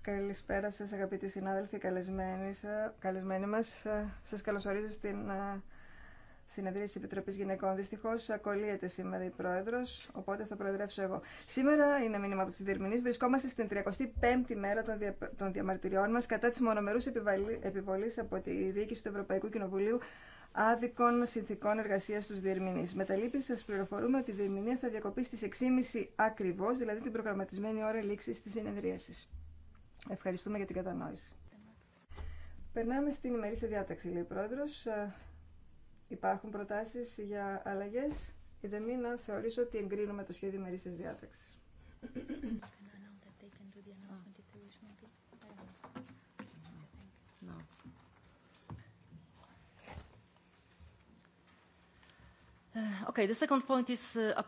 Καλησπέρα σας αγαπητοί συνάδελφοι, καλεσμένοι, καλεσμένοι μας. Ε, σας καλωσορίζω στην ε, συνεδρία της Επιτροπής Γυναικών. Δυστυχώς ακολύεται σήμερα η Πρόεδρος, οπότε θα προεδρεύσω εγώ. Σήμερα είναι μήνυμα από τις Διερμηνείς. Βρισκόμαστε στην 35η μέρα των, δια, των διαμαρτυριών μας κατά της μονομερούς επιβολής από τη Διοίκηση του Ευρωπαϊκού Κοινοβουλίου άδικων συνθήκων εργασία στου διερμηνεί. Με τα λύπη σα πληροφορούμε ότι η διερμηνία θα διακοπεί στι 6.30 ακριβώ, δηλαδή την προγραμματισμένη ώρα λήξη τη συνεδρίαση. Ευχαριστούμε για την κατανόηση. Περνάμε στην ημερήσια διάταξη, λέει ο πρόεδρο. Ε, υπάρχουν προτάσει για αλλαγέ. να θεωρήσω ότι εγκρίνουμε το σχέδιο ημερήσια διάταξη. Okay, the second point is... Uh,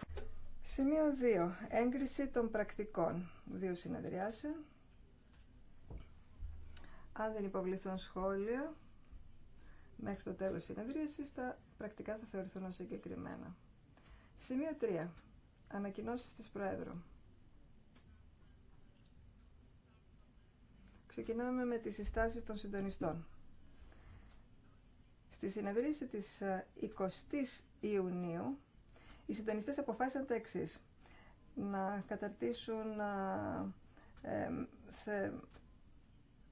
Σημείο 2. Έγκριση των πρακτικών. Δύο συνεδριάσεων. Αν δεν υποβληθούν σχόλια μέχρι το τέλος της συνεδρίασης, τα πρακτικά θα θεωρηθούν ως εγκεκριμένα. Σημείο 3. Ανακοινώσεις της Προέδρου. Ξεκινάμε με τις συστάσεις των συντονιστών. Στη συνεδρίαση της 20ης ε, Ιουνίου, οι συντονιστές αποφάσισαν τα Να καταρτήσουν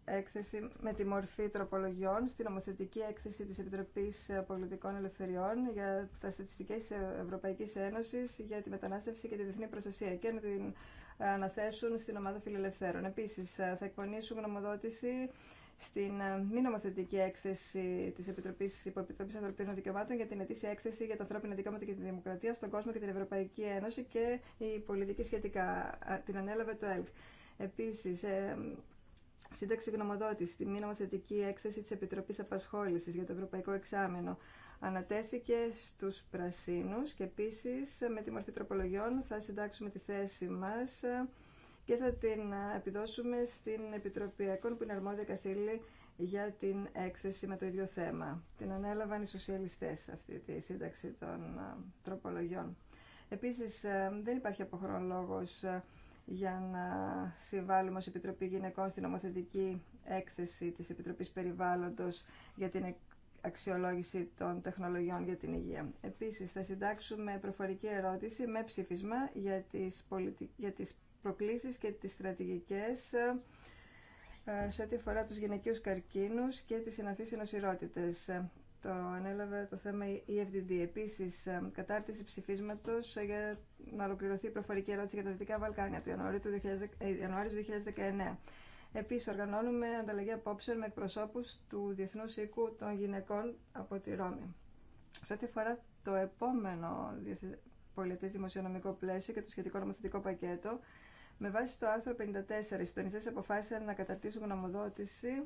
έκθεση με τη μορφή τροπολογιών στην ομοθετική έκθεση της Επιτροπής Πολιτικών Ελευθεριών για τα στατιστικές Ευρωπαϊκής Ένωσης για τη μετανάστευση και τη διεθνή προστασία και να την αναθέσουν στην ομάδα φιλελευθέρων. Επίσης, θα εκπονήσουν γνωμοδότηση στην ε, μη νομοθετική έκθεση τη Επιτροπή Υποεπιτροπή Ανθρωπίνων Δικαιωμάτων για την ετήσια έκθεση για τα ανθρώπινα δικαιώματα και τη δημοκρατία στον κόσμο και την Ευρωπαϊκή Ένωση και η πολιτική σχετικά. Την ανέλαβε το ΕΛΚ. Επίση, ε, σύνταξη γνωμοδότηση στη μη νομοθετική έκθεση τη Επιτροπή Απασχόληση για το Ευρωπαϊκό Εξάμενο ανατέθηκε στου Πρασίνου και επίση ε, με τη μορφή τροπολογιών θα συντάξουμε τη θέση μα ε, και θα την επιδώσουμε στην Επιτροπή ΕΚΟΝ που είναι αρμόδια καθήλη για την έκθεση με το ίδιο θέμα. Την ανέλαβαν οι σοσιαλιστές αυτή τη σύνταξη των τροπολογιών. Επίσης δεν υπάρχει αποχρόν λόγος για να συμβάλλουμε ως Επιτροπή Γυναικών στην Ομοθετική έκθεση της Επιτροπής Περιβάλλοντος για την αξιολόγηση των τεχνολογιών για την υγεία. Επίσης, θα συντάξουμε προφορική ερώτηση με ψήφισμα για τις, πολιτι... για τις προκλήσεις και τις στρατηγικές ε, ε, σε ό,τι αφορά τους γυναικείους καρκίνους και τις συναφείς νοσηρότητες. Ε, το ανέλαβε το θέμα η FDD. Επίσης, κατάρτιση ψηφίσματος για να ολοκληρωθεί η προφορική ερώτηση για τα Δυτικά Βαλκάνια του Ιανουαρίου του 2019. Επίσης, οργανώνουμε ανταλλαγή απόψεων με εκπροσώπους του Διεθνούς Οίκου των Γυναικών από τη Ρώμη. Σε ό,τι αφορά το επόμενο πολιτές δημοσιονομικό πλαίσιο και το σχετικό νομοθετικό πακέτο, με βάση το άρθρο 54, οι συντονιστέ αποφάσισαν να καταρτήσουν γνωμοδότηση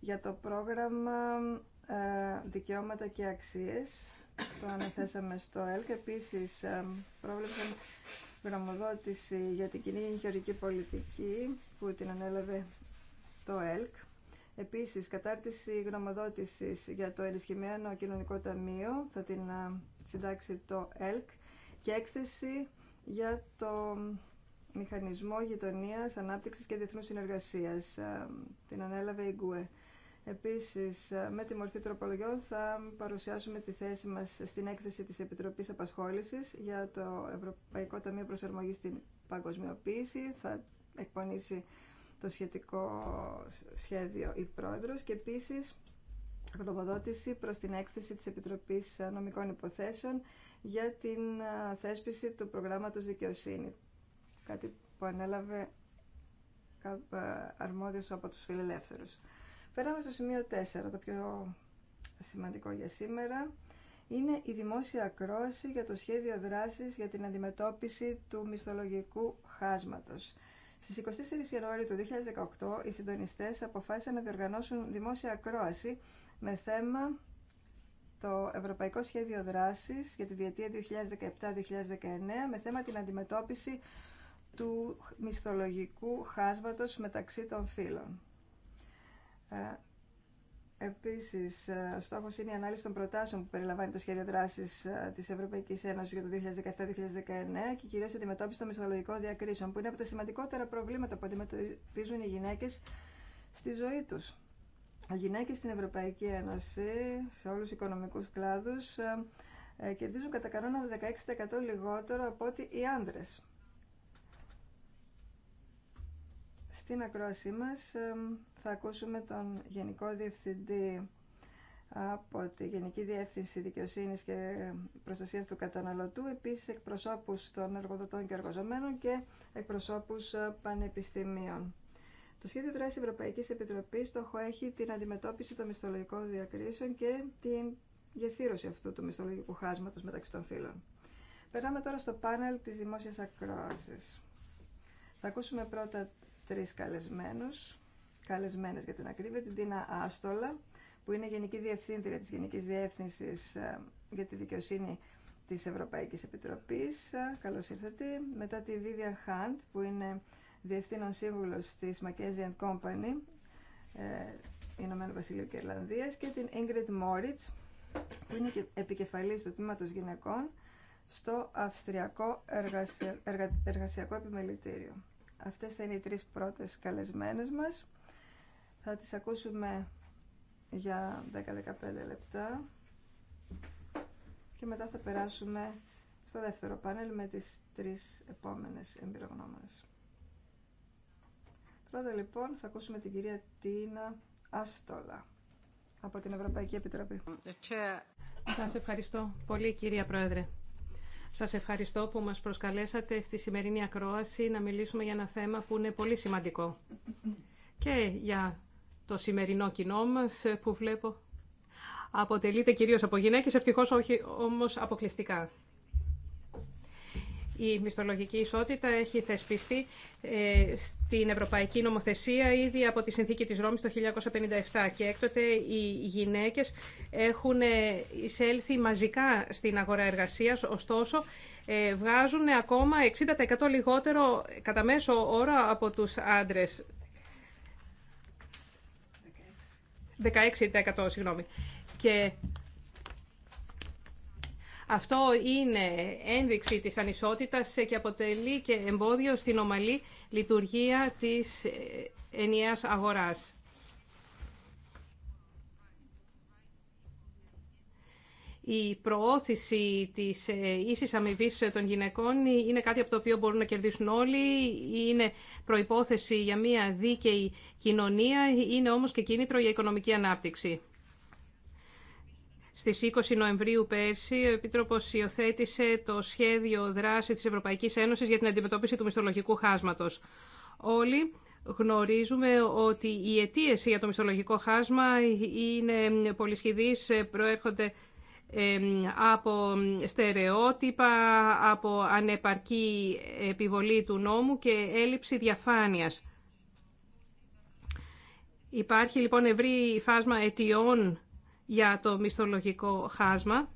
για το πρόγραμμα ε, Δικαιώματα και Αξίες. Το αναθέσαμε στο ΕΛΚ. Επίσης, ε, πρόβλεψαν γνωμοδότηση για την κοινή γεωργική πολιτική που την ανέλαβε το ΕΛΚ. Επίσης, κατάρτιση γνωμοδότηση για το ενισχυμένο κοινωνικό ταμείο θα την ε, συντάξει το ΕΛΚ και έκθεση για το Μηχανισμό Γειτονία, Ανάπτυξη και Διεθνού Συνεργασία. Ε, την ανέλαβε η ΓΚΟΕ. Επίση, ε, με τη μορφή τροπολογιών θα παρουσιάσουμε τη θέση μα στην έκθεση τη Επιτροπή Απασχόληση για το Ευρωπαϊκό Ταμείο Προσαρμογή στην Παγκοσμιοποίηση. Θα εκπονήσει το σχετικό σχέδιο η Πρόεδρος και επίσης γνωμοδότηση προς την έκθεση της Επιτροπής Νομικών Υποθέσεων για την ε, θέσπιση του προγράμματος δικαιοσύνη κάτι που ανέλαβε ε, αρμόδιος από τους φιλελεύθερους. Περάμε στο σημείο 4, το πιο σημαντικό για σήμερα. Είναι η δημόσια ακρόαση για το σχέδιο δράσης για την αντιμετώπιση του μισθολογικού χάσματος. Στις 24 Ιανουαρίου του 2018, οι συντονιστές αποφάσισαν να διοργανώσουν δημόσια ακρόαση με θέμα το Ευρωπαϊκό Σχέδιο Δράσης για τη διετία 2017-2019 με θέμα την αντιμετώπιση του μισθολογικού χάσματος μεταξύ των φύλων. Ε, επίσης, ο ε, στόχος είναι η ανάλυση των προτάσεων που περιλαμβάνει το σχέδιο δράσης ε, της Ευρωπαϊκής Ένωσης για το 2017-2019 και κυρίως η αντιμετώπιση των μισθολογικών διακρίσεων, που είναι από τα σημαντικότερα προβλήματα που αντιμετωπίζουν οι γυναίκες στη ζωή τους. Οι γυναίκες στην Ευρωπαϊκή Ένωση, σε όλους τους οικονομικούς κλάδους, κερδίζουν κατά κανόνα 16% λιγότερο από ό,τι οι άντρες. Στην ακρόασή μας θα ακούσουμε τον Γενικό Διευθυντή από τη Γενική Διεύθυνση Δικαιοσύνης και Προστασίας του Καταναλωτού, επίσης εκπροσώπους των εργοδοτών και εργοζομένων και εκπροσώπους ε, πανεπιστημίων. Το σχέδιο δράση Ευρωπαϊκής Επιτροπής στόχο έχει την αντιμετώπιση των μισθολογικών διακρίσεων και την γεφύρωση αυτού του μισθολογικού χάσματος μεταξύ των φύλων. Περνάμε τώρα στο πάνελ τη δημόσια ακρόαση. Θα ακούσουμε πρώτα τρεις καλεσμένους, καλεσμένες για την ακρίβεια, την Τίνα Άστολα, που είναι Γενική Διευθύντρια της Γενικής Διεύθυνσης ε, για τη Δικαιοσύνη της Ευρωπαϊκής Επιτροπής. Ε, καλώς ήρθατε. Μετά τη Vivian Hunt, που είναι Διευθύνων Σύμβουλος της McKenzie Company, ε, Ηνωμένου Βασιλείου και και την Ingrid Moritz, που είναι επικεφαλής του Τμήματος Γυναικών στο Αυστριακό Εργασιακό Επιμελητήριο. Αυτές θα είναι οι τρεις πρώτες καλεσμένες μας. Θα τις ακούσουμε για 10-15 λεπτά και μετά θα περάσουμε στο δεύτερο πάνελ με τις τρεις επόμενες εμπειρογνώμονες. Πρώτα λοιπόν θα ακούσουμε την κυρία Τίνα Αστόλα από την Ευρωπαϊκή Επιτροπή. Σας ευχαριστώ πολύ κυρία Πρόεδρε. Σας ευχαριστώ που μας προσκαλέσατε στη σημερινή ακρόαση να μιλήσουμε για ένα θέμα που είναι πολύ σημαντικό. Και για το σημερινό κοινό μας που βλέπω αποτελείται κυρίως από γυναίκες, ευτυχώς όχι όμως αποκλειστικά. Η μισθολογική ισότητα έχει θεσπιστεί ε, στην Ευρωπαϊκή Νομοθεσία ήδη από τη Συνθήκη της Ρώμης το 1957 και έκτοτε οι γυναίκες έχουν ε, εισέλθει μαζικά στην αγορά εργασίας, ωστόσο ε, βγάζουν ακόμα 60% λιγότερο κατά μέσο όρο από τους άντρες. 16%, 16% συγγνώμη. Και αυτό είναι ένδειξη της ανισότητας και αποτελεί και εμπόδιο στην ομαλή λειτουργία της ε, ενιαίας αγοράς. η προώθηση της ε, ίσης αμοιβή των γυναικών είναι κάτι από το οποίο μπορούν να κερδίσουν όλοι, είναι προϋπόθεση για μια δίκαιη κοινωνία, είναι όμως και κίνητρο για οικονομική ανάπτυξη. Στις 20 Νοεμβρίου πέρσι, ο Επίτροπος υιοθέτησε το σχέδιο δράσης της Ευρωπαϊκής Ένωσης για την αντιμετώπιση του μισθολογικού χάσματος. Όλοι γνωρίζουμε ότι οι αιτίες για το μισθολογικό χάσμα είναι πολυσχηδείς, προέρχονται από στερεότυπα, από ανεπαρκή επιβολή του νόμου και έλλειψη διαφάνειας. Υπάρχει λοιπόν ευρύ φάσμα αιτιών για το μισθολογικό χάσμα.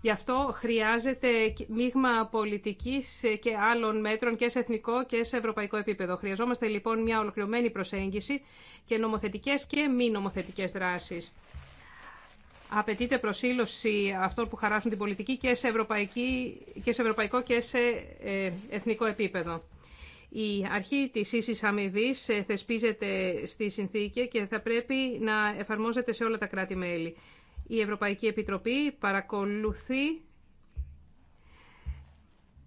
Γι' αυτό χρειάζεται μείγμα πολιτικής και άλλων μέτρων και σε εθνικό και σε ευρωπαϊκό επίπεδο. Χρειαζόμαστε λοιπόν μια ολοκληρωμένη προσέγγιση και νομοθετικές και μη νομοθετικές δράσεις. Απαιτείται προσήλωση αυτών που χαράσουν την πολιτική και σε, και σε ευρωπαϊκό και σε ε, εθνικό επίπεδο. Η αρχή της ίσης αμοιβή ε, θεσπίζεται στη συνθήκη και θα πρέπει να εφαρμόζεται σε όλα τα κράτη-μέλη. Η Ευρωπαϊκή Επιτροπή παρακολουθεί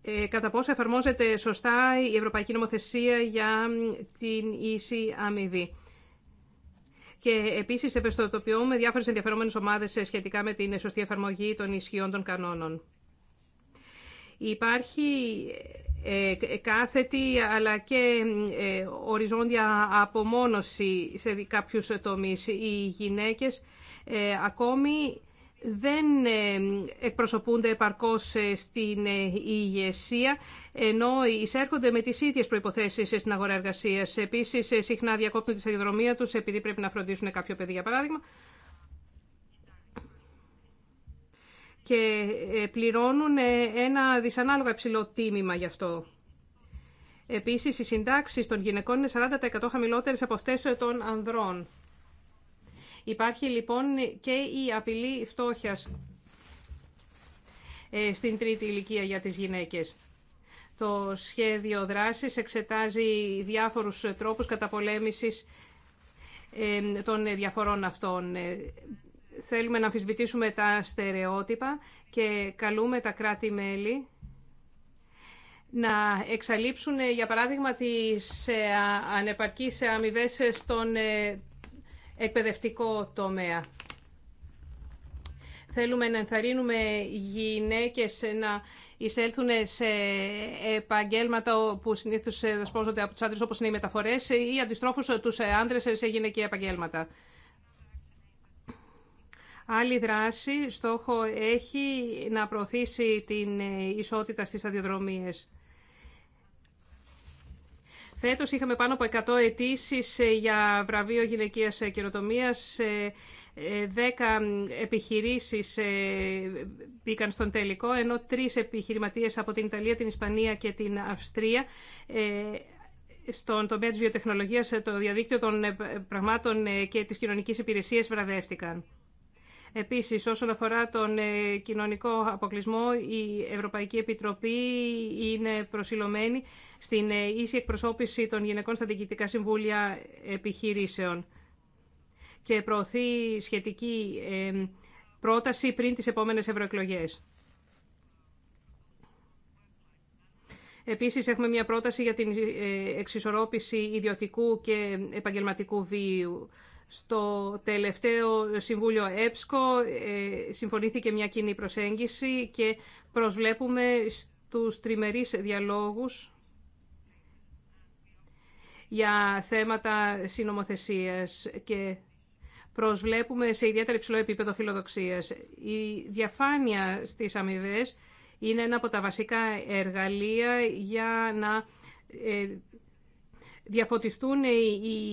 ε, κατά πόσο εφαρμόζεται σωστά η Ευρωπαϊκή Νομοθεσία για την ίση αμοιβή. Και επίσης ευαισθητοποιούμε διάφορες ενδιαφερόμενες ομάδες ε, σχετικά με την σωστή εφαρμογή των ισχυών των κανόνων. Υπάρχει ε, κάθετη αλλά και ε, οριζόντια απομόνωση σε κάποιους τομείς. Οι γυναίκες ε, ακόμη δεν εκπροσωπούνται επαρκώς στην ηγεσία, ενώ εισέρχονται με τις ίδιες προϋποθέσεις στην αγορά εργασίας. Επίσης, συχνά διακόπτουν τη σταδιοδρομία τους επειδή πρέπει να φροντίσουν κάποιο παιδί, για παράδειγμα. και ε, πληρώνουν ε, ένα δυσανάλογα υψηλό τίμημα γι' αυτό. Επίσης, οι συντάξει των γυναικών είναι 40% χαμηλότερες από αυτές των ανδρών. Υπάρχει λοιπόν και η απειλή φτώχειας ε, στην τρίτη ηλικία για τις γυναίκες. Το σχέδιο δράσης εξετάζει διάφορους τρόπους καταπολέμησης των διαφορών αυτών θέλουμε να αμφισβητήσουμε τα στερεότυπα και καλούμε τα κράτη-μέλη να εξαλείψουν, ε, για παράδειγμα, τις ε, ανεπαρκείς αμοιβέ στον ε, εκπαιδευτικό τομέα. Θέλουμε να ενθαρρύνουμε γυναίκες να εισέλθουν σε επαγγέλματα που συνήθως δεσπόζονται από τους άντρες, όπως είναι οι μεταφορές, ή αντιστρόφως τους άντρες σε γυναικεία επαγγέλματα. Άλλη δράση στόχο έχει να προωθήσει την ε, ισότητα στις αδειοδρομίες. Φέτος είχαμε πάνω από 100 αιτήσει ε, για βραβείο γυναικείας ε, καινοτομίας. 10 επιχειρήσεις μπήκαν στον τελικό, ενώ τρεις επιχειρηματίες από την Ιταλία, την Ισπανία και την Αυστρία στον τομέα της βιοτεχνολογίας, το διαδίκτυο των πραγμάτων και της κοινωνικής υπηρεσίας βραβεύτηκαν. Επίσης, όσον αφορά τον ε, κοινωνικό αποκλεισμό, η Ευρωπαϊκή Επιτροπή είναι προσιλωμένη στην ε, ίση εκπροσώπηση των γυναικών στα διοικητικά συμβούλια επιχειρήσεων και προωθεί σχετική πρόταση πριν τις επόμενες ευρωεκλογές. Επίσης, έχουμε μια πρόταση για την ε, εξισορρόπηση ιδιωτικού και επαγγελματικού βίου στο τελευταίο Συμβούλιο ΕΠΣΚΟ ε, συμφωνήθηκε μια κοινή προσέγγιση και προσβλέπουμε στους τριμερείς διαλόγους για θέματα συνομοθεσίας και προσβλέπουμε σε ιδιαίτερα υψηλό επίπεδο φιλοδοξίας. Η διαφάνεια στις αμοιβέ είναι ένα από τα βασικά εργαλεία για να ε, διαφωτιστούν οι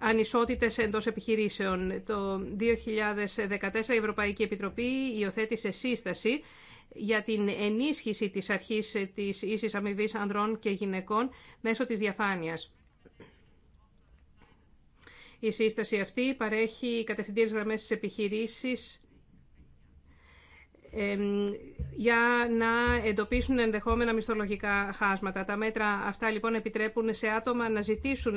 ανισότητες εντός επιχειρήσεων. Το 2014 η Ευρωπαϊκή Επιτροπή υιοθέτησε σύσταση για την ενίσχυση της αρχής της ίσης αμοιβή ανδρών και γυναικών μέσω της διαφάνειας. Η σύσταση αυτή παρέχει κατευθυντήριες γραμμές στις επιχειρήσεις για να εντοπίσουν ενδεχόμενα μισθολογικά χάσματα. Τα μέτρα αυτά λοιπόν επιτρέπουν σε άτομα να ζητήσουν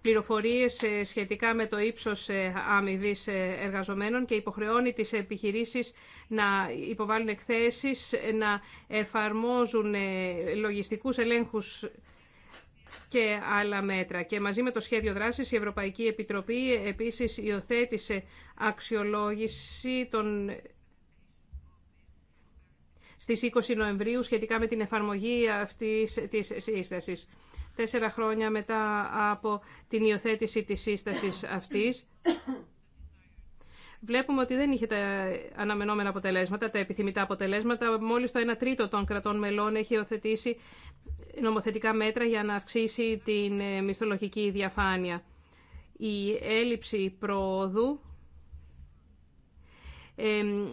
πληροφορίες ε, σχετικά με το ύψος ε, αμοιβή ε, εργαζομένων και υποχρεώνει τις επιχειρήσεις να υποβάλουν εκθέσεις, να εφαρμόζουν λογιστικούς ελέγχους και άλλα μέτρα. Και μαζί με το σχέδιο δράσης η Ευρωπαϊκή Επιτροπή επίσης υιοθέτησε αξιολόγηση των στις 20 Νοεμβρίου σχετικά με την εφαρμογή αυτής της σύσταση. Τέσσερα χρόνια μετά από την υιοθέτηση της σύσταση αυτής, βλέπουμε ότι δεν είχε τα αναμενόμενα αποτελέσματα, τα επιθυμητά αποτελέσματα. Μόλις το 1 τρίτο των κρατών μελών έχει υιοθετήσει νομοθετικά μέτρα για να αυξήσει την μισθολογική διαφάνεια. Η έλλειψη πρόοδου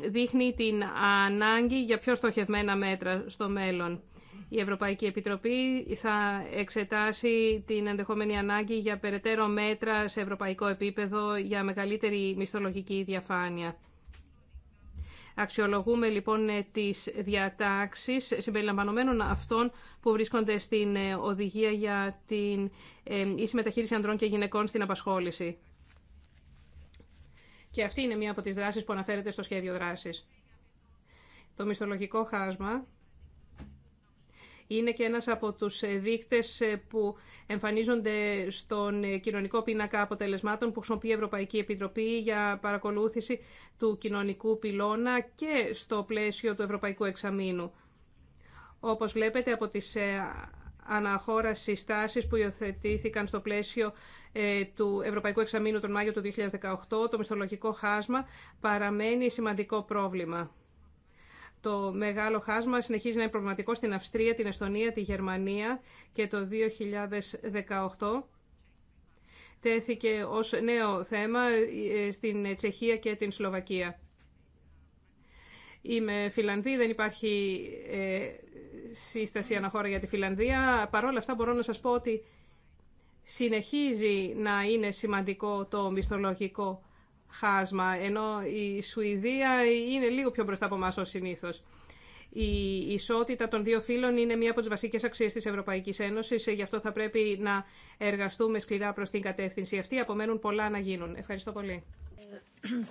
δείχνει την ανάγκη για πιο στοχευμένα μέτρα στο μέλλον. Η Ευρωπαϊκή Επιτροπή θα εξετάσει την ενδεχόμενη ανάγκη για περαιτέρω μέτρα σε ευρωπαϊκό επίπεδο για μεγαλύτερη μισθολογική διαφάνεια. Αξιολογούμε λοιπόν τις διατάξεις συμπεριλαμβανομένων αυτών που βρίσκονται στην οδηγία για την ίση μεταχείριση ανδρών και γυναικών στην απασχόληση. Και αυτή είναι μία από τις δράσεις που αναφέρεται στο σχέδιο δράσης. Το μισθολογικό χάσμα είναι και ένας από τους δείκτες που εμφανίζονται στον κοινωνικό πίνακα αποτελεσμάτων που χρησιμοποιεί η Ευρωπαϊκή Επιτροπή για παρακολούθηση του κοινωνικού πυλώνα και στο πλαίσιο του Ευρωπαϊκού Εξαμήνου. Όπως βλέπετε από τις ε, αναχώρα στάσεις που υιοθετήθηκαν στο πλαίσιο ε, του Ευρωπαϊκού Εξαμήνου τον Μάιο του 2018, το μισθολογικό χάσμα παραμένει σημαντικό πρόβλημα. Το μεγάλο χάσμα συνεχίζει να είναι προβληματικό στην Αυστρία, την Εστονία, τη Γερμανία και το 2018 τέθηκε ως νέο θέμα ε, στην Τσεχία και την Σλοβακία. Είμαι Φιλανδή, δεν υπάρχει ε, σύσταση αναχώρα για τη Φιλανδία. Παρ' όλα αυτά μπορώ να σας πω ότι συνεχίζει να είναι σημαντικό το μισθολογικό χάσμα, ενώ η Σουηδία είναι λίγο πιο μπροστά από εμάς ως συνήθως. Η ισότητα των δύο φύλων είναι μία από τις βασικές αξίες της Ευρωπαϊκής Ένωσης, γι' αυτό θα πρέπει να εργαστούμε σκληρά προς την κατεύθυνση αυτή. Απομένουν πολλά να γίνουν. Ευχαριστώ πολύ.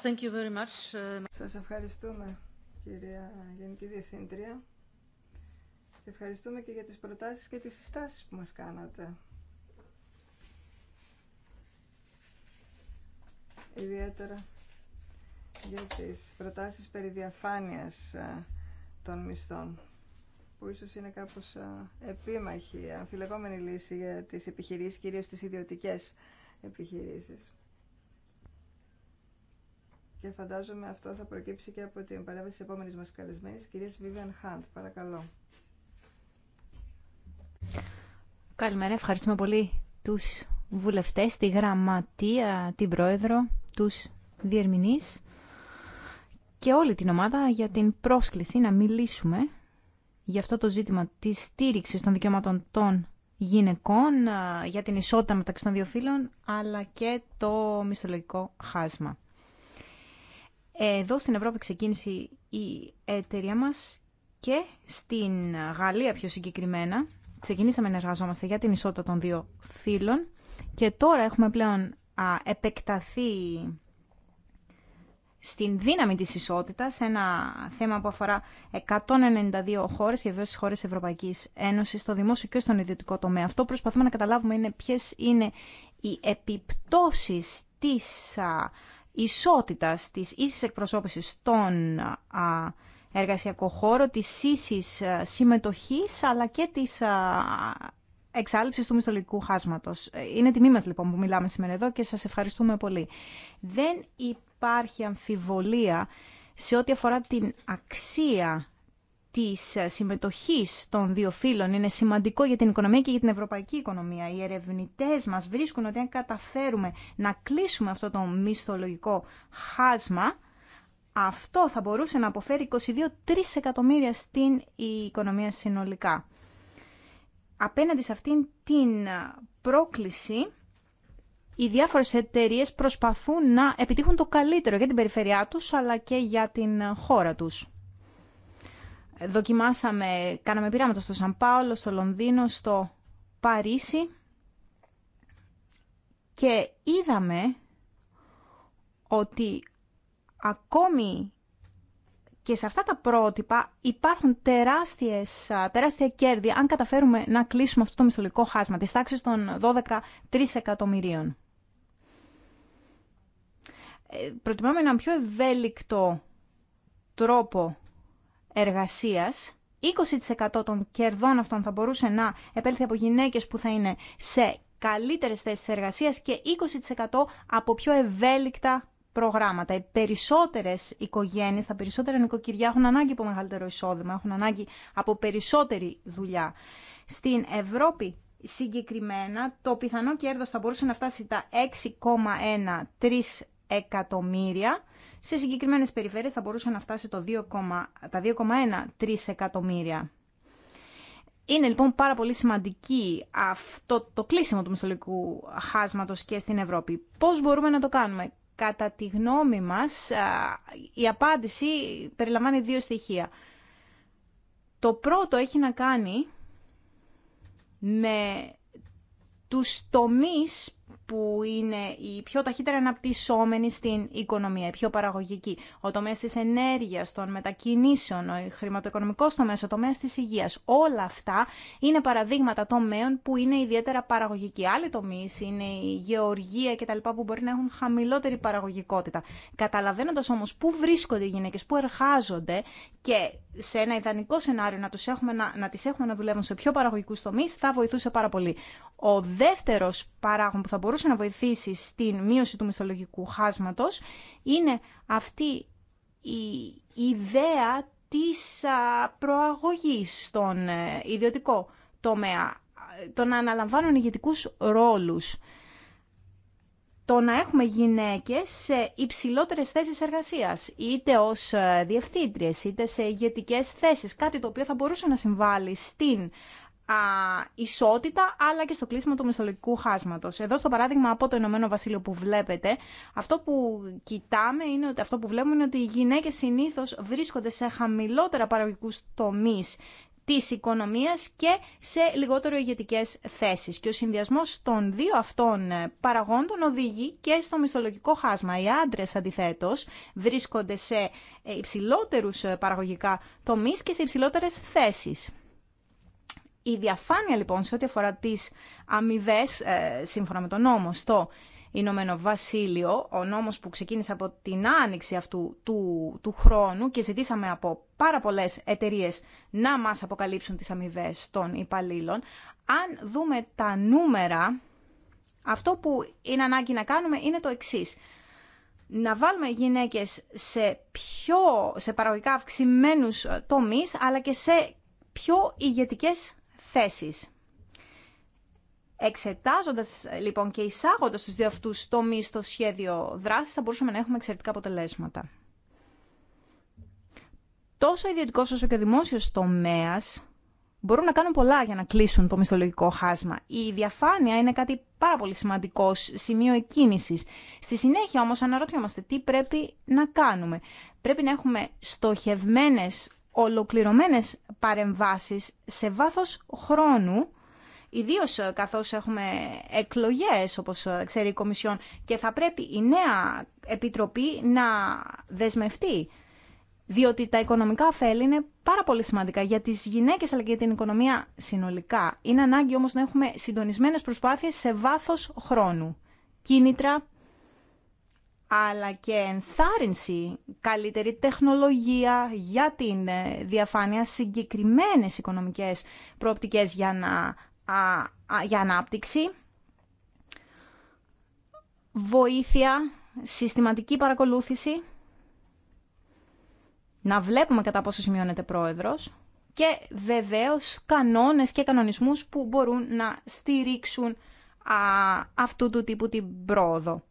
Thank you very much. Σας ευχαριστούμε, κυρία Γενική Διευθύντρια. Ευχαριστούμε και για τις προτάσεις και τις συστάσεις που μας κάνατε. ιδιαίτερα για τις προτάσεις περί διαφάνειας ε, των μισθών που ίσως είναι κάπως ε, επίμαχη, αμφιλεγόμενη λύση για τις επιχειρήσεις, κυρίως τις ιδιωτικές επιχειρήσεις. Και φαντάζομαι αυτό θα προκύψει και από την παρέμβαση της επόμενης μας καλεσμένης, κυρίας Vivian Hunt. Παρακαλώ. Καλημέρα, ευχαριστούμε πολύ τους βουλευτές, τη γραμματεία, την πρόεδρο, τους διερμηνείς και όλη την ομάδα για την πρόσκληση να μιλήσουμε για αυτό το ζήτημα της στήριξης των δικαιωμάτων των γυναικών για την ισότητα μεταξύ των δύο φύλων αλλά και το μισθολογικό χάσμα. Εδώ στην Ευρώπη ξεκίνησε η εταιρεία μας και στην Γαλλία πιο συγκεκριμένα ξεκινήσαμε να εργαζόμαστε για την ισότητα των δύο φύλων και τώρα έχουμε πλέον α, επεκταθεί στην δύναμη της ισότητας, ένα θέμα που αφορά 192 χώρες και βέβαια στις χώρες Ευρωπαϊκής Ένωσης, στο δημόσιο και στον ιδιωτικό τομέα. Αυτό που προσπαθούμε να καταλάβουμε είναι ποιες είναι οι επιπτώσεις της α, ισότητας, της ίσης εκπροσώπησης των α, εργασιακό χώρο, της ίσης συμμετοχής αλλά και της εξάλληψη του μισθολογικού χάσματο. Ε, είναι τιμή μα λοιπόν που μιλάμε σήμερα εδώ και σα ευχαριστούμε πολύ. Δεν υπάρχει αμφιβολία σε ό,τι αφορά την αξία της ε, συμμετοχής των δύο φύλων είναι σημαντικό για την οικονομία και για την ευρωπαϊκή οικονομία. Οι ερευνητές μας βρίσκουν ότι αν καταφέρουμε να κλείσουμε αυτό το μισθολογικό χάσμα, αυτό θα μπορούσε να αποφέρει 22-3 εκατομμύρια στην οικονομία συνολικά απέναντι σε αυτήν την ε, πρόκληση οι διάφορες εταιρείε προσπαθούν να επιτύχουν το καλύτερο για την περιφερειά τους αλλά και για την ε, χώρα τους. Δοκιμάσαμε, κάναμε πειράματα στο Σαν Πάολο, στο Λονδίνο, στο Παρίσι και είδαμε ότι ακόμη και σε αυτά τα πρότυπα υπάρχουν τεράστιες, τεράστια κέρδη αν καταφέρουμε να κλείσουμε αυτό το μισθολογικό χάσμα της τάξης των 12-3 εκατομμυρίων. Ε, προτιμάμε έναν πιο ευέλικτο τρόπο εργασίας 20% των κερδών αυτών θα μπορούσε να επέλθει από γυναίκες που θα είναι σε καλύτερες θέσεις εργασίας και 20% από πιο ευέλικτα προγράμματα. Οι περισσότερε οικογένειε, τα περισσότερα νοικοκυριά έχουν ανάγκη από μεγαλύτερο εισόδημα, έχουν ανάγκη από περισσότερη δουλειά. Στην Ευρώπη συγκεκριμένα το πιθανό κέρδο θα μπορούσε να φτάσει τα 6,13 εκατομμύρια. Σε συγκεκριμένε περιφέρειες θα μπορούσε να φτάσει το 2, τα 2,13 εκατομμύρια. Είναι λοιπόν πάρα πολύ σημαντική αυτό το κλείσιμο του μισθολογικού χάσματος και στην Ευρώπη. Πώς μπορούμε να το κάνουμε. Κατά τη γνώμη μας, η απάντηση περιλαμβάνει δύο στοιχεία. Το πρώτο έχει να κάνει με τους τομείς που είναι η πιο ταχύτερα αναπτυσσόμενη στην οικονομία, η πιο παραγωγική. Ο τομέα τη ενέργεια, των μετακινήσεων, ο χρηματοοικονομικό τομέα, ο τομέα τη υγεία. Όλα αυτά είναι παραδείγματα τομέων που είναι ιδιαίτερα παραγωγικοί. Άλλοι τομεί είναι η γεωργία κτλ. που μπορεί να έχουν χαμηλότερη παραγωγικότητα. Καταλαβαίνοντα όμω πού βρίσκονται οι γυναίκε, πού εργάζονται και σε ένα ιδανικό σενάριο να, τους έχουμε, να, να τις έχουμε να δουλεύουν σε πιο παραγωγικούς τομείς θα βοηθούσε πάρα πολύ. Ο δεύτερος παράγων που θα μπορούσε να βοηθήσει στην μείωση του μισθολογικού χάσματος είναι αυτή η ιδέα της προαγωγής στον ε, ιδιωτικό τομέα, ε, το να αναλαμβάνουν ηγετικούς ρόλους το να έχουμε γυναίκες σε υψηλότερες θέσεις εργασίας, είτε ως ε, διευθύντριες, είτε σε ηγετικέ θέσεις, κάτι το οποίο θα μπορούσε να συμβάλλει στην ισότητα, αλλά και στο κλείσιμο του μεσολογικού χάσματος. Εδώ στο παράδειγμα από το Ηνωμένο Βασίλειο που βλέπετε, αυτό που κοιτάμε είναι ότι αυτό που βλέπουμε είναι ότι οι γυναίκες συνήθως βρίσκονται σε χαμηλότερα παραγωγικούς τομείς της οικονομίας και σε λιγότερο ηγετικέ θέσεις. Και ο συνδυασμός των δύο αυτών ε, παραγόντων οδηγεί και στο μισθολογικό χάσμα. Οι άντρε αντιθέτως βρίσκονται σε ε, υψηλότερους ε, παραγωγικά τομείς και σε υψηλότερες θέσεις. Η διαφάνεια λοιπόν σε ό,τι αφορά τις αμοιβέ, σύμφωνα με τον νόμο, στο Ηνωμένο Βασίλειο, ο νόμος που ξεκίνησε από την άνοιξη αυτού του, του χρόνου και ζητήσαμε από πάρα πολλές εταιρείες να μας αποκαλύψουν τις αμοιβέ των υπαλλήλων. Αν δούμε τα νούμερα, αυτό που είναι ανάγκη να κάνουμε είναι το εξής. Να βάλουμε γυναίκες σε, πιο, σε παραγωγικά αυξημένους τομείς, αλλά και σε πιο ηγετικές θέσεις. Εξετάζοντας λοιπόν και εισάγοντα του δύο αυτούς τομεί στο σχέδιο δράσης, θα μπορούσαμε να έχουμε εξαιρετικά αποτελέσματα τόσο ιδιωτικό όσο και ο δημόσιο τομέα μπορούν να κάνουν πολλά για να κλείσουν το μισθολογικό χάσμα. Η διαφάνεια είναι κάτι πάρα πολύ σημαντικό σημείο εκκίνηση. Στη συνέχεια όμω αναρωτιόμαστε τι πρέπει να κάνουμε. Πρέπει να έχουμε στοχευμένε, ολοκληρωμένε παρεμβάσει σε βάθο χρόνου. Ιδίω καθώ έχουμε εκλογέ, όπω ξέρει η Κομισιόν, και θα πρέπει η νέα επιτροπή να δεσμευτεί διότι τα οικονομικά ωφέλη είναι πάρα πολύ σημαντικά για τι γυναίκες αλλά και για την οικονομία συνολικά. Είναι ανάγκη όμως να έχουμε συντονισμένες προσπάθειες σε βάθος χρόνου. Κίνητρα, αλλά και ενθάρρυνση, καλύτερη τεχνολογία για την ε, διαφάνεια, συγκεκριμένες οικονομικές προοπτικές για, να, για ανάπτυξη, βοήθεια, συστηματική παρακολούθηση να βλέπουμε κατά πόσο σημειώνεται πρόεδρος και βεβαίως κανόνες και κανονισμούς που μπορούν να στηρίξουν α, αυτού του τύπου την πρόοδο.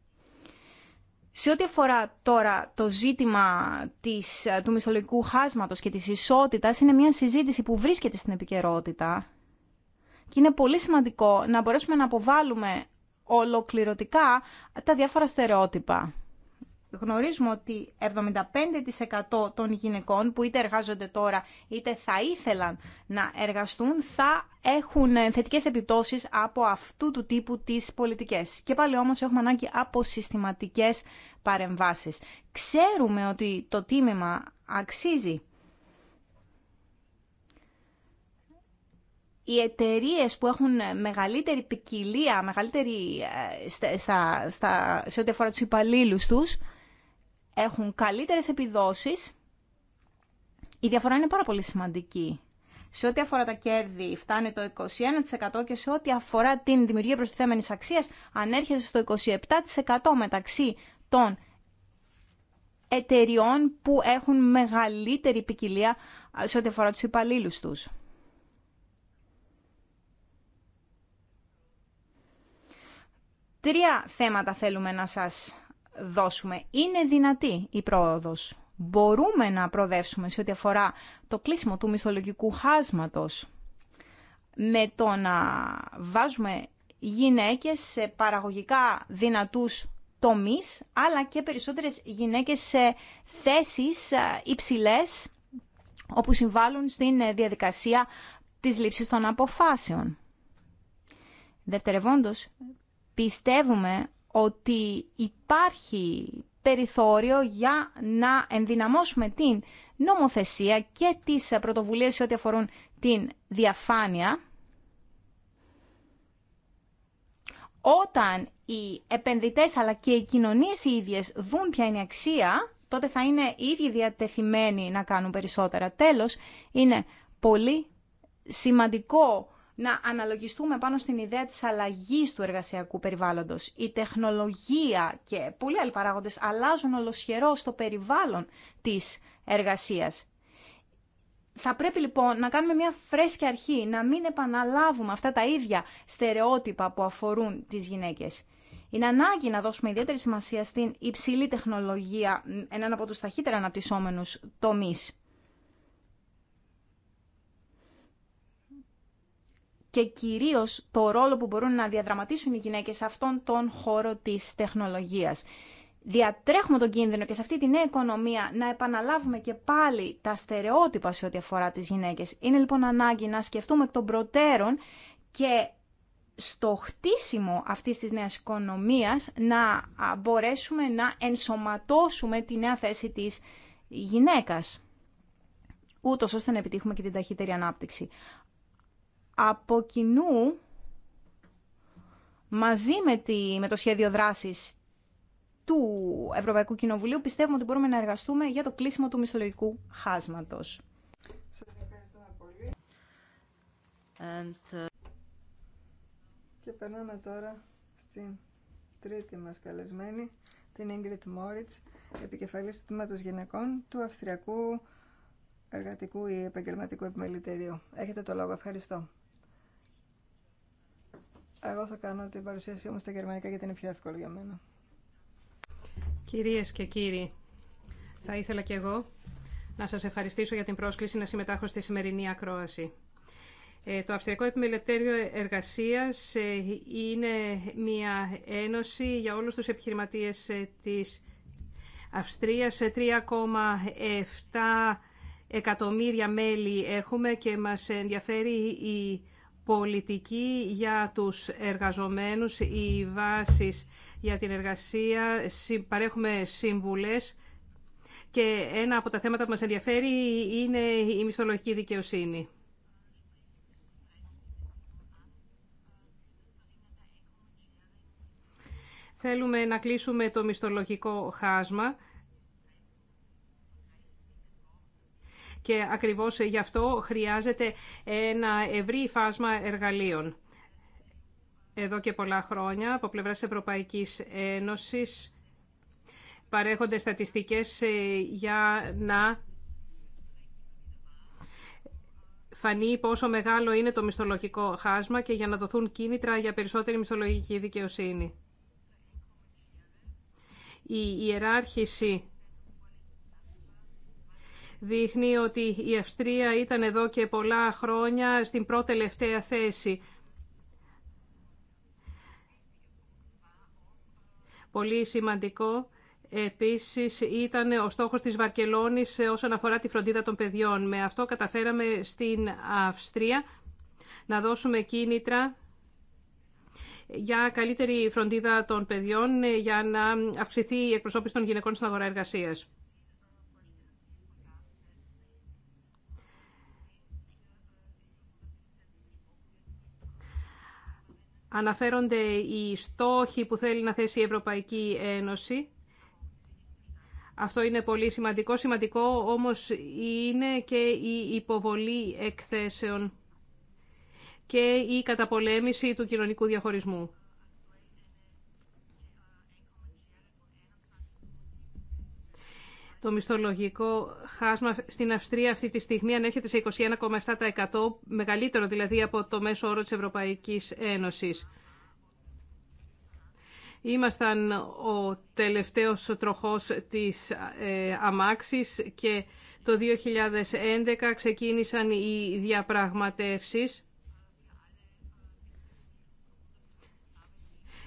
Σε ό,τι αφορά τώρα το ζήτημα της, του μισθολογικού χάσματος και της ισότητας, είναι μια συζήτηση που βρίσκεται στην επικαιρότητα και είναι πολύ σημαντικό να μπορέσουμε να αποβάλουμε ολοκληρωτικά τα διάφορα στερεότυπα γνωρίζουμε ότι 75% των γυναικών που είτε εργάζονται τώρα είτε θα ήθελαν να εργαστούν θα έχουν θετικές επιπτώσεις από αυτού του τύπου τις πολιτικές. Και πάλι όμως έχουμε ανάγκη από συστηματικές παρεμβάσεις. Ξέρουμε ότι το τίμημα αξίζει. οι εταιρείε που έχουν μεγαλύτερη ποικιλία, μεγαλύτερη ε, στα, στα, σε ό,τι αφορά τους υπαλλήλους τους, έχουν καλύτερες επιδόσεις, η διαφορά είναι πάρα πολύ σημαντική. Σε ό,τι αφορά τα κέρδη φτάνει το 21% και σε ό,τι αφορά την δημιουργία προστιθέμενης αξίας ανέρχεται στο 27% μεταξύ των εταιριών που έχουν μεγαλύτερη ποικιλία σε ό,τι αφορά τους υπαλλήλου τους. Τρία θέματα θέλουμε να σας δώσουμε. Είναι δυνατή η πρόοδος. Μπορούμε να προοδεύσουμε σε ό,τι αφορά το κλείσιμο του μισθολογικού χάσματος με το να βάζουμε γυναίκες σε παραγωγικά δυνατούς τομείς, αλλά και περισσότερες γυναίκες σε θέσεις ε, υψηλές, όπου συμβάλλουν στην ε, διαδικασία της λήψης των αποφάσεων. Δευτερευόντως, πιστεύουμε ότι υπάρχει περιθώριο για να ενδυναμώσουμε την νομοθεσία και τις πρωτοβουλίες σε ό,τι αφορούν την διαφάνεια όταν οι επενδυτές αλλά και οι κοινωνίες οι ίδιες δουν ποια είναι η αξία, τότε θα είναι οι ίδιοι διατεθειμένοι να κάνουν περισσότερα. Τέλος, είναι πολύ σημαντικό να αναλογιστούμε πάνω στην ιδέα της αλλαγής του εργασιακού περιβάλλοντος. Η τεχνολογία και πολλοί άλλοι παράγοντες αλλάζουν ολοσχερό στο περιβάλλον της εργασίας. Θα πρέπει λοιπόν να κάνουμε μια φρέσκια αρχή, να μην επαναλάβουμε αυτά τα ίδια στερεότυπα που αφορούν τις γυναίκες. Είναι ανάγκη να δώσουμε ιδιαίτερη σημασία στην υψηλή τεχνολογία, έναν από τους ταχύτερα αναπτυσσόμενους τομείς. και κυρίως το ρόλο που μπορούν να διαδραματίσουν οι γυναίκες σε αυτόν τον χώρο της τεχνολογίας. Διατρέχουμε τον κίνδυνο και σε αυτή τη νέα οικονομία να επαναλάβουμε και πάλι τα στερεότυπα σε ό,τι αφορά τις γυναίκες. Είναι λοιπόν ανάγκη να σκεφτούμε εκ των προτέρων και στο χτίσιμο αυτής της νέας οικονομίας να μπορέσουμε να ενσωματώσουμε τη νέα θέση της γυναίκας ούτως ώστε να επιτύχουμε και την ταχύτερη ανάπτυξη από κοινού μαζί με, τη, με το σχέδιο δράσης του Ευρωπαϊκού Κοινοβουλίου πιστεύουμε ότι μπορούμε να εργαστούμε για το κλείσιμο του μισθολογικού χάσματος. Σας ευχαριστούμε πολύ. And, uh, Και περνάμε τώρα στην τρίτη μας καλεσμένη, την Ingrid Moritz, επικεφαλής του Τμήματος Γυναικών του Αυστριακού Εργατικού ή Επαγγελματικού Επιμελητηρίου. Έχετε το λόγο. Ευχαριστώ. Εγώ θα κάνω την παρουσίασή μου στα γερμανικά γιατί είναι πιο εύκολο για μένα. Κυρίες και κύριοι, θα ήθελα και εγώ να σας ευχαριστήσω για την πρόσκληση να συμμετάχω στη σημερινή ακρόαση. Ε, το Αυστριακό επιμελητήριο Εργασίας ε, είναι μια ένωση για όλους τους επιχειρηματίες ε, της Αυστρίας. 3,7 εκατομμύρια μέλη έχουμε και μας ενδιαφέρει η πολιτική για τους εργαζομένους, οι βάσεις για την εργασία, παρέχουμε σύμβουλες και ένα από τα θέματα που μας ενδιαφέρει είναι η μισθολογική δικαιοσύνη. Θέλουμε να κλείσουμε το μισθολογικό χάσμα και ακριβώς γι' αυτό χρειάζεται ένα ευρύ φάσμα εργαλείων. Εδώ και πολλά χρόνια από πλευράς Ευρωπαϊκής Ένωσης παρέχονται στατιστικές ε, για να φανεί πόσο μεγάλο είναι το μισθολογικό χάσμα και για να δοθούν κίνητρα για περισσότερη μισθολογική δικαιοσύνη. Η ιεράρχηση δείχνει ότι η Αυστρία ήταν εδώ και πολλά χρόνια στην πρώτη-τελευταία θέση. Πολύ σημαντικό επίσης ήταν ο στόχος της Βαρκελόνης όσον αφορά τη φροντίδα των παιδιών. Με αυτό καταφέραμε στην Αυστρία να δώσουμε κίνητρα για καλύτερη φροντίδα των παιδιών για να αυξηθεί η εκπροσώπηση των γυναικών στην αγορά εργασίας. αναφέρονται οι στόχοι που θέλει να θέσει η Ευρωπαϊκή Ένωση. Αυτό είναι πολύ σημαντικό. Σημαντικό όμως είναι και η υποβολή εκθέσεων και η καταπολέμηση του κοινωνικού διαχωρισμού. Το μισθολογικό χάσμα στην Αυστρία αυτή τη στιγμή ανέρχεται σε 21,7%, μεγαλύτερο δηλαδή από το μέσο όρο της Ευρωπαϊκής Ένωσης. Ήμασταν ο τελευταίος τροχός της ε, αμάξης και το 2011 ξεκίνησαν οι διαπραγματεύσεις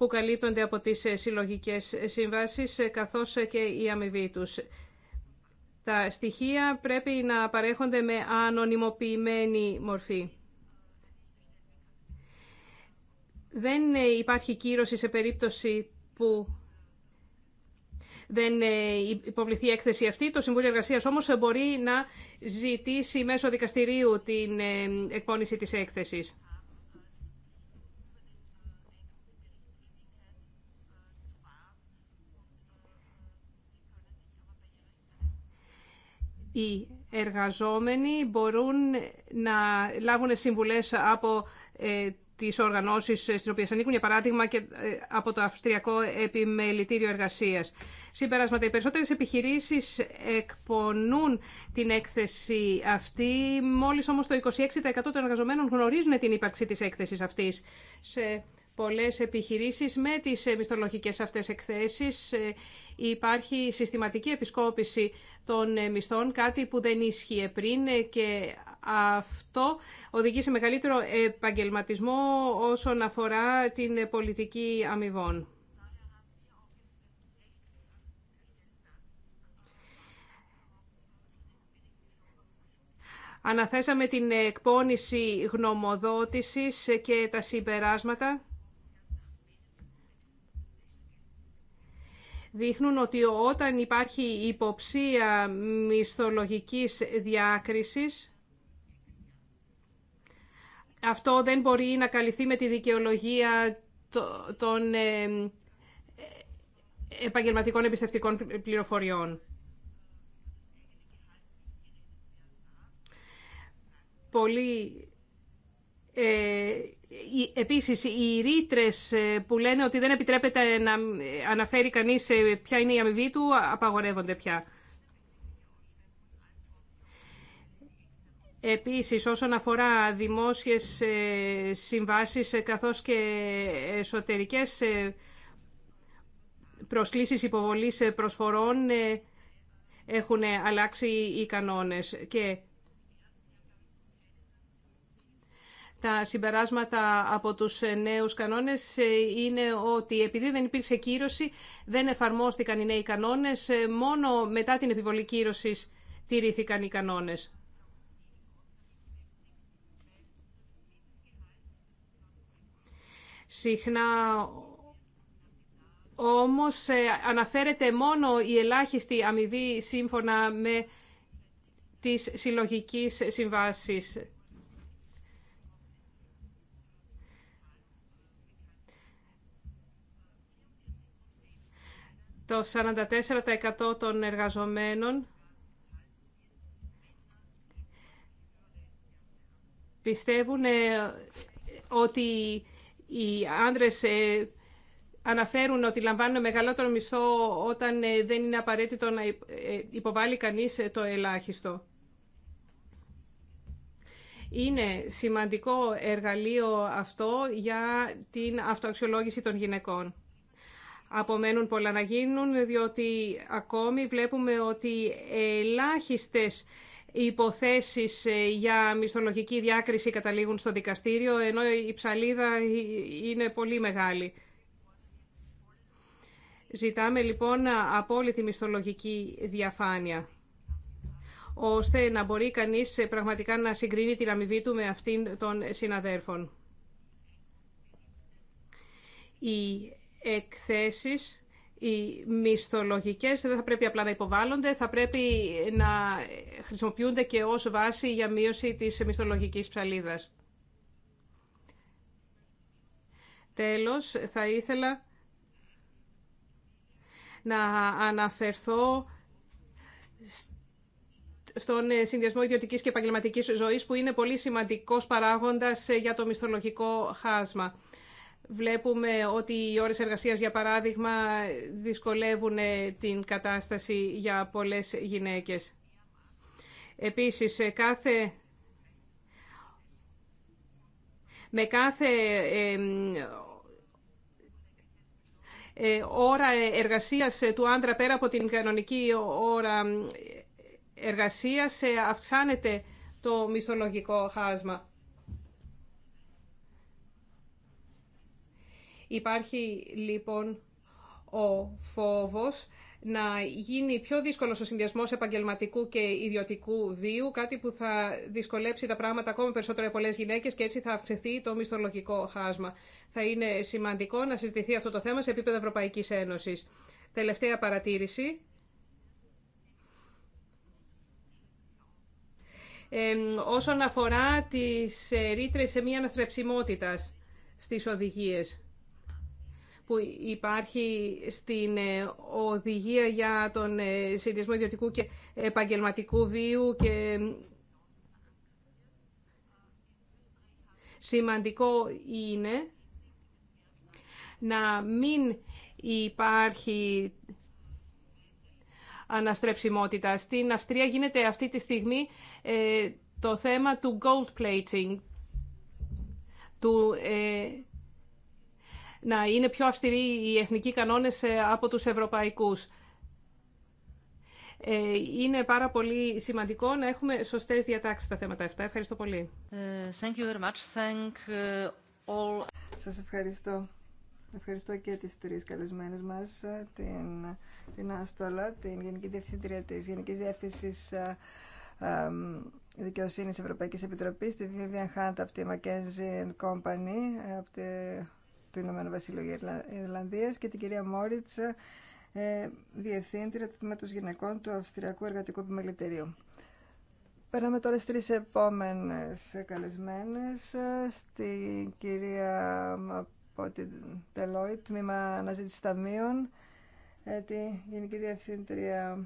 που καλύπτονται από τις ε, συλλογικές ε, συμβάσεις, ε, καθώς και η αμοιβή τους. Τα στοιχεία πρέπει να παρέχονται με ανωνυμοποιημένη μορφή. Δεν υπάρχει κύρωση σε περίπτωση που δεν υποβληθεί η έκθεση αυτή. Το Συμβούλιο εργασία όμως μπορεί να ζητήσει μέσω δικαστηρίου την εκπόνηση της έκθεση. οι εργαζόμενοι μπορούν να λάβουν συμβουλές από ε, τις οργανώσεις στις οποίες ανήκουν, για παράδειγμα και ε, από το Αυστριακό Επιμελητήριο Εργασίας. Συμπεράσματα, οι περισσότερες επιχειρήσεις εκπονούν την έκθεση αυτή, μόλις όμως το 26% των εργαζομένων γνωρίζουν την ύπαρξη της έκθεσης αυτής. Σε πολλές επιχειρήσεις με τις μισθολογικές αυτές εκθέσεις. Ε, υπάρχει συστηματική επισκόπηση των ε, μισθών, κάτι που δεν ίσχυε πριν ε, και αυτό οδηγεί σε μεγαλύτερο επαγγελματισμό όσον αφορά την πολιτική αμοιβών. Αναθέσαμε την εκπόνηση γνωμοδότησης και τα συμπεράσματα. δείχνουν ότι όταν υπάρχει υποψία μισθολογικής διάκρισης, αυτό δεν μπορεί να καλυφθεί με τη δικαιολογία των ε, ε, επαγγελματικών εμπιστευτικών πληροφοριών. Πολύ Επίσης, οι ρήτρε ε, που λένε ότι δεν επιτρέπεται να ε, αναφέρει κανείς ε, ποια είναι η αμοιβή του, απαγορεύονται πια. Επίσης, όσον αφορά δημόσιες συμβάσεις καθώς και εσωτερικές προσκλήσεις υποβολής προσφορών, έχουν αλλάξει οι κανόνες. Και Τα συμπεράσματα από τους ε, νέους κανόνες ε, είναι ότι επειδή δεν υπήρξε κύρωση, δεν εφαρμόστηκαν οι νέοι κανόνες, ε, μόνο μετά την επιβολή κύρωσης τηρήθηκαν οι κανόνες. Συχνά όμως αναφέρεται μόνο η ελάχιστη αμοιβή σύμφωνα με τις συλλογικές συμβάσεις. το 44% των εργαζομένων πιστεύουν ε, ότι οι άντρες ε, αναφέρουν ότι λαμβάνουν μεγαλύτερο μισθό όταν ε, δεν είναι απαραίτητο να υποβάλει κανείς το ελάχιστο. Είναι σημαντικό εργαλείο αυτό για την αυτοαξιολόγηση των γυναικών απομένουν πολλά να γίνουν, διότι ακόμη βλέπουμε ότι ελάχιστες υποθέσεις ε, για μισθολογική διάκριση καταλήγουν στο δικαστήριο, ενώ η ψαλίδα ε, είναι πολύ μεγάλη. Ζητάμε λοιπόν απόλυτη μισθολογική διαφάνεια, ώστε να μπορεί κανείς ε, πραγματικά να συγκρίνει την αμοιβή του με αυτήν των συναδέρφων. Η εκθέσεις, οι μισθολογικές δεν θα πρέπει απλά να υποβάλλονται, θα πρέπει να χρησιμοποιούνται και ως βάση για μείωση της μισθολογικής ψαλίδας. Τέλος, θα ήθελα να αναφερθώ στον συνδυασμό ιδιωτική και επαγγελματική ζωή, που είναι πολύ σημαντικό παράγοντα για το μισθολογικό χάσμα. Βλέπουμε ότι οι ώρες εργασίας, για παράδειγμα, δυσκολεύουν ε, την κατάσταση για πολλές γυναίκες. Επίσης, κάθε... με κάθε ε, ώρα εργασίας του άντρα πέρα από την κανονική ώρα εργασίας ε, αυξάνεται το μισθολογικό χάσμα. Υπάρχει λοιπόν ο φόβος να γίνει πιο δύσκολο ο συνδυασμό επαγγελματικού και ιδιωτικού βίου, κάτι που θα δυσκολέψει τα πράγματα ακόμα περισσότερο για πολλές γυναίκες και έτσι θα αυξηθεί το μισθολογικό χάσμα. Θα είναι σημαντικό να συζητηθεί αυτό το θέμα σε επίπεδο Ευρωπαϊκής Ένωσης. Τελευταία παρατήρηση. όσον αφορά τις ε, ρήτρες σε μία αναστρεψιμότητας στις οδηγίες που υπάρχει στην ε, οδηγία για τον ε, συνδυασμό ιδιωτικού και επαγγελματικού βίου και σημαντικό είναι να μην υπάρχει αναστρεψιμότητα. Στην Αυστρία γίνεται αυτή τη στιγμή ε, το θέμα του gold plating, του να είναι πιο αυστηροί οι εθνικοί κανόνες ε, από τους ευρωπαϊκούς. Ε, είναι πάρα πολύ σημαντικό να έχουμε σωστές διατάξεις στα θέματα αυτά. Ευχαριστώ πολύ. Ε, thank you very much. Thank all... Σας ευχαριστώ. Ευχαριστώ και τις τρεις καλεσμένες μας, την, την Άστολα, την Γενική Διευθύντρια της Γενικής Διεύθυνσης Δικαιοσύνης Ευρωπαϊκής Επιτροπής, τη Vivian Hunt από τη McKenzie Company, από τη του Ηνωμένου Βασιλείου Ιρλανδία και την κυρία Μόριτσα, ε, Διευθύντρια του Τμήματο Γυναικών του Αυστριακού Εργατικού Επιμελητηρίου. Περνάμε τώρα στι τρεις επόμενες καλεσμένε. Ε, στην κυρία από την Deloitte, Τμήμα Αναζήτηση Ταμείων, ε, τη Γενική Διευθύντρια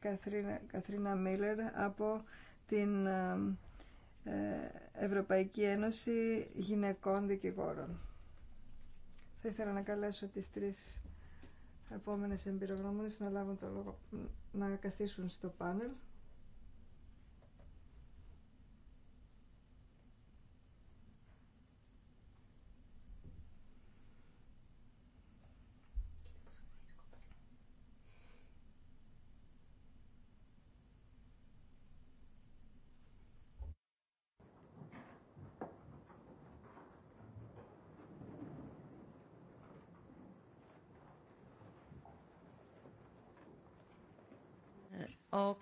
Καθρίνα, Καθρίνα Μίλλερ από την Ευρωπαϊκή Ένωση Γυναικών Δικηγόρων. Θα ήθελα να καλέσω τις τρεις επόμενες εμπειρογνώμονες να λάβουν το λόγο να καθίσουν στο πάνελ.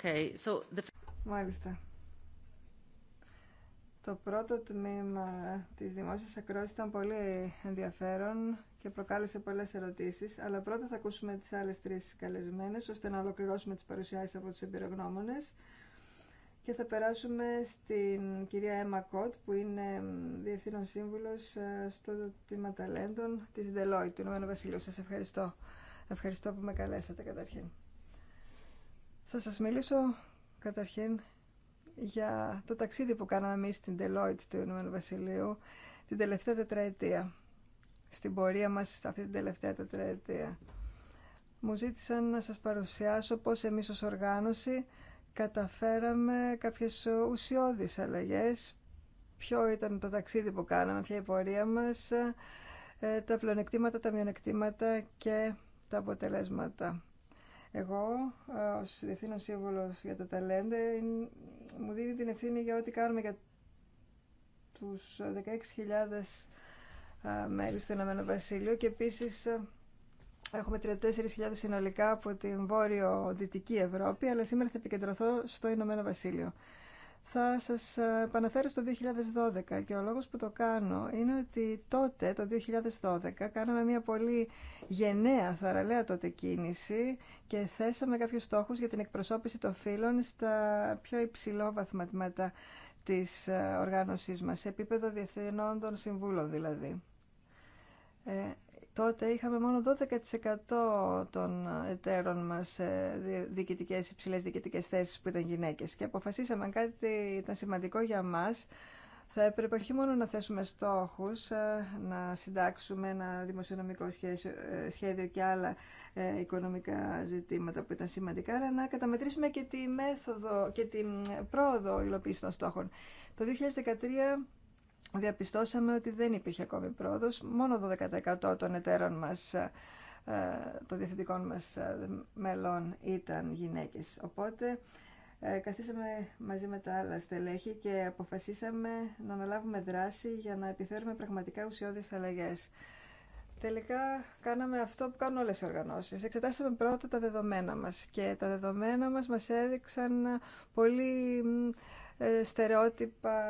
Okay, so the... Μάλιστα. Το πρώτο τμήμα της δημόσιας ακρόασης ήταν πολύ ενδιαφέρον και προκάλεσε πολλές ερωτήσεις, αλλά πρώτα θα ακούσουμε τις άλλες τρεις καλεσμένες, ώστε να ολοκληρώσουμε τις παρουσιάσεις από τους εμπειρογνώμονες και θα περάσουμε στην κυρία Έμα Κότ, που είναι Διευθύνων Σύμβουλος ε, στο Τμήμα Ταλέντων τη Deloitte του Ηνωμένου Βασιλείου. Σας ευχαριστώ. Ευχαριστώ που με καλέσατε καταρχήν. Θα σας μιλήσω καταρχήν για το ταξίδι που κάναμε εμείς στην Deloitte του Ηνωμένου Βασιλείου την τελευταία τετραετία. Στην πορεία μας αυτή την τελευταία τετραετία. Μου ζήτησαν να σας παρουσιάσω πώς εμείς ως οργάνωση καταφέραμε κάποιες ουσιώδεις αλλαγές, ποιο ήταν το ταξίδι που κάναμε, ποια η πορεία μας, ε, τα πλεονεκτήματα, τα μειονεκτήματα και τα αποτελέσματα. Εγώ, ε, ω διευθύνων σύμβολο για τα ταλέντα, μου δίνει την ευθύνη για ό,τι κάνουμε για του 16.000 ε, μέλη στο Ηνωμένο Βασίλειο και επίση ε, έχουμε 34.000 συνολικά από την βόρειο-δυτική Ευρώπη, αλλά σήμερα θα επικεντρωθώ στο Ηνωμένο Βασίλειο. Θα σας ε, επαναφέρω στο 2012 και ο λόγος που το κάνω είναι ότι τότε, το 2012, κάναμε μια πολύ γενναία, θαραλέα τότε κίνηση και θέσαμε κάποιους στόχους για την εκπροσώπηση των φύλων στα πιο υψηλό βαθματιμάτα της ε, οργάνωσής μας, σε επίπεδο των συμβούλων δηλαδή. Ε, τότε είχαμε μόνο 12% των εταίρων μας σε διοικητικέ, υψηλές διοικητικές θέσεις που ήταν γυναίκες και αποφασίσαμε αν κάτι ήταν σημαντικό για μα. θα έπρεπε όχι μόνο να θέσουμε στόχους, ε, να συντάξουμε ένα δημοσιονομικό ε, σχέδιο και άλλα ε, οικονομικά ζητήματα που ήταν σημαντικά, αλλά να καταμετρήσουμε και τη μέθοδο και την πρόοδο υλοποίηση των στόχων. Το 2013 διαπιστώσαμε ότι δεν υπήρχε ακόμη πρόοδος. Μόνο 12% των εταίρων μας, ε, των διευθυντικών μας ε, μελών ήταν γυναίκες. Οπότε ε, καθίσαμε μαζί με τα άλλα στελέχη και αποφασίσαμε να αναλάβουμε δράση για να επιφέρουμε πραγματικά ουσιώδεις αλλαγές. Τελικά κάναμε αυτό που κάνουν όλες οι οργανώσεις. Εξετάσαμε πρώτα τα δεδομένα μας και τα δεδομένα μας μας έδειξαν πολύ στερεότυπα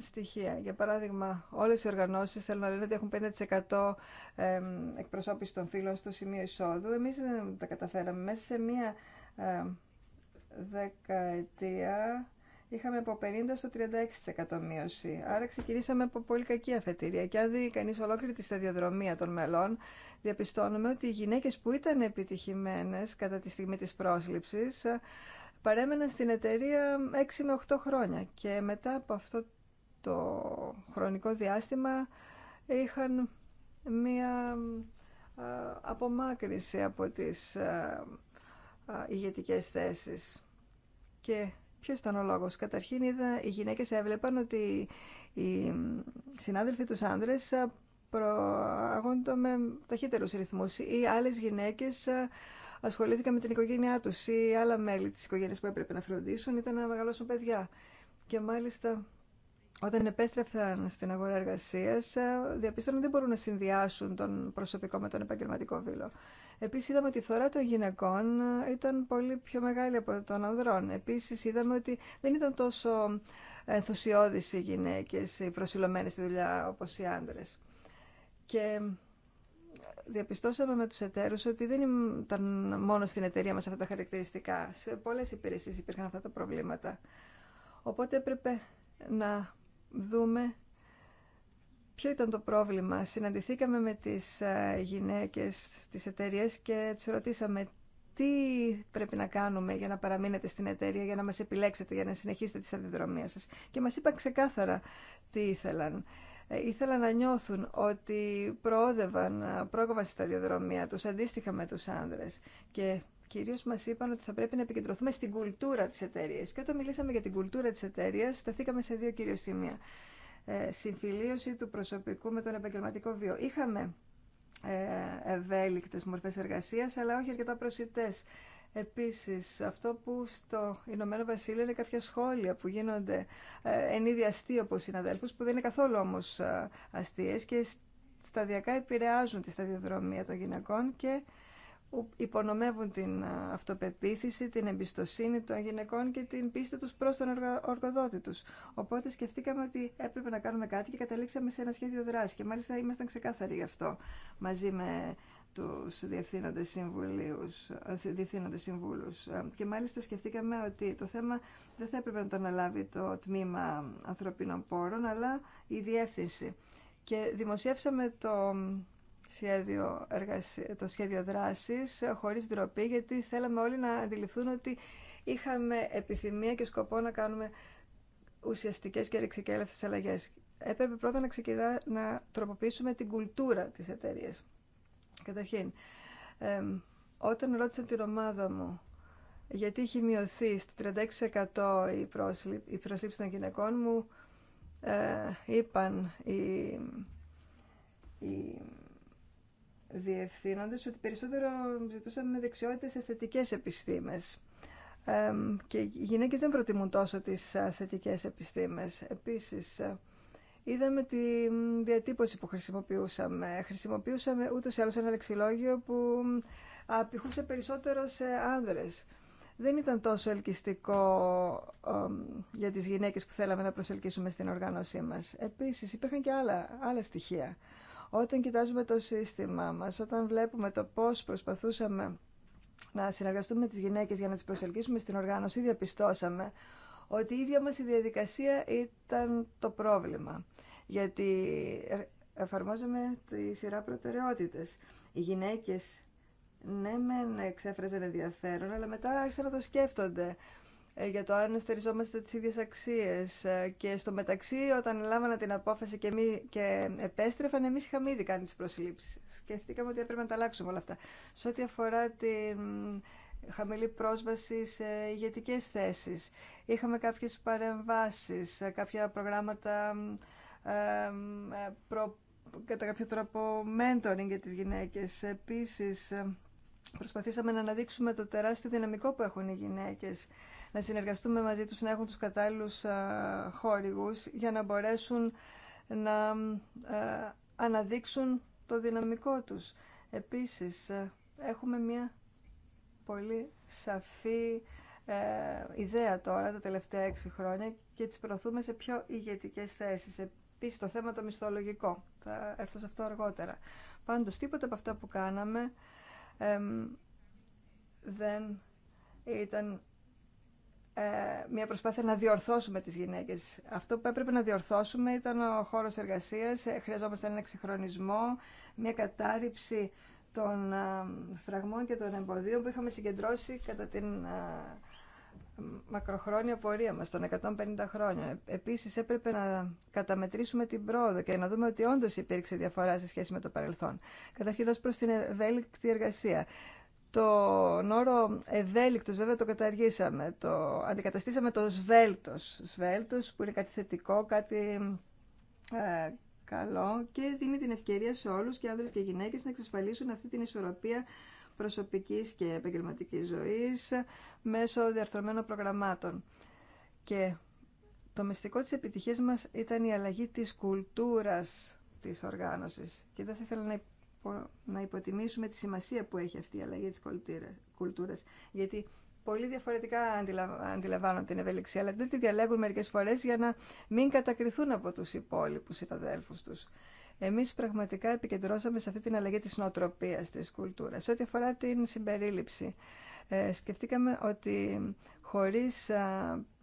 στοιχεία. Για παράδειγμα, όλες οι οργανώσεις θέλουν να λένε ότι έχουν 5% εκπροσώπηση των φύλων στο σημείο εισόδου. Εμείς δεν τα καταφέραμε. Μέσα σε μία δεκαετία είχαμε από 50% στο 36% μείωση. Άρα ξεκινήσαμε από πολύ κακή αφετηρία. Και αν δει κανείς ολόκληρη τη σταδιοδρομία των μελών, διαπιστώνουμε ότι οι γυναίκες που ήταν επιτυχημένε κατά τη στιγμή της πρόσληψης, παρέμεναν στην εταιρεία 6 με 8 χρόνια. Και μετά από αυτό το χρονικό διάστημα είχαν μία ε, απομάκρυση από τις ε, ε, ηγετικές θέσεις. Και ποιος ήταν ο λόγος. Καταρχήν είδα, οι γυναίκες έβλεπαν ότι οι συνάδελφοι τους άνδρες προαγόνται με ταχύτερους ρυθμούς ή άλλες γυναίκες ασχολήθηκαν με την οικογένειά τους ή άλλα μέλη της οικογένειας που έπρεπε να φροντίσουν ήταν να μεγαλώσουν παιδιά. Και μάλιστα όταν επέστρεφαν στην αγορά εργασία, ε, διαπίστωναν ότι δεν μπορούν να συνδυάσουν τον προσωπικό με τον επαγγελματικό βήλο. Επίση, είδαμε ότι η θωρά των γυναικών ε, ήταν πολύ πιο μεγάλη από των ανδρών. Επίση, είδαμε ότι δεν ήταν τόσο ενθουσιώδει οι γυναίκε, οι προσιλωμένε στη δουλειά όπω οι άντρε. Και ε, διαπιστώσαμε με του εταίρου ότι δεν ήταν μόνο στην εταιρεία μα αυτά τα χαρακτηριστικά. Σε πολλέ υπηρεσίε υπήρχαν αυτά τα προβλήματα. Οπότε έπρεπε να δούμε ποιο ήταν το πρόβλημα. Συναντηθήκαμε με τις ε, γυναίκες της εταιρεία και τις ρωτήσαμε τι πρέπει να κάνουμε για να παραμείνετε στην εταιρεία, για να μας επιλέξετε, για να συνεχίσετε τη σταδιοδρομία σας. Και μας είπαν ξεκάθαρα τι ήθελαν. Ε, ήθελαν να νιώθουν ότι προόδευαν, ε, πρόκοβαν στη σταδιοδρομία τους, αντίστοιχα με τους άνδρες. Και κυρίως μας είπαν ότι θα πρέπει να επικεντρωθούμε στην κουλτούρα της εταιρεία. Και όταν μιλήσαμε για την κουλτούρα της εταιρεία, σταθήκαμε σε δύο κυρίως σημεία. Ε, συμφιλίωση του προσωπικού με τον επαγγελματικό βίο. Είχαμε ε, ευέλικτες μορφές εργασίας, αλλά όχι αρκετά προσιτές. Επίσης, αυτό που στο Ηνωμένο Βασίλειο είναι κάποια σχόλια που γίνονται ε, εν είδη αστείο συναδέλφους, που δεν είναι καθόλου όμως ε, αστείες και σταδιακά επηρεάζουν τη σταδιοδρομία των γυναικών και υπονομεύουν την ε, αυτοπεποίθηση, την εμπιστοσύνη των γυναικών και την πίστη τους προς τον οργοδότη τους. Οπότε σκεφτήκαμε ότι έπρεπε να κάνουμε κάτι και καταλήξαμε σε ένα σχέδιο δράση και μάλιστα ήμασταν ξεκάθαροι γι' αυτό μαζί με τους διευθύνοντες, συμβουλίους, ε, διευθύνοντες συμβούλους. Ε, και μάλιστα σκεφτήκαμε ότι το θέμα δεν θα έπρεπε να το αναλάβει το τμήμα ανθρωπίνων πόρων, αλλά η διεύθυνση. Και δημοσιεύσαμε το σχέδιο το σχέδιο δράσης ε, χωρίς ντροπή γιατί θέλαμε όλοι να αντιληφθούν ότι είχαμε επιθυμία και σκοπό να κάνουμε ουσιαστικές και ρεξικέλευτες αλλαγές. Έπρεπε πρώτα να, ξεκινά, να τροποποιήσουμε την κουλτούρα της εταιρεία. Καταρχήν, ε, όταν ρώτησα την ομάδα μου γιατί έχει μειωθεί στο 36% η, προσλήψη, η προσλήψη των γυναικών μου, ε, είπαν οι διευθύνοντες ότι περισσότερο ζητούσαμε δεξιότητες σε θετικές επιστήμες. και οι γυναίκες δεν προτιμούν τόσο τις θετικές επιστήμες. Επίσης, ε, είδαμε τη διατύπωση που χρησιμοποιούσαμε. Χρησιμοποιούσαμε ούτως ή άλλως ένα λεξιλόγιο που απηχούσε περισσότερο σε άνδρες. Δεν ήταν τόσο ελκυστικό για τις γυναίκες που θέλαμε να προσελκύσουμε στην οργάνωσή μας. Επίσης, υπήρχαν και άλλα, άλλα στοιχεία. Όταν κοιτάζουμε το σύστημά μας, όταν βλέπουμε το πώς προσπαθούσαμε να συνεργαστούμε με τις γυναίκες για να τις προσελκύσουμε στην οργάνωση, διαπιστώσαμε ότι η ίδια μας η διαδικασία ήταν το πρόβλημα. Γιατί ε, εφαρμόζαμε τη σειρά προτεραιότητες. Οι γυναίκες ναι μεν εξέφραζαν ενδιαφέρον, αλλά μετά άρχισαν να το σκέφτονται. Ε, για το αν στεριζόμαστε τις ίδιες αξίες ε, και στο μεταξύ όταν λάβανα την απόφαση και, εμείς, και επέστρεφαν εμείς είχαμε ήδη κάνει τις προσλήψεις. Σκεφτήκαμε ότι έπρεπε να τα αλλάξουμε όλα αυτά. Σε ό,τι αφορά τη χαμηλή πρόσβαση σε ηγετικές θέσεις, είχαμε κάποιες παρεμβάσεις, ε, κάποια προγράμματα προ, κατά κάποιο τρόπο mentoring για τις γυναίκες. Επίσης, προσπαθήσαμε να αναδείξουμε το τεράστιο δυναμικό που έχουν οι γυναίκες να συνεργαστούμε μαζί τους, να έχουν τους κατάλληλους χορηγούς για να μπορέσουν να αναδείξουν το δυναμικό τους. Επίσης, έχουμε μια πολύ σαφή ε, ιδέα τώρα τα τελευταία έξι χρόνια και τις προωθούμε σε πιο ηγετικές θέσεις. Επίσης, το θέμα το μισθολογικό. Θα έρθω σε αυτό αργότερα. Πάντως, τίποτα από αυτά που κάναμε δεν ήταν ε, μια προσπάθεια να διορθώσουμε τις γυναίκες. Αυτό που έπρεπε να διορθώσουμε ήταν ο χώρος εργασίας. Ε, χρειαζόμαστε ένα εξυγχρονισμό, μια κατάρριψη των ε, φραγμών και των εμποδίων που είχαμε συγκεντρώσει κατά την μακροχρόνια πορεία μας, των 150 χρόνια. Επίσης έπρεπε να καταμετρήσουμε την πρόοδο και να δούμε ότι όντως υπήρξε διαφορά σε σχέση με το παρελθόν. Καταρχήν ως προς την ευέλικτη εργασία. Το όρο ευέλικτος βέβαια το καταργήσαμε, το αντικαταστήσαμε το σβέλτος. Σβέλτος που είναι κάτι θετικό, κάτι ε, καλό και δίνει την ευκαιρία σε όλους και άνδρες και γυναίκες να εξασφαλίσουν αυτή την ισορροπία προσωπικής και επαγγελματικής ζωής μέσω διαρθρωμένων προγραμμάτων. Και το μυστικό της επιτυχίας μας ήταν η αλλαγή της κουλτούρας της οργάνωσης. Και δεν θα ήθελα να να υποτιμήσουμε τη σημασία που έχει αυτή η αλλαγή της κουλτούρας. Γιατί πολύ διαφορετικά αντιλαμβάνονται την ευελιξία, αλλά δεν τη διαλέγουν μερικές φορές για να μην κατακριθούν από τους υπόλοιπους συναδέλφους τους. Εμείς πραγματικά επικεντρώσαμε σε αυτή την αλλαγή της νοοτροπίας της κουλτούρας. ό,τι αφορά την συμπερίληψη, ε, σκεφτήκαμε ότι χωρίς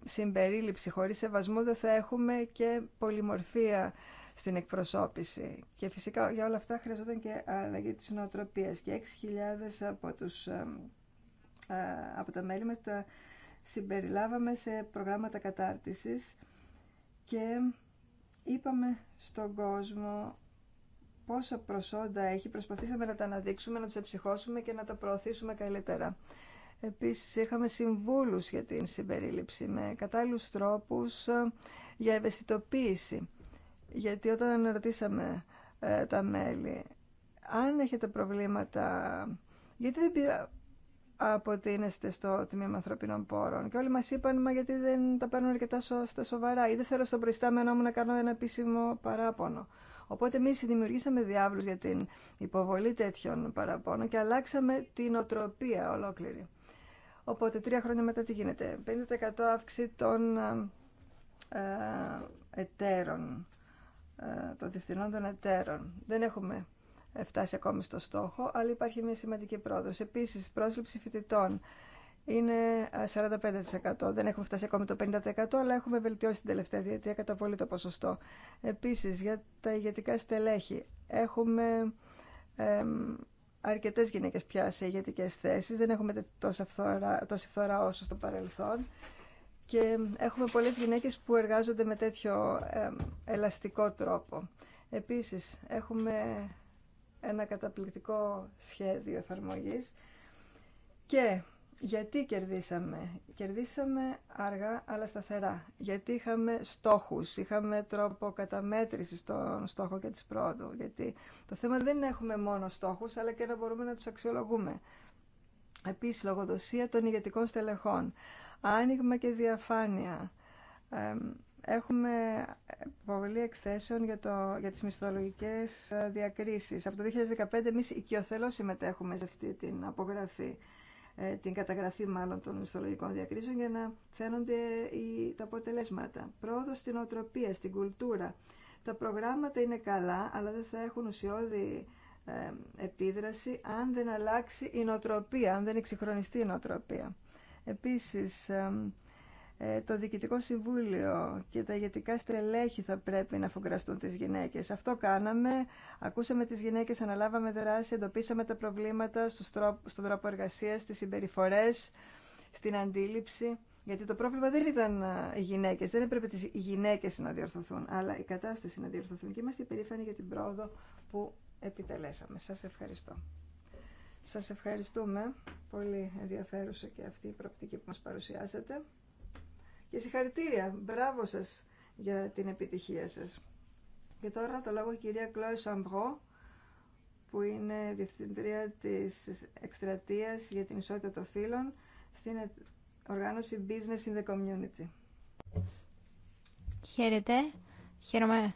συμπερίληψη, χωρίς σεβασμό δεν θα έχουμε και πολυμορφία στην εκπροσώπηση. Και φυσικά για όλα αυτά χρειαζόταν και αλλαγή της νοοτροπίας. Και 6.000 από, τους, ε, από τα μέλη μας τα συμπεριλάβαμε σε προγράμματα κατάρτισης και είπαμε στον κόσμο πόσα προσόντα έχει. Προσπαθήσαμε να τα αναδείξουμε, να τους εψυχώσουμε και να τα προωθήσουμε καλύτερα. Επίσης είχαμε συμβούλους για την συμπερίληψη με κατάλληλους τρόπους ε, για ευαισθητοποίηση γιατί όταν ρωτήσαμε ε, τα μέλη αν έχετε προβλήματα, γιατί δεν αποτείνεστε στο Τμήμα Ανθρωπίνων Πόρων. Και όλοι μας είπαν, μα γιατί δεν τα παίρνουν αρκετά στα σοβαρά ή δεν θέλω στον προϊστάμενό μου να κάνω ένα επίσημο παράπονο. Οπότε εμεί δημιουργήσαμε διάβλους για την υποβολή τέτοιων παραπώνων και αλλάξαμε την οτροπία ολόκληρη. Οπότε τρία χρόνια μετά τι γίνεται. 50% αύξηση των ε, ε, εταίρων. Ε, των διεθνών των εταίρων. Δεν έχουμε φτάσει ακόμη στο στόχο, αλλά υπάρχει μια σημαντική πρόοδος. Επίσης, πρόσληψη φοιτητών είναι 45%. Ε, Δεν έχουμε φτάσει ακόμη το 50%, αλλά έχουμε βελτιώσει την τελευταία διετία κατά πολύ το ποσοστό. Επίσης, για τα ηγετικά στελέχη, έχουμε ε, αρκετές γυναίκες πια σε ηγετικές θέσεις. Δεν έχουμε τόση φθορά όσο στο παρελθόν και έχουμε πολλές γυναίκες που εργάζονται με τέτοιο ελαστικό τρόπο. Επίσης, έχουμε ένα καταπληκτικό σχέδιο εφαρμογής και γιατί κερδίσαμε. Κερδίσαμε αργά αλλά σταθερά. Γιατί είχαμε στόχους, είχαμε τρόπο καταμέτρησης των στόχων και της πρόοδου. Γιατί το θέμα δεν είναι έχουμε μόνο στόχους, αλλά και να μπορούμε να τους αξιολογούμε. Επίσης, λογοδοσία των ηγετικών στελεχών άνοιγμα και διαφάνεια. Έχουμε πολλή εκθέσεων για, το, για τις μισθολογικές ε, διακρίσεις. Από το 2015 εμείς οικειοθελώς συμμετέχουμε σε αυτή την απογραφή, ε, την καταγραφή μάλλον των μισθολογικών διακρίσεων για να φαίνονται τα αποτελέσματα. Πρόοδος στην οτροπία, στην κουλτούρα. Τα προγράμματα είναι καλά, αλλά δεν θα έχουν ουσιώδη ε, επίδραση αν δεν αλλάξει η νοοτροπία, αν δεν εξυγχρονιστεί η νοοτροπία. Επίσης, ε, το Διοικητικό Συμβούλιο και τα ηγετικά στελέχη θα πρέπει να φουγκραστούν τις γυναίκες. Αυτό κάναμε, ακούσαμε τις γυναίκες, αναλάβαμε δράση, εντοπίσαμε τα προβλήματα στον τρόπο εργασίας, στις συμπεριφορές, στην αντίληψη. Γιατί το πρόβλημα δεν ήταν ε, οι γυναίκες, δεν έπρεπε τις γυναίκες να διορθωθούν, αλλά η κατάσταση να διορθωθούν. Και είμαστε υπερήφανοι για την πρόοδο που επιτελέσαμε. Σας ευχαριστώ. Σας ευχαριστούμε. Πολύ ενδιαφέρουσα και αυτή η προοπτική που μας παρουσιάσατε. Και συγχαρητήρια. Μπράβο σας για την επιτυχία σας. Και τώρα το λόγο η κυρία Κλώη Σαμπρό, που είναι διευθυντρία της εκστρατείας για την ισότητα των φύλων στην ε, οργάνωση Business in the Community. Χαίρετε. Χαίρομαι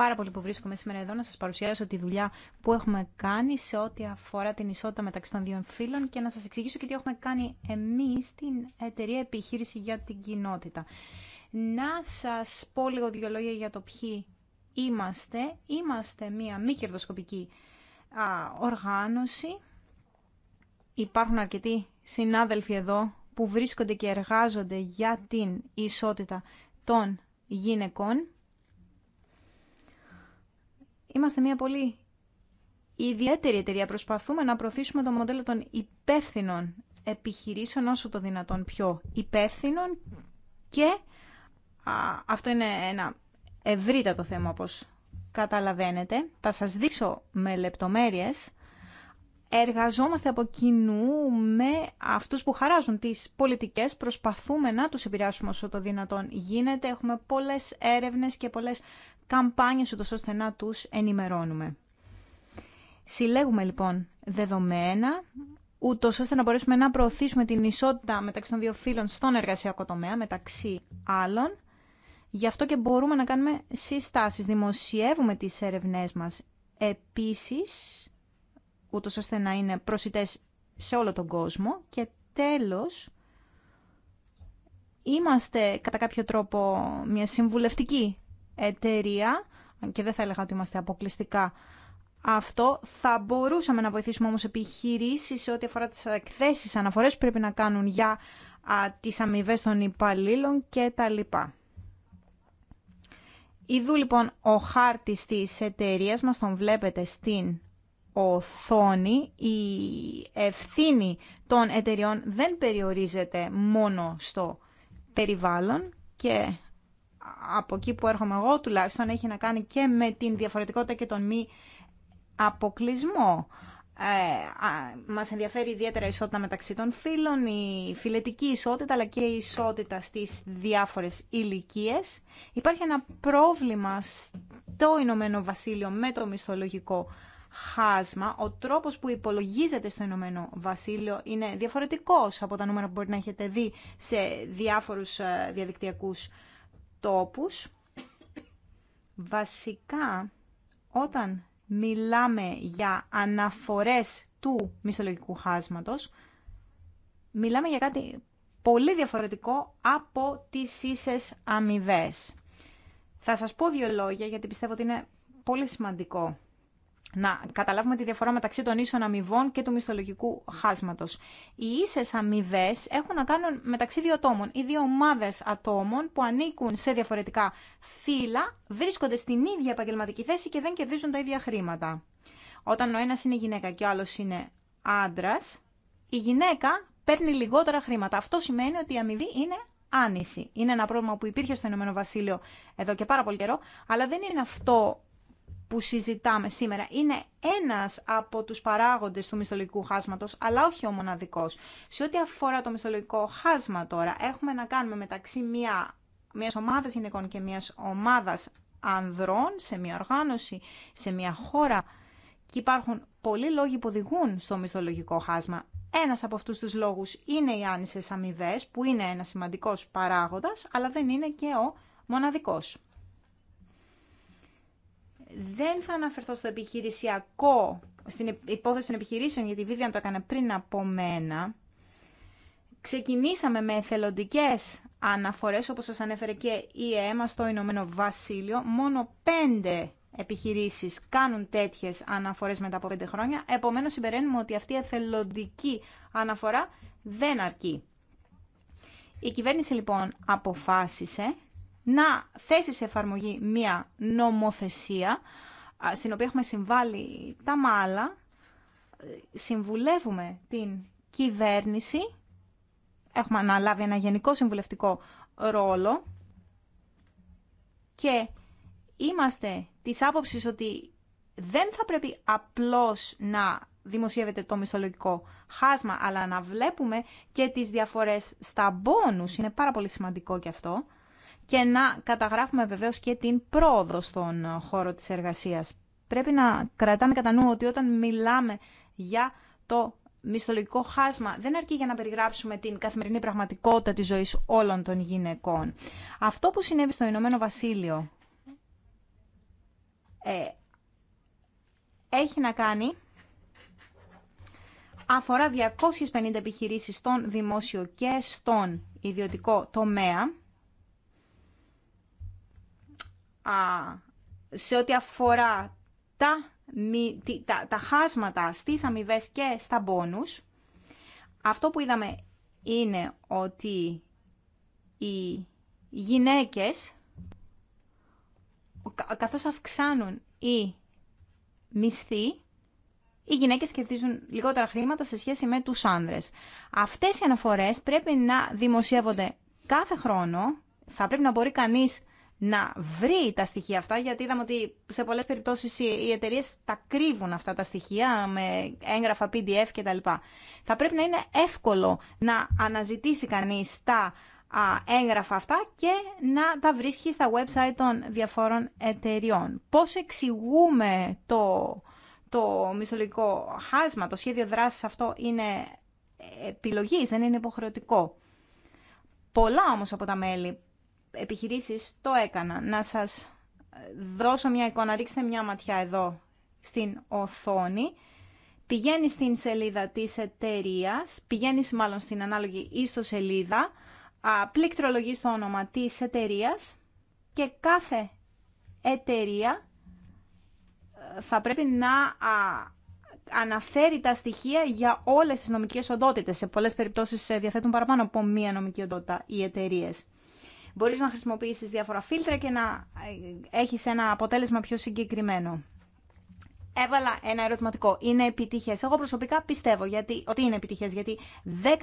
πάρα πολύ που βρίσκομαι σήμερα εδώ να σας παρουσιάσω τη δουλειά που έχουμε κάνει σε ό,τι αφορά την ισότητα μεταξύ των δύο φίλων και να σας εξηγήσω και τι έχουμε κάνει εμείς στην εταιρεία επιχείρηση για την κοινότητα. Να σας πω λίγο δύο λόγια για το ποιοι είμαστε. Είμαστε μία μη κερδοσκοπική οργάνωση. Υπάρχουν αρκετοί συνάδελφοι εδώ που βρίσκονται και εργάζονται για την ισότητα των γυναικών Είμαστε μια πολύ ιδιαίτερη εταιρεία. Προσπαθούμε να προωθήσουμε το μοντέλο των υπεύθυνων επιχειρήσεων όσο το δυνατόν πιο υπεύθυνων και αυτό είναι ένα ευρύτατο θέμα όπως καταλαβαίνετε. Θα σας δείξω με λεπτομέρειες. Εργαζόμαστε από κοινού με αυτούς που χαράζουν τις πολιτικές, προσπαθούμε να τους επηρεάσουμε όσο το δυνατόν γίνεται. Έχουμε πολλές έρευνες και πολλές καμπάνιες ούτως ώστε να τους ενημερώνουμε. Συλλέγουμε λοιπόν δεδομένα ούτως ώστε να μπορέσουμε να προωθήσουμε την ισότητα μεταξύ των δύο φύλων στον εργασιακό τομέα, μεταξύ άλλων. Γι' αυτό και μπορούμε να κάνουμε συστάσεις. Δημοσιεύουμε τις έρευνές μας επίσης, ούτως ώστε να είναι προσιτές σε όλο τον κόσμο. Και τέλος, είμαστε κατά κάποιο τρόπο μια συμβουλευτική εταιρεία, και δεν θα έλεγα ότι είμαστε αποκλειστικά αυτό, θα μπορούσαμε να βοηθήσουμε όμως επιχειρήσεις σε ό,τι αφορά τις εκθέσεις, αναφορές που πρέπει να κάνουν για α, τις αμοιβέ των υπαλλήλων και τα λοιπά. Ιδού λοιπόν ο χάρτης της εταιρεία μας τον βλέπετε στην οθόνη. Η ευθύνη των εταιριών δεν περιορίζεται μόνο στο περιβάλλον και από εκεί που έρχομαι εγώ τουλάχιστον έχει να κάνει και με την διαφορετικότητα και τον μη αποκλεισμό. Ε, α, μας ενδιαφέρει ιδιαίτερα η ισότητα μεταξύ των φύλων, η φιλετική ισότητα αλλά και η ισότητα στις διάφορες ηλικίε. Υπάρχει ένα πρόβλημα στο Ηνωμένο Βασίλειο με το μισθολογικό χάσμα. Ο τρόπος που υπολογίζεται στο Ηνωμένο Βασίλειο είναι διαφορετικός από τα νούμερα που μπορεί να έχετε δει σε διάφορους ε, διαδικτυακούς τόπους. Βασικά, όταν μιλάμε για αναφορές του μισθολογικού χάσματος, μιλάμε για κάτι πολύ διαφορετικό από τις ίσες αμοιβέ. Θα σας πω δύο λόγια γιατί πιστεύω ότι είναι πολύ σημαντικό να καταλάβουμε τη διαφορά μεταξύ των ίσων αμοιβών και του μισθολογικού χάσματο. Οι ίσε αμοιβέ έχουν να κάνουν μεταξύ δύο ατόμων ή δύο ομάδε ατόμων που ανήκουν σε διαφορετικά φύλλα, βρίσκονται στην ίδια επαγγελματική θέση και δεν κερδίζουν τα ίδια χρήματα. Όταν ο ένα είναι γυναίκα και ο άλλο είναι άντρα, η γυναίκα παίρνει λιγότερα χρήματα. Αυτό σημαίνει ότι η αμοιβή είναι άνηση. Είναι ένα πρόβλημα που υπήρχε στο Ηνωμένο Βασίλειο εδώ και πάρα πολύ καιρό, αλλά δεν είναι αυτό που συζητάμε σήμερα είναι ένας από τους παράγοντες του μισθολογικού χάσματος, αλλά όχι ο μοναδικός. Σε ό,τι αφορά το μισθολογικό χάσμα τώρα, έχουμε να κάνουμε μεταξύ μια, μιας ομάδας γυναικών και μιας ομάδας ανδρών σε μια οργάνωση, σε μια χώρα και υπάρχουν πολλοί λόγοι που οδηγούν στο μισθολογικό χάσμα. Ένας από αυτούς τους λόγους είναι οι άνισες αμοιβέ, που είναι ένας σημαντικός παράγοντας, αλλά δεν είναι και ο μοναδικός. Δεν θα αναφερθώ στο επιχειρησιακό, στην υπόθεση των επιχειρήσεων, γιατί η Vivian το έκανε πριν από μένα. Ξεκινήσαμε με εθελοντικέ αναφορές, όπως σας ανέφερε και η ΕΕΜΑ στο Ηνωμένο Βασίλειο. Μόνο πέντε επιχειρήσεις κάνουν τέτοιες αναφορές μετά από πέντε χρόνια. Επομένως, συμπεραίνουμε ότι αυτή η εθελοντική αναφορά δεν αρκεί. Η κυβέρνηση λοιπόν αποφάσισε να θέσει σε εφαρμογή μία νομοθεσία στην οποία έχουμε συμβάλει τα μάλα, ε, συμβουλεύουμε την κυβέρνηση, έχουμε αναλάβει ένα γενικό συμβουλευτικό ρόλο και είμαστε της άποψης ότι δεν θα πρέπει απλώς να δημοσιεύεται το μισθολογικό χάσμα, αλλά να βλέπουμε και τις διαφορές στα μπόνους. Είναι πάρα πολύ σημαντικό και αυτό και να καταγράφουμε βεβαίως και την πρόοδο στον χώρο της εργασίας. Πρέπει να κρατάμε κατά νου ότι όταν μιλάμε για το μισθολογικό χάσμα δεν αρκεί για να περιγράψουμε την καθημερινή πραγματικότητα της ζωής όλων των γυναικών. Αυτό που συνέβη στο Ηνωμένο Βασίλειο ε, έχει να κάνει αφορά 250 επιχειρήσεις στον δημόσιο και στον ιδιωτικό τομέα σε ό,τι αφορά τα, τα, χάσματα στις αμοιβέ και στα μπόνους, αυτό που είδαμε είναι ότι οι γυναίκες, καθώς αυξάνουν οι μισθοί, οι γυναίκες κερδίζουν λιγότερα χρήματα σε σχέση με τους άνδρες. Αυτές οι αναφορές πρέπει να δημοσιεύονται κάθε χρόνο. Θα πρέπει να μπορεί κανείς να βρει τα στοιχεία αυτά, γιατί είδαμε ότι σε πολλές περιπτώσεις οι εταιρείε τα κρύβουν αυτά τα στοιχεία με έγγραφα PDF κτλ. Θα πρέπει να είναι εύκολο να αναζητήσει κανείς τα έγγραφα αυτά και να τα βρίσκει στα website των διαφόρων εταιριών. Πώς εξηγούμε το, το χάσμα, το σχέδιο δράσης αυτό είναι επιλογής, δεν είναι υποχρεωτικό. Πολλά όμως από τα μέλη επιχειρήσεις το έκανα. Να σας δώσω μια εικόνα, ρίξτε μια ματιά εδώ στην οθόνη. Πηγαίνει στην σελίδα της εταιρεία, πηγαίνει μάλλον στην ανάλογη ιστοσελίδα, πληκτρολογείς το όνομα της εταιρεία και κάθε εταιρεία ε, θα πρέπει να αναφέρει τα στοιχεία για όλες τις νομικές οντότητες. Σε πολλές περιπτώσεις ε, διαθέτουν παραπάνω από μία νομική οντότητα οι εταιρείε μπορείς να χρησιμοποιήσεις διάφορα φίλτρα και να ε, έχεις ένα αποτέλεσμα πιο συγκεκριμένο. Έβαλα ένα ερωτηματικό. Είναι επιτυχέ. Εγώ προσωπικά πιστεύω γιατί, ότι είναι επιτυχέ, γιατί 10.000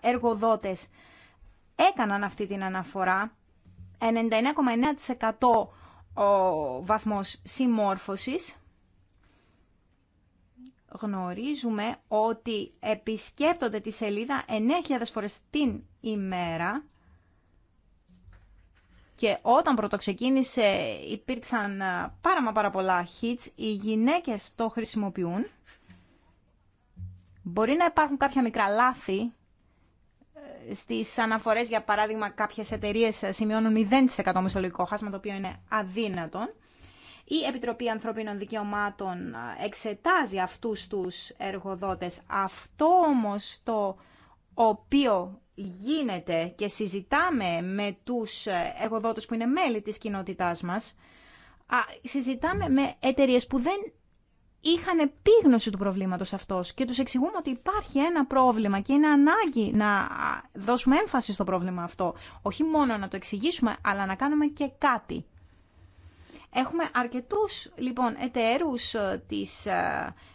εργοδότες έκαναν αυτή την αναφορά. 99,9% ο βαθμός συμμόρφωσης. Γνωρίζουμε ότι επισκέπτονται τη σελίδα 9.000 φορές την ημέρα και όταν πρώτο ξεκίνησε υπήρξαν ε, πάρα μα πάρα πολλά hits, οι γυναίκες το χρησιμοποιούν. Μπορεί να υπάρχουν κάποια μικρά λάθη ε, στις αναφορές, για παράδειγμα κάποιες εταιρείες ε, σημειώνουν 0% μισολογικό χάσμα, το οποίο είναι αδύνατον. Η Επιτροπή Ανθρωπίνων Δικαιωμάτων εξετάζει αυτούς τους εργοδότες. Αυτό όμως το οποίο γίνεται και συζητάμε με τους εργοδότες που είναι μέλη της κοινότητάς μας, συζητάμε με εταιρείες που δεν είχαν επίγνωση του προβλήματος αυτός και τους εξηγούμε ότι υπάρχει ένα πρόβλημα και είναι ανάγκη να δώσουμε έμφαση στο πρόβλημα αυτό. Όχι μόνο να το εξηγήσουμε, αλλά να κάνουμε και κάτι. Έχουμε αρκετούς λοιπόν εταίρους ε, της ε,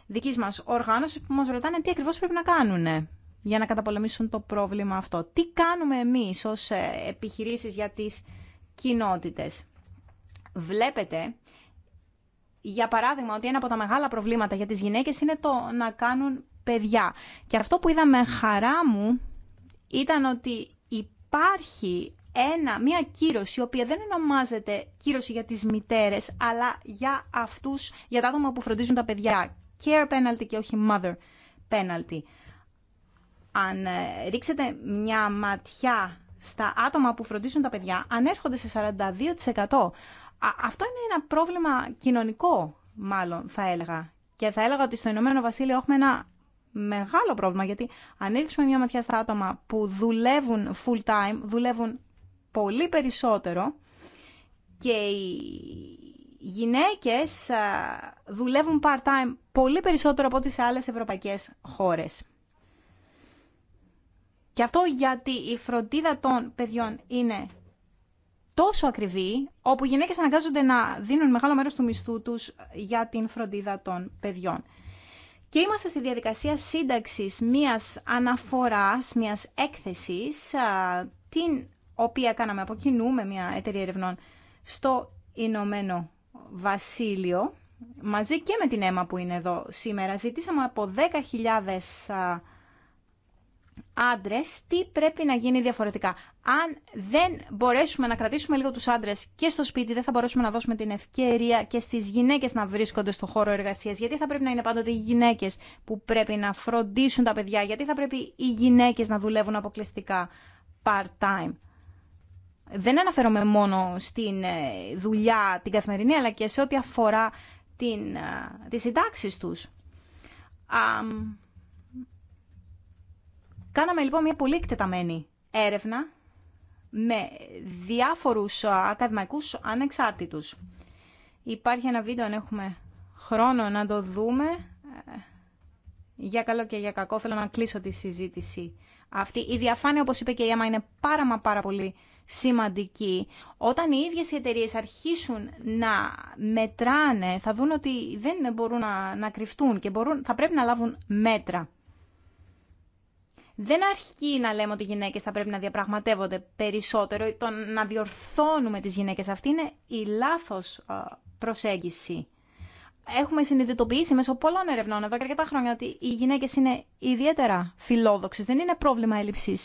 δικής μας οργάνωσης που μας ρωτάνε τι ακριβώς πρέπει να κάνουν για να καταπολεμήσουν το πρόβλημα αυτό. Τι κάνουμε εμείς ως ε, επιχειρήσεις για τις κοινότητες. Βλέπετε, για παράδειγμα, ότι ένα από τα μεγάλα προβλήματα για τις γυναίκες είναι το να κάνουν παιδιά. Και αυτό που είδαμε με χαρά μου ήταν ότι υπάρχει ένα, μια κύρωση, η οποία δεν ονομάζεται κύρωση για τις μητέρες, αλλά για αυτούς, για τα άτομα που φροντίζουν τα παιδιά. Care penalty και όχι mother penalty αν ε, ρίξετε μια ματιά στα άτομα που φροντίζουν τα παιδιά, ανέρχονται σε 42%. Αυτό είναι ένα πρόβλημα κοινωνικό, μάλλον, θα έλεγα. Και θα έλεγα ότι στο Ηνωμένο Βασίλειο έχουμε ένα μεγάλο πρόβλημα, γιατί αν ρίξουμε μια ματιά στα άτομα που δουλεύουν full time, δουλεύουν πολύ περισσότερο και οι γυναίκες δουλεύουν part time πολύ περισσότερο από σε άλλες ευρωπαϊκές χώρες. Και αυτό γιατί η φροντίδα των παιδιών είναι τόσο ακριβή, όπου οι γυναίκες αναγκάζονται να δίνουν μεγάλο μέρος του μισθού τους για την φροντίδα των παιδιών. Και είμαστε στη διαδικασία σύνταξης μιας αναφοράς, μιας έκθεσης, την οποία κάναμε από κοινού με μια εταιρεία ερευνών στο Ηνωμένο Βασίλειο, μαζί και με την αίμα που είναι εδώ σήμερα. Ζητήσαμε από 10.000 άντρε, τι πρέπει να γίνει διαφορετικά. Αν δεν μπορέσουμε να κρατήσουμε λίγο του άντρε και στο σπίτι, δεν θα μπορέσουμε να δώσουμε την ευκαιρία και στις γυναίκε να βρίσκονται στο χώρο εργασία, Γιατί θα πρέπει να είναι πάντοτε οι γυναίκε που πρέπει να φροντίσουν τα παιδιά, γιατί θα πρέπει οι γυναίκε να δουλεύουν αποκλειστικά part-time. Δεν αναφέρομαι μόνο στην ε, δουλειά την καθημερινή, αλλά και σε ό,τι αφορά την, ε, συντάξει του. Um, Κάναμε λοιπόν μια πολύ εκτεταμένη έρευνα με διάφορους ακαδημαϊκούς ανεξάρτητους. Υπάρχει ένα βίντεο, αν έχουμε χρόνο να το δούμε. Ε, για καλό και για κακό θέλω να κλείσω τη συζήτηση αυτή. Η διαφάνεια, όπως είπε και η άμα είναι πάρα μα πάρα πολύ σημαντική. Όταν οι ίδιες οι εταιρείες αρχίσουν να μετράνε, θα δουν ότι δεν μπορούν να, να κρυφτούν και μπορούν, θα πρέπει να λάβουν μέτρα δεν αρχεί να λέμε ότι οι γυναίκες θα πρέπει να διαπραγματεύονται περισσότερο, το να διορθώνουμε τις γυναίκες. Αυτή είναι η λάθος ε, προσέγγιση. Έχουμε συνειδητοποιήσει μέσω πολλών ερευνών εδώ και αρκετά χρόνια ότι οι γυναίκες είναι ιδιαίτερα φιλόδοξες. Δεν είναι πρόβλημα έλλειψη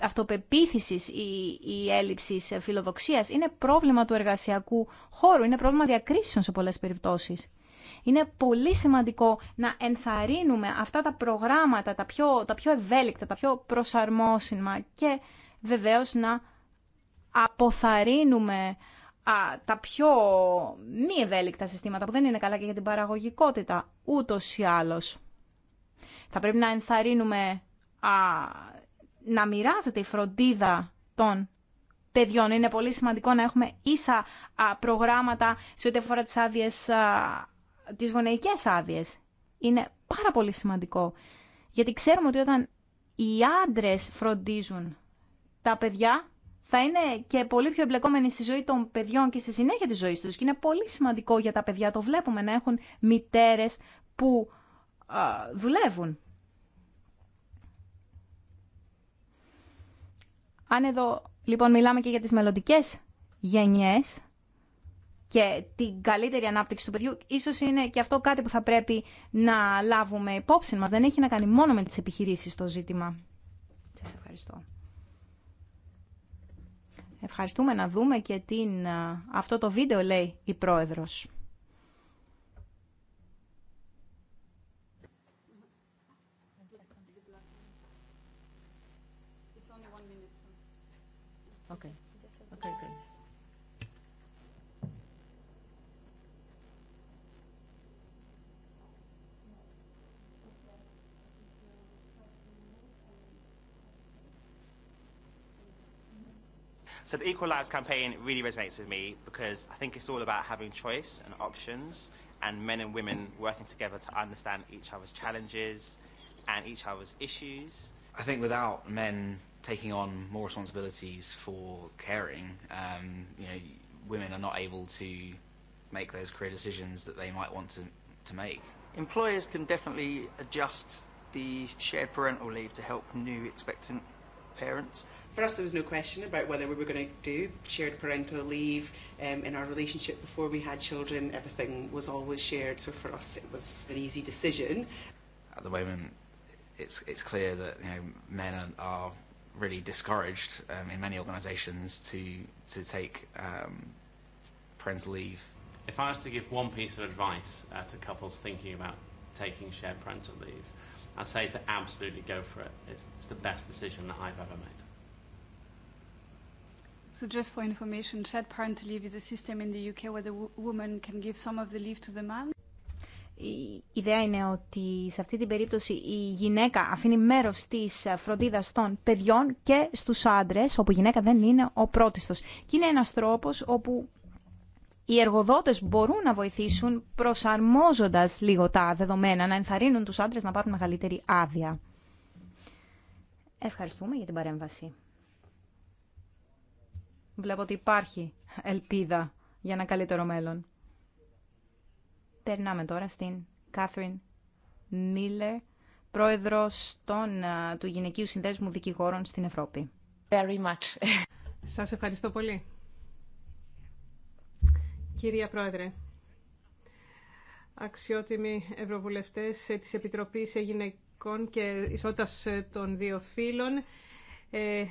αυτοπεποίθησης ή, ή έλλειψης φιλοδοξίας. Είναι πρόβλημα του εργασιακού χώρου, είναι πρόβλημα διακρίσεων σε πολλές περιπτώσεις. Είναι πολύ σημαντικό να ενθαρρύνουμε αυτά τα προγράμματα, τα πιο, τα πιο ευέλικτα, τα πιο προσαρμόσιμα και βεβαίως να αποθαρρύνουμε τα πιο μη ευέλικτα συστήματα που δεν είναι καλά και για την παραγωγικότητα ούτως ή άλλως. Θα πρέπει να ενθαρρύνουμε να μοιράζεται η φροντίδα των παιδιών. Είναι πολύ σημαντικό να έχουμε ίσα προγράμματα σε ό,τι αφορά τις άδειε τις γονεϊκές άδειες. Είναι πάρα πολύ σημαντικό. Γιατί ξέρουμε ότι όταν οι άντρες φροντίζουν τα παιδιά, θα είναι και πολύ πιο εμπλεκόμενοι στη ζωή των παιδιών και στη συνέχεια της ζωής τους. Και είναι πολύ σημαντικό για τα παιδιά, το βλέπουμε, να έχουν μητέρε που δουλεύουν. Αν εδώ λοιπόν μιλάμε και για τις μελλοντικέ γενιές, και την καλύτερη ανάπτυξη του παιδιού, ίσω είναι και αυτό κάτι που θα πρέπει να λάβουμε υπόψη μα. Δεν έχει να κάνει μόνο με τι επιχειρήσει το ζήτημα. Σα ευχαριστώ. Ευχαριστούμε να δούμε και την... αυτό το βίντεο λέει η πρόεδρος. So the Equal Lives campaign really resonates with me because I think it's all about having choice and options and men and women working together to understand each other's challenges and each other's issues. I think without men taking on more responsibilities for caring, um, you know, women are not able to make those career decisions that they might want to, to make. Employers can definitely adjust the shared parental leave to help new expectant parents for us, there was no question about whether we were going to do shared parental leave um, in our relationship before we had children. Everything was always shared, so for us, it was an easy decision. At the moment, it's it's clear that you know men are really discouraged um, in many organisations to to take um, parental leave. If I was to give one piece of advice uh, to couples thinking about taking shared parental leave, I'd say to absolutely go for it. It's, it's the best decision that I've ever made. So just for information, system in the UK where the woman can give some of the leave to the man. Η ιδέα είναι ότι σε αυτή την περίπτωση η γυναίκα αφήνει μέρος της φροντίδας των παιδιών και στους άντρες, όπου η γυναίκα δεν είναι ο πρώτιστος. Και είναι ένας τρόπος όπου οι εργοδότες μπορούν να βοηθήσουν προσαρμόζοντας λίγο τα δεδομένα, να ενθαρρύνουν τους άντρες να πάρουν μεγαλύτερη άδεια. Ευχαριστούμε για την παρέμβαση. Βλέπω ότι υπάρχει ελπίδα για ένα καλύτερο μέλλον. Περνάμε τώρα στην Κάθριν Μίλλερ, πρόεδρος των, του Γυναικείου Συνδέσμου Δικηγόρων στην Ευρώπη. Very much. Σας ευχαριστώ πολύ. Κυρία Πρόεδρε, αξιότιμοι ευρωβουλευτές της Επιτροπής Γυναικών και Ισότητας των Δύο Φύλων, ε,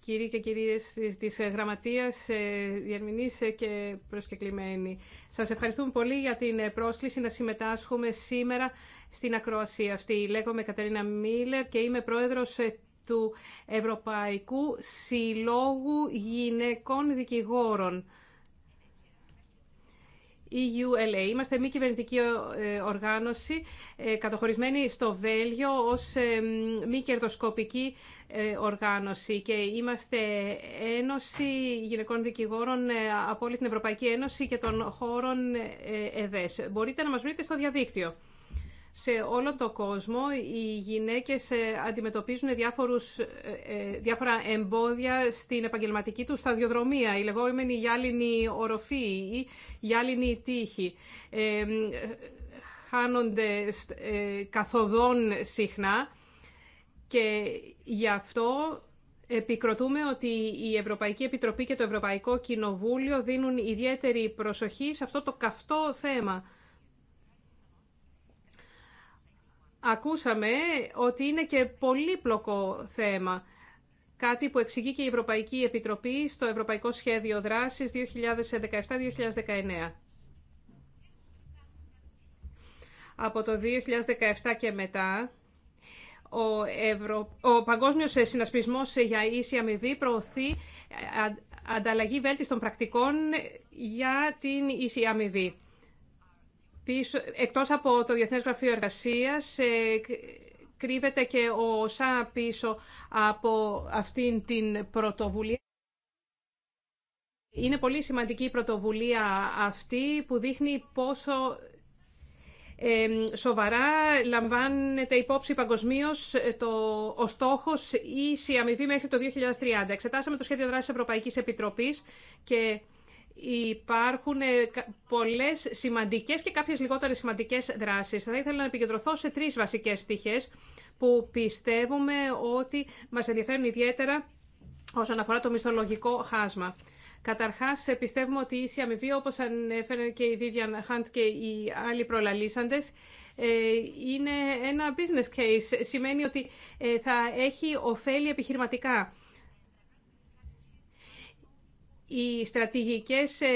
Κυρίες και κυρίες της ε, Γραμματείας, ε, διερμηνείς ε, και προσκεκλημένοι. Σας ευχαριστούμε πολύ για την πρόσκληση να συμμετάσχουμε σήμερα στην Ακροασία αυτή. Λέγομαι Κατερίνα Μίλλερ και είμαι πρόεδρος του Ευρωπαϊκού Συλλόγου Γυναικών Δικηγόρων. EULA. Είμαστε μη κυβερνητική ε, οργάνωση ε, κατοχωρισμένη στο Βέλγιο ως ε, μη κερδοσκοπική οργάνωση και είμαστε Ένωση Γυναικών Δικηγόρων από όλη την Ευρωπαϊκή Ένωση και των χώρων ΕΔΕΣ. Μπορείτε να μας βρείτε στο διαδίκτυο. Σε όλο το κόσμο οι γυναίκες ε, αντιμετωπίζουν διάφορους, ε, ε, διάφορα εμπόδια στην επαγγελματική του σταδιοδρομία, η λεγόμενη γυάλινη οροφή ή γυάλινη τύχη. Ε, χάνονται καθοδόν συχνά και γι' αυτό επικροτούμε ότι η Ευρωπαϊκή Επιτροπή και το Ευρωπαϊκό Κοινοβούλιο δίνουν ιδιαίτερη προσοχή σε αυτό το καυτό θέμα. ακούσαμε ότι είναι και πολύπλοκο θέμα. Κάτι που εξηγεί και η Ευρωπαϊκή Επιτροπή στο Ευρωπαϊκό Σχέδιο Δράσης 2017-2019. Από το 2017 και μετά, ο, Ευρω... ο Παγκόσμιος Συνασπισμός για Ίση Αμοιβή προωθεί ανταλλαγή βέλτιστων πρακτικών για την ίση αμοιβή. Πίσω, εκτός από το Διεθνές Γραφείο Εργασίας, ε, κρύβεται και ο ΣΑ πίσω από αυτήν την πρωτοβουλία. Είναι πολύ σημαντική η πρωτοβουλία αυτή που δείχνει πόσο ε, σοβαρά λαμβάνεται υπόψη παγκοσμίω ε, ο στόχο ίση αμοιβή μέχρι το 2030. Εξετάσαμε το σχέδιο δράσης Ευρωπαϊκή Επιτροπή και υπάρχουν ε, πολλές σημαντικές και κάποιες λιγότερο σημαντικές δράσεις. Θα ήθελα να επικεντρωθώ σε τρεις βασικές πτυχές που πιστεύουμε ότι μας ενδιαφέρουν ιδιαίτερα όσον αφορά το μισθολογικό χάσμα. Καταρχάς, πιστεύουμε ότι η ίση αμοιβή, όπως ανέφερε και η Vivian Hunt και οι άλλοι προλαλήσαντες, ε, είναι ένα business case. Σημαίνει ότι ε, θα έχει ωφέλη επιχειρηματικά. Οι στρατηγικές ε,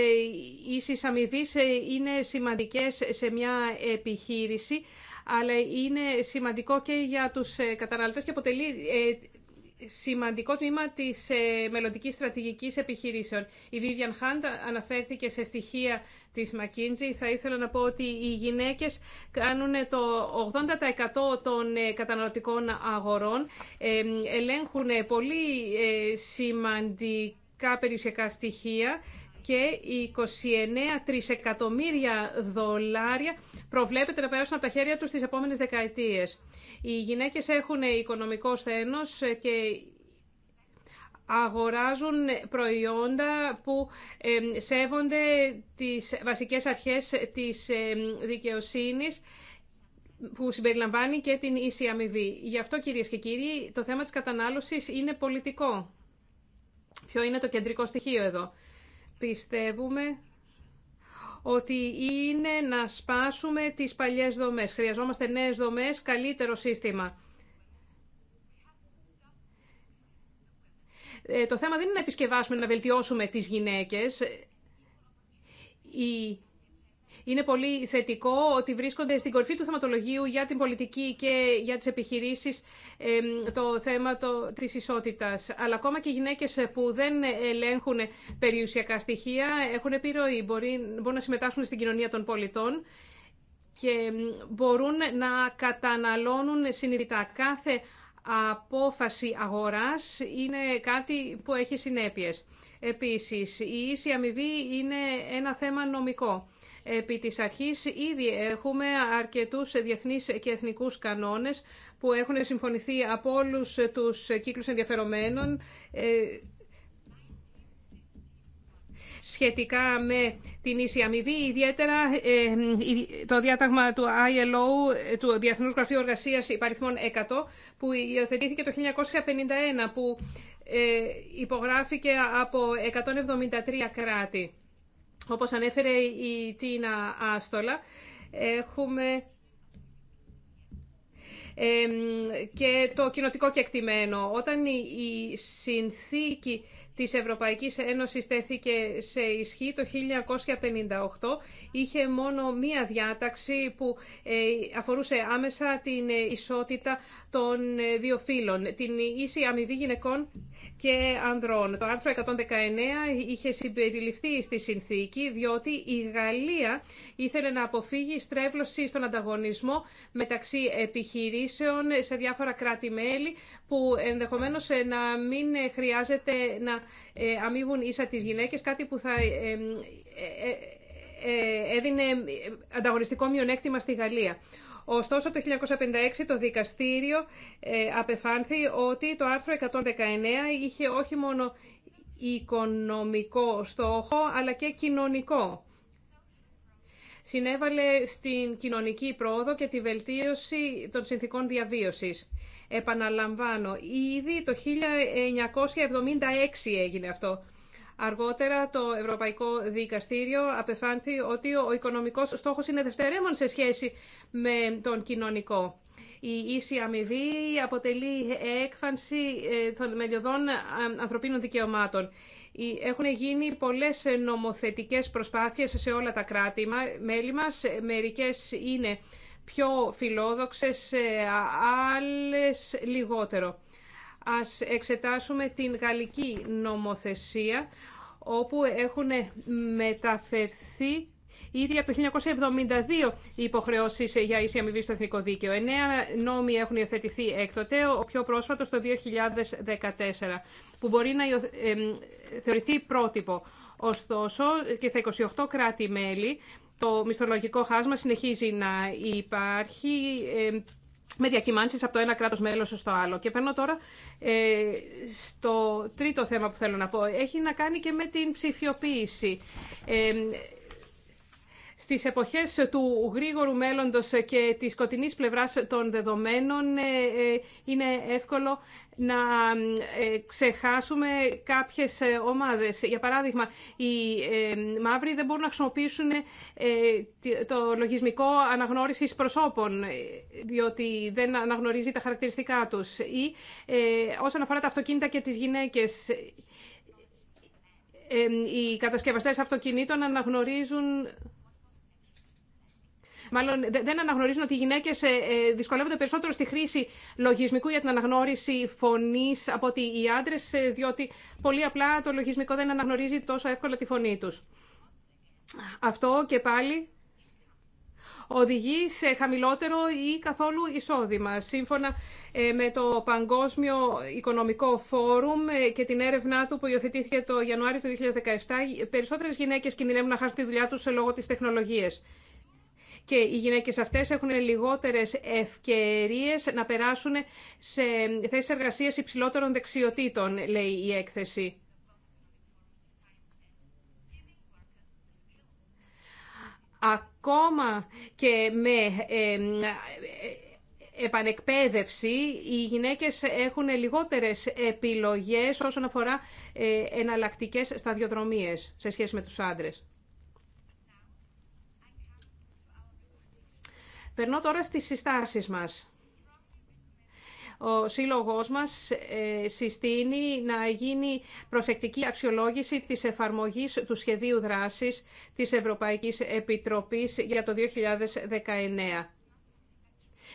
ίσης αμοιβή ε, είναι σημαντικές σε μια επιχείρηση, αλλά είναι σημαντικό και για τους ε, καταναλωτές και αποτελεί σημαντικό τμήμα της μελλοντικής στρατηγικής επιχειρήσεων. Η Vivian Hunt αναφέρθηκε σε στοιχεία της McKinsey. Θα ήθελα να πω ότι οι γυναίκες κάνουν το 80% των καταναλωτικών αγορών, ελέγχουν πολύ σημαντικά περιουσιακά στοιχεία και 29 τρισεκατομμύρια δολάρια προβλέπεται να περάσουν από τα χέρια τους τις επόμενες δεκαετίες. Οι γυναίκες έχουν οικονομικό σθένος και αγοράζουν προϊόντα που σέβονται τις βασικές αρχές της δικαιοσύνης που συμπεριλαμβάνει και την ίση αμοιβή. Γι' αυτό κυρίες και κύριοι το θέμα της κατανάλωσης είναι πολιτικό. Ποιο είναι το κεντρικό στοιχείο εδώ. Πιστεύουμε ότι είναι να σπάσουμε τις παλιές δομές. Χρειαζόμαστε νέες δομές, καλύτερο σύστημα. Ε, το θέμα δεν είναι να επισκευάσουμε, να βελτιώσουμε τις γυναίκες. η είναι πολύ θετικό ότι βρίσκονται στην κορφή του θεματολογίου για την πολιτική και για τις επιχειρήσεις το θέμα το, της ισότητας. Αλλά ακόμα και οι γυναίκες που δεν ελέγχουν περιουσιακά στοιχεία έχουν επιρροή, μπορεί, μπορούν να συμμετάσχουν στην κοινωνία των πολιτών και μπορούν να καταναλώνουν συνειδητά κάθε απόφαση αγοράς είναι κάτι που έχει συνέπειες. Επίσης, η ίση αμοιβή είναι ένα θέμα νομικό. Επί της αρχής ήδη έχουμε αρκετούς διεθνείς και εθνικούς κανόνες που έχουν συμφωνηθεί από όλους τους κύκλους ενδιαφερομένων ε, σχετικά με την ίση αμοιβή, ιδιαίτερα ε, το διάταγμα του ILO, του Διεθνούς Γραφείου Εργασίας Υπαριθμών 100, που υιοθετήθηκε το 1951, που ε, υπογράφηκε από 173 κράτη. Όπως ανέφερε η Τίνα Άστολα, έχουμε και το κοινοτικό κεκτημένο. Όταν η συνθήκη της Ευρωπαϊκής Ένωσης τέθηκε σε ισχύ το 1958, είχε μόνο μία διάταξη που ε, αφορούσε άμεσα την ισότητα των ε, δύο φύλων, την ίση αμοιβή γυναικών και ανδρών. Το άρθρο 119 είχε συμπεριληφθεί στη συνθήκη διότι η Γαλλία ήθελε να αποφύγει στρέβλωση στον ανταγωνισμό μεταξύ επιχειρήσεων σε διάφορα κράτη-μέλη που ενδεχομένως να μην χρειάζεται να αμείβουν ίσα τις γυναίκες, κάτι που θα έδινε ανταγωνιστικό μειονέκτημα στη Γαλλία. Ωστόσο, το 1956 το δικαστήριο ε, απεφάνθη ότι το άρθρο 119 είχε όχι μόνο οικονομικό στόχο, αλλά και κοινωνικό. Συνέβαλε στην κοινωνική πρόοδο και τη βελτίωση των συνθήκων διαβίωσης. Επαναλαμβάνω, ήδη το 1976 έγινε αυτό. Αργότερα το Ευρωπαϊκό Δικαστήριο απεφάνθη ότι ο οικονομικός στόχος είναι δευτερεύον σε σχέση με τον κοινωνικό. Η ίση αμοιβή αποτελεί έκφανση ε, των μελιωδών ανθρωπίνων δικαιωμάτων. Έχουν γίνει πολλές νομοθετικές προσπάθειες σε όλα τα κράτη μέλη μας. Μερικές είναι πιο φιλόδοξες, ε, άλλες λιγότερο. Ας εξετάσουμε την γαλλική νομοθεσία, όπου έχουν μεταφερθεί ήδη από το 1972 οι υποχρεώσεις για ίση αμοιβή στο Εθνικό Δίκαιο. Εννέα νόμοι έχουν υιοθετηθεί έκτοτε, ο πιο πρόσφατος το 2014, που μπορεί να θεωρηθεί πρότυπο. Ωστόσο, και στα 28 κράτη-μέλη, το μισθολογικό χάσμα συνεχίζει να υπάρχει με διακυμάνσεις από το ένα κράτος μέλος στο άλλο. Και παίρνω τώρα ε, στο τρίτο θέμα που θέλω να πω. Έχει να κάνει και με την ψηφιοποίηση. Ε, στις εποχές του γρήγορου μέλλοντος και της σκοτεινής πλευράς των δεδομένων ε, ε, είναι εύκολο να ε, ξεχάσουμε κάποιες ε, ομάδες. Για παράδειγμα, οι ε, μαύροι δεν μπορούν να χρησιμοποιήσουν το λογισμικό αναγνώρισης προσώπων, διότι δεν αναγνωρίζει τα χαρακτηριστικά τους. Ή όσον αφορά τα αυτοκίνητα και τις γυναίκες, οι κατασκευαστές αυτοκινήτων αναγνωρίζουν μάλλον δεν αναγνωρίζουν ότι οι γυναίκε ε, ε, δυσκολεύονται περισσότερο στη χρήση λογισμικού για την αναγνώριση φωνή από ότι οι άντρε, ε, διότι πολύ απλά το λογισμικό δεν αναγνωρίζει τόσο εύκολα τη φωνή του. Αυτό και πάλι οδηγεί σε χαμηλότερο ή καθόλου εισόδημα. Σύμφωνα με το Παγκόσμιο Οικονομικό Φόρουμ και την έρευνά του που υιοθετήθηκε το Ιανουάριο του 2017, περισσότερες γυναίκες κινδυνεύουν να χάσουν τη δουλειά τους λόγω της τεχνολογίας και οι γυναίκες αυτές έχουν λιγότερες ευκαιρίες να περάσουν σε θέσεις εργασίας υψηλότερων δεξιοτήτων, λέει η έκθεση. Ακόμα και με επανεκπαίδευση, οι γυναίκες έχουν λιγότερες επιλογές όσον αφορά ε, εναλλακτικές σταδιοδρομίες σε σχέση με τους άντρες. Περνώ τώρα στις συστάσεις μας. Ο σύλλογός μας ε, συστήνει να γίνει προσεκτική αξιολόγηση της εφαρμογής του σχεδίου δράσης της Ευρωπαϊκής Επιτροπής για το 2019.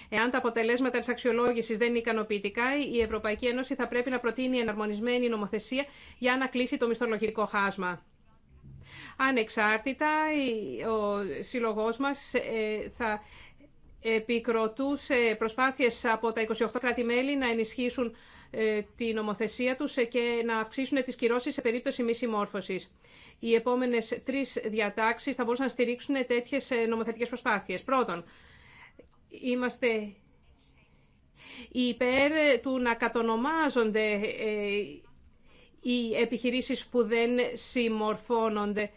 Εάν τα αποτελέσματα τη αξιολόγηση δεν είναι ικανοποιητικά, η Ευρωπαϊκή Ένωση θα πρέπει να προτείνει εναρμονισμένη νομοθεσία για να κλείσει το μισθολογικό χάσμα. Ανεξάρτητα, ο σύλλογό μα ε, θα επικροτούσε προσπάθειες από τα 28 κράτη-μέλη να ενισχύσουν ε, την νομοθεσία τους ε, και να αυξήσουν τις κυρώσεις σε περίπτωση μη συμμόρφωσης. Οι επόμενες τρεις διατάξεις θα μπορούσαν να στηρίξουν τέτοιες ε, νομοθετικές προσπάθειες. Πρώτον, είμαστε υπέρ του να κατονομάζονται οι επιχειρήσεις που δεν συμμορφώνονται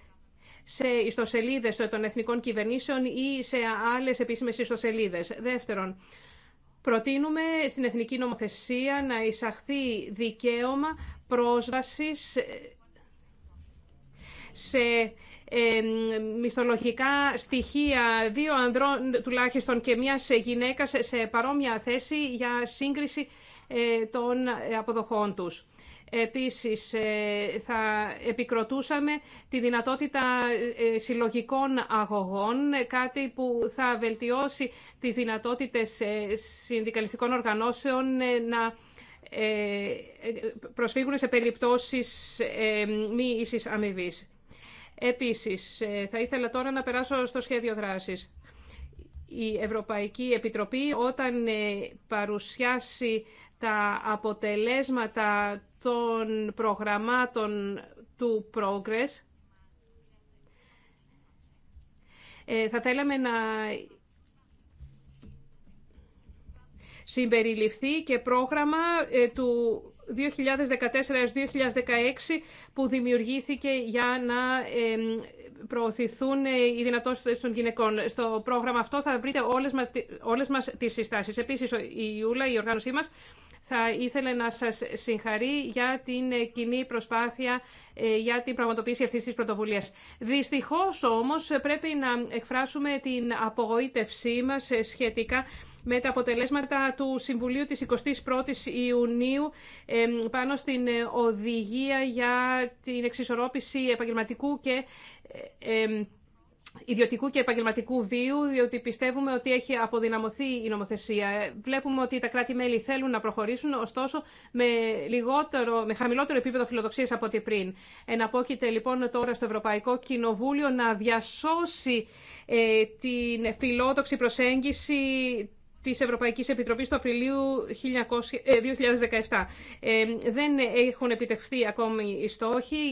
σε ιστοσελίδες των εθνικών κυβερνήσεων ή σε άλλες επίσημε ιστοσελίδες. Δεύτερον, προτείνουμε στην εθνική νομοθεσία να εισαχθεί δικαίωμα πρόσβασης σε ε, μισθολογικά στοιχεία δύο ανδρών τουλάχιστον και μια γυναίκα σε παρόμοια θέση για σύγκριση ε, των αποδοχών τους. Επίσης, ε, θα επικροτούσαμε τη δυνατότητα ε, συλλογικών αγωγών, κάτι που θα βελτιώσει τις δυνατότητες ε, συνδικαλιστικών οργανώσεων να προσφύγουν σε περιπτώσεις μη ίσης αμοιβή. Επίσης, θα ήθελα τώρα να περάσω στο σχέδιο δράσης. Η Ευρωπαϊκή Επιτροπή όταν παρουσιάσει τα αποτελέσματα των προγραμμάτων του Progress. Ε, θα θέλαμε να συμπεριληφθεί και πρόγραμμα ε, του 2014-2016 που δημιουργήθηκε για να ε, προωθηθούν οι δυνατότητες των γυναικών. Στο πρόγραμμα αυτό θα βρείτε όλες μας, όλες μας τις συστάσεις. Επίσης, η Ιούλα, η οργάνωσή μας, θα ήθελα να σας συγχαρεί για την κοινή προσπάθεια ε, για την πραγματοποίηση αυτής της πρωτοβουλίας. Δυστυχώς όμως πρέπει να εκφράσουμε την απογοήτευσή μας ε, σχετικά με τα αποτελέσματα του Συμβουλίου της 21ης Ιουνίου ε, πάνω στην οδηγία για την εξισορρόπηση επαγγελματικού και ιδιωτικού και επαγγελματικού βίου, διότι πιστεύουμε ότι έχει αποδυναμωθεί η νομοθεσία. Ε, βλέπουμε ότι τα κράτη-μέλη θέλουν να προχωρήσουν, ωστόσο με, λιγότερο, με χαμηλότερο επίπεδο φιλοδοξίας από ό,τι πριν. Εναπόκειται λοιπόν τώρα στο Ευρωπαϊκό Κοινοβούλιο να διασώσει ε, την φιλόδοξη προσέγγιση της Ευρωπαϊκής Επιτροπής του Απριλίου 2017. Ε, ε, δεν έχουν επιτευχθεί ακόμη οι στόχοι.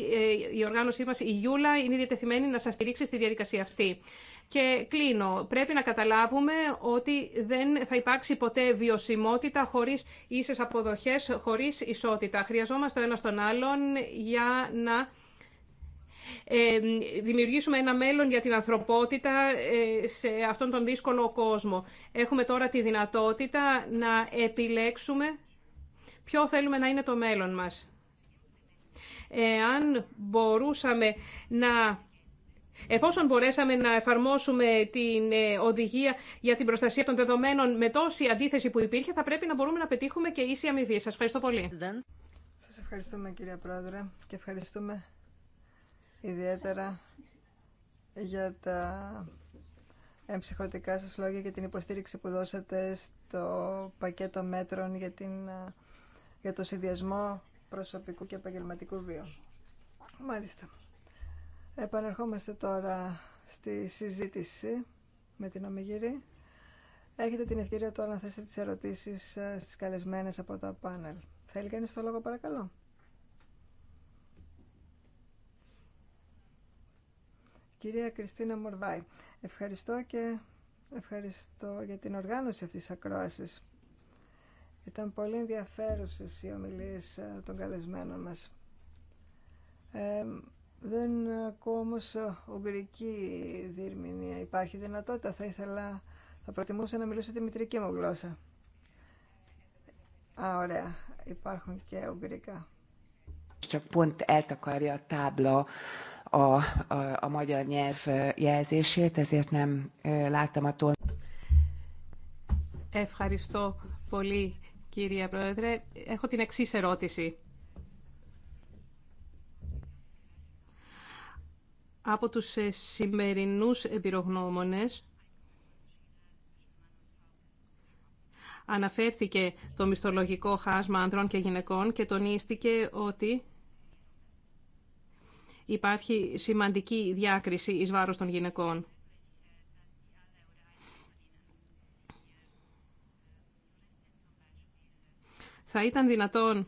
Ε, η οργάνωσή μα, η Γιούλα, είναι διατεθειμένη να σα στηρίξει στη διαδικασία αυτή. Και κλείνω. Πρέπει να καταλάβουμε ότι δεν θα υπάρξει ποτέ βιωσιμότητα χωρίς ίσες αποδοχές, χωρίς ισότητα. Χρειαζόμαστε ο ένας τον άλλον για να ε, δημιουργήσουμε ένα μέλλον για την ανθρωπότητα ε, σε αυτόν τον δύσκολο κόσμο. Έχουμε τώρα τη δυνατότητα να επιλέξουμε ποιο θέλουμε να είναι το μέλλον μας. Εάν μπορούσαμε να Εφόσον μπορέσαμε να εφαρμόσουμε την ε, οδηγία για την προστασία των δεδομένων με τόση αντίθεση που υπήρχε, θα πρέπει να μπορούμε να πετύχουμε και ίση αμοιβή. Σας ευχαριστώ πολύ. Σας ευχαριστούμε κυρία Πρόεδρε και ευχαριστούμε ιδιαίτερα για τα εμψυχωτικά σας λόγια και την υποστήριξη που δώσατε στο πακέτο μέτρων για, την, για το συνδυασμό προσωπικού και επαγγελματικού βίου. Μάλιστα. Επανερχόμαστε τώρα στη συζήτηση με την Ομιγύρη. Έχετε την ευκαιρία τώρα να θέσετε τις ερωτήσεις ε, στις καλεσμένες από τα πάνελ. Θέλει κανείς το λόγο παρακαλώ. κυρία Κριστίνα Μορβάη. Ευχαριστώ και ευχαριστώ για την οργάνωση αυτής της ακρόασης. Ήταν πολύ ενδιαφέρουσες οι ομιλίες ε, των καλεσμένων μας. Ε, δεν ακούω όμω ε, ουγγρική διερμηνία. Υπάρχει δυνατότητα. Θα ήθελα, θα προτιμούσα να μιλήσω τη μητρική μου γλώσσα. Α, ωραία. Υπάρχουν και ουγγρικά a, Ευχαριστώ πολύ, κύριε Πρόεδρε. Έχω την εξής ερώτηση. Από τους ε, σημερινούς εμπειρογνώμονες αναφέρθηκε το μισθολογικό χάσμα ανδρών και γυναικών και τονίστηκε ότι υπάρχει σημαντική διάκριση εις βάρος των γυναικών. Θα ήταν δυνατόν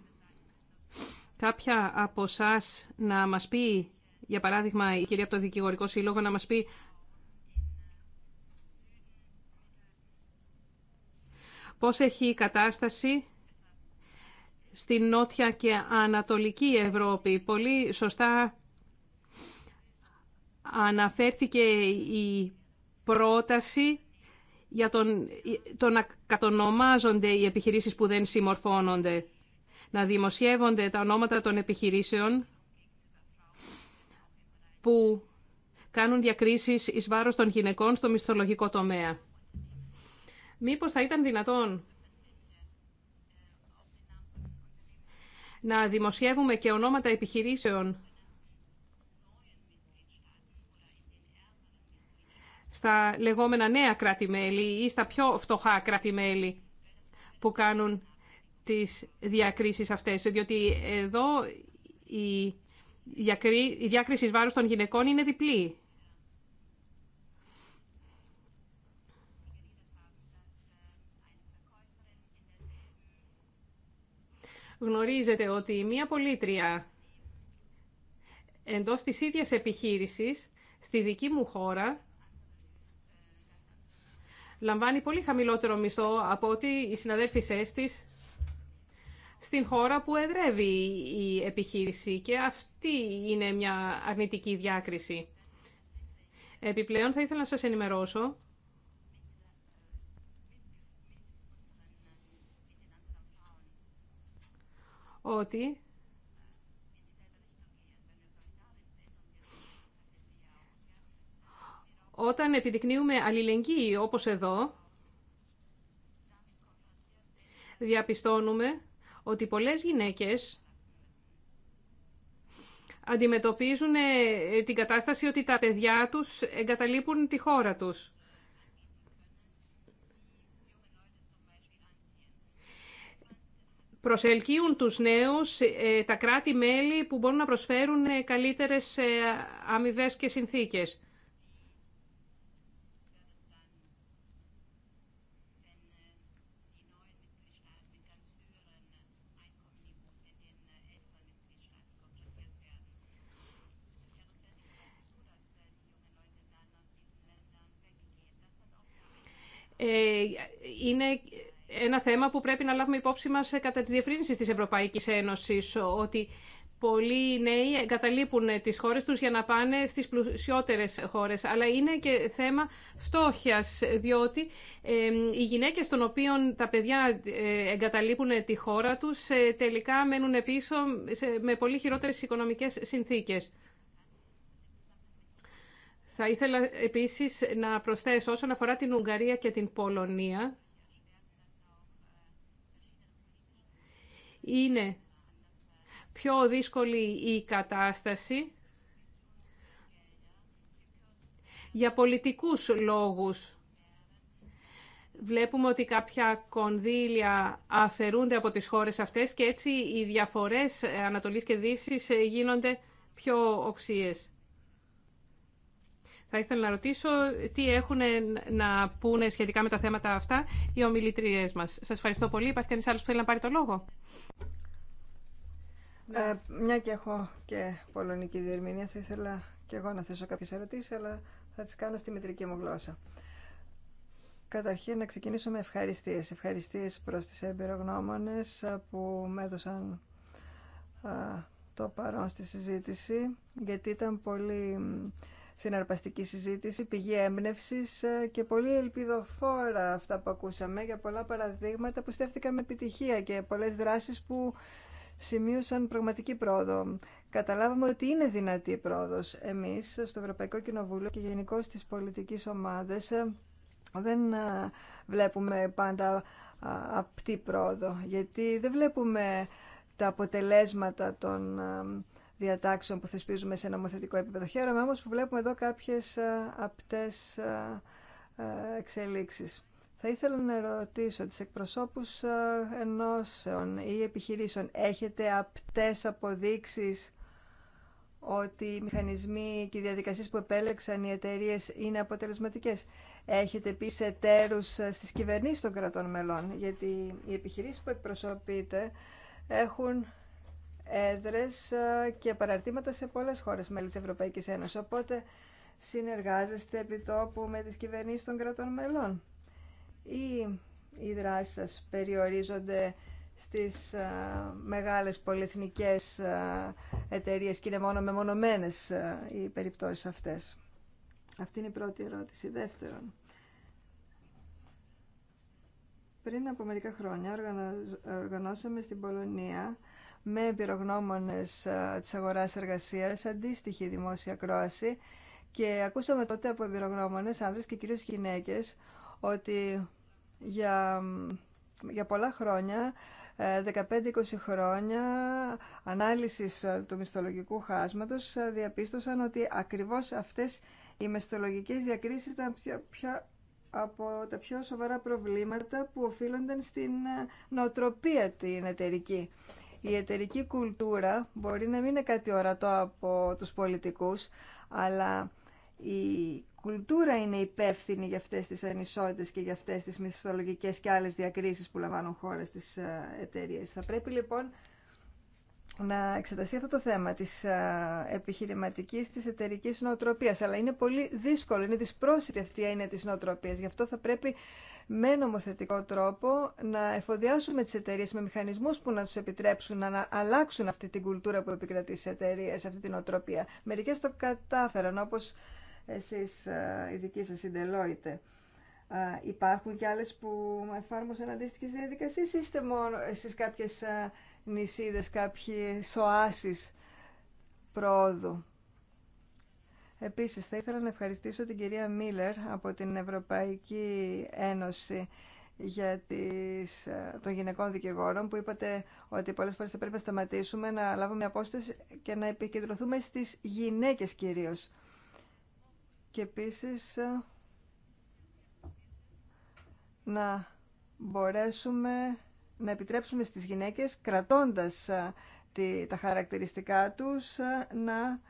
κάποια από εσά να μας πει, για παράδειγμα η κυρία από το Δικηγορικό Σύλλογο, να μας πει πώς έχει η κατάσταση στην Νότια και Ανατολική Ευρώπη. Πολύ σωστά αναφέρθηκε η πρόταση για τον, το να κατονομάζονται οι επιχειρήσεις που δεν συμμορφώνονται, να δημοσιεύονται τα ονόματα των επιχειρήσεων που κάνουν διακρίσεις εις βάρος των γυναικών στο μισθολογικό τομέα. Μήπως θα ήταν δυνατόν να δημοσιεύουμε και ονόματα επιχειρήσεων στα λεγόμενα νέα κράτη-μέλη ή στα πιο φτωχά που κάνουν τις διακρίσεις αυτές. Διότι εδώ η διάκριση βάρους των γυναικών είναι διπλή. Γνωρίζετε ότι μία πολίτρια εντός της ίδιας επιχείρησης στη δική μου χώρα λαμβάνει πολύ χαμηλότερο μισθό από ότι οι συναδέλφισές της στην χώρα που εδρεύει η επιχείρηση και αυτή είναι μια αρνητική διάκριση. Επιπλέον θα ήθελα να σας ενημερώσω ότι Όταν επιδεικνύουμε αλληλεγγύη όπως εδώ, διαπιστώνουμε ότι πολλές γυναίκες αντιμετωπίζουν ε, την κατάσταση ότι τα παιδιά τους εγκαταλείπουν τη χώρα τους. Προσελκύουν τους νέους ε, τα κράτη-μέλη που μπορούν να προσφέρουν ε, καλύτερες αμοιβέ και συνθήκες. Ε, είναι ένα θέμα που πρέπει να λάβουμε υπόψη μας ε, κατά τις διευρύνσεις της Ευρωπαϊκής Ένωσης, ότι πολλοί νέοι εγκαταλείπουν ε, τις χώρες τους για να πάνε στις πλουσιότερες χώρες. Αλλά είναι και θέμα φτώχειας, διότι οι γυναίκες των οποίων τα παιδιά εγκαταλείπουν τη χώρα τους τελικά μένουν πίσω με πολύ χειρότερες οικονομικές συνθήκες. Θα ήθελα επίσης να προσθέσω όσον αφορά την Ουγγαρία και την Πολωνία. Είναι πιο δύσκολη η κατάσταση για πολιτικούς λόγους. Βλέπουμε ότι κάποια κονδύλια αφαιρούνται από τις χώρες αυτές και έτσι οι διαφορές Ανατολής και Δύσης ε, γίνονται πιο οξύες. Θα ήθελα να ρωτήσω τι έχουν να πούνε σχετικά με τα θέματα αυτά οι ομιλητριέ μα. Σα ευχαριστώ πολύ. Υπάρχει κανεί άλλο που θέλει να πάρει το λόγο. Ε, μια και έχω και πολωνική διερμηνία, θα ήθελα και εγώ να θέσω κάποιε ερωτήσει, αλλά θα τι κάνω στη μητρική μου γλώσσα. Καταρχήν, να ξεκινήσω με ευχαριστίες. Ευχαριστίες προς τις εμπειρογνώμονες που με έδωσαν το παρόν στη συζήτηση, γιατί ήταν πολύ συναρπαστική συζήτηση, πηγή έμπνευση ε, και πολύ ελπιδοφόρα αυτά που ακούσαμε για πολλά παραδείγματα που στέφθηκαν με επιτυχία και πολλές δράσεις που σημείωσαν πραγματική πρόοδο. Καταλάβαμε ότι είναι δυνατή η πρόοδος. Εμείς στο Ευρωπαϊκό Κοινοβούλιο και γενικώ στις πολιτικές ομάδες ε, δεν ε, βλέπουμε πάντα απτή πρόοδο, γιατί δεν βλέπουμε τα αποτελέσματα των διατάξεων που θεσπίζουμε σε νομοθετικό επίπεδο. Χαίρομαι όμως που βλέπουμε εδώ κάποιες ε, απτές ε, ε, εξελίξεις. Θα ήθελα να ρωτήσω τις εκπροσώπους ενώσεων ή επιχειρήσεων. Έχετε απτές αποδείξεις ότι οι μηχανισμοί και οι διαδικασίες που επέλεξαν οι εταιρείε είναι αποτελεσματικές. Έχετε επίσης εταίρους στις κυβερνήσεις των κρατών μελών, γιατί οι επιχειρήσεις που εκπροσωπείτε έχουν έδρες ε, και παραρτήματα σε πολλές χώρες μέλη της Ευρωπαϊκής Ένωσης. Οπότε συνεργάζεστε επί τόπου με τις κυβερνήσεις των κρατών μελών. Ή οι δρασει σας περιορίζονται στις ε, μεγάλες πολυεθνικές ε, και είναι μόνο μεμονωμένες οι περιπτώσεις αυτές. Αυτή είναι η πρώτη ερώτηση. Δεύτερον, πριν από μερικά χρόνια οργανώσαμε στην Πολωνία με εμπειρογνώμονε τη αγορά εργασία. αντίστοιχη δημόσια κρόαση και ακούσαμε τότε από εμπειρογνωμονε, άνδρες και κυρίω γυναίκε ότι για, για πολλά χρόνια 15-20 ε, χρόνια ανάλυσης ε, του μισθολογικού χάσματος ε, διαπίστωσαν ότι ακριβώς αυτές οι μισθολογικές διακρίσεις ήταν από τα πιο σοβαρά προβλήματα που οφείλονταν στην νοοτροπία την εταιρική η εταιρική κουλτούρα μπορεί να μην είναι κάτι ορατό από τους πολιτικούς, αλλά η κουλτούρα είναι υπεύθυνη για αυτές τις ανισότητες και για αυτές τις μυθολογικές και άλλες διακρίσεις που λαμβάνουν χώρα στις ε, εταιρείε. Θα πρέπει λοιπόν να εξεταστεί αυτό το θέμα της ε, επιχειρηματικής, της εταιρική νοοτροπίας. Αλλά είναι πολύ δύσκολο, είναι δυσπρόσιτη αυτή η έννοια της νοοτροπίας. Γι' αυτό θα πρέπει με νομοθετικό τρόπο να εφοδιάσουμε τις εταιρείες με μηχανισμούς που να τους επιτρέψουν να αλλάξουν αυτή την κουλτούρα που επικρατεί στις σε αυτή την οτροπία. Μερικές το κατάφεραν, όπως εσείς, οι ε, δικοί σας, η Υπάρχουν και άλλες που εφάρμοσαν αντίστοιχες διαδικασίες ή είστε μόνο εσείς κάποιες ε, νησίδες, κάποιες οάσεις πρόοδου. Επίσης, θα ήθελα να ευχαριστήσω την κυρία Μίλλερ από την Ευρωπαϊκή Ένωση για τις, ε, των γυναικών που είπατε ότι πολλές φορές θα πρέπει να σταματήσουμε να λάβουμε απόσταση και να επικεντρωθούμε στις γυναίκες κυρίως. Και επίσης ε, να μπορέσουμε να επιτρέψουμε στις γυναίκες κρατώντας ε, τα χαρακτηριστικά τους να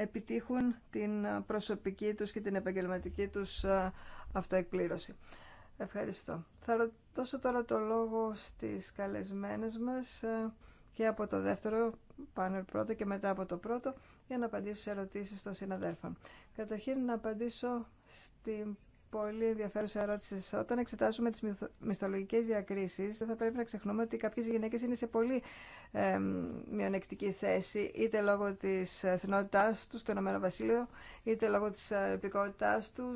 επιτύχουν την προσωπική τους και την επαγγελματική τους ε, αυτοεκπλήρωση. Ευχαριστώ. Θα ρωτήσω τώρα το λόγο στις καλεσμένες μας ε, και από το δεύτερο πάνελ πρώτο και μετά από το πρώτο για να απαντήσω σε ερωτήσεις των συναδέλφων. Καταρχήν να απαντήσω στην πολύ ενδιαφέρουσα ερώτηση. Όταν εξετάζουμε τι μισθολογικέ διακρίσει, θα πρέπει να ξεχνούμε ότι κάποιε γυναίκε είναι σε πολύ ε, μειονεκτική θέση, είτε λόγω τη εθνότητά του στο Ηνωμένο Βασίλειο, είτε λόγω τη επικότητά του,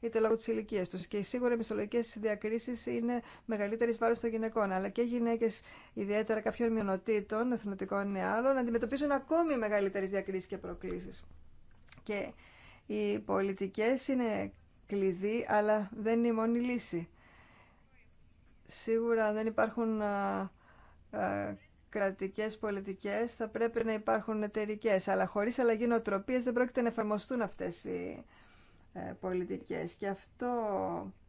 είτε λόγω τη ηλικία του. Και σίγουρα οι μισθολογικέ διακρίσει είναι μεγαλύτερη βάρο των γυναικών. Αλλά και γυναίκε, ιδιαίτερα κάποιων μειονοτήτων, εθνοτικών ή άλλων, αντιμετωπίζουν ακόμη μεγαλύτερε διακρίσει και προκλήσει. Και οι πολιτικές είναι κλειδί, αλλά δεν είναι η μόνη λύση. Σίγουρα δεν υπάρχουν α, α, κρατικές πολιτικές, θα πρέπει να υπάρχουν εταιρικέ, αλλά χωρίς αλλαγή νοοτροπίας δεν πρόκειται να εφαρμοστούν αυτές οι ε, πολιτικές. Και αυτό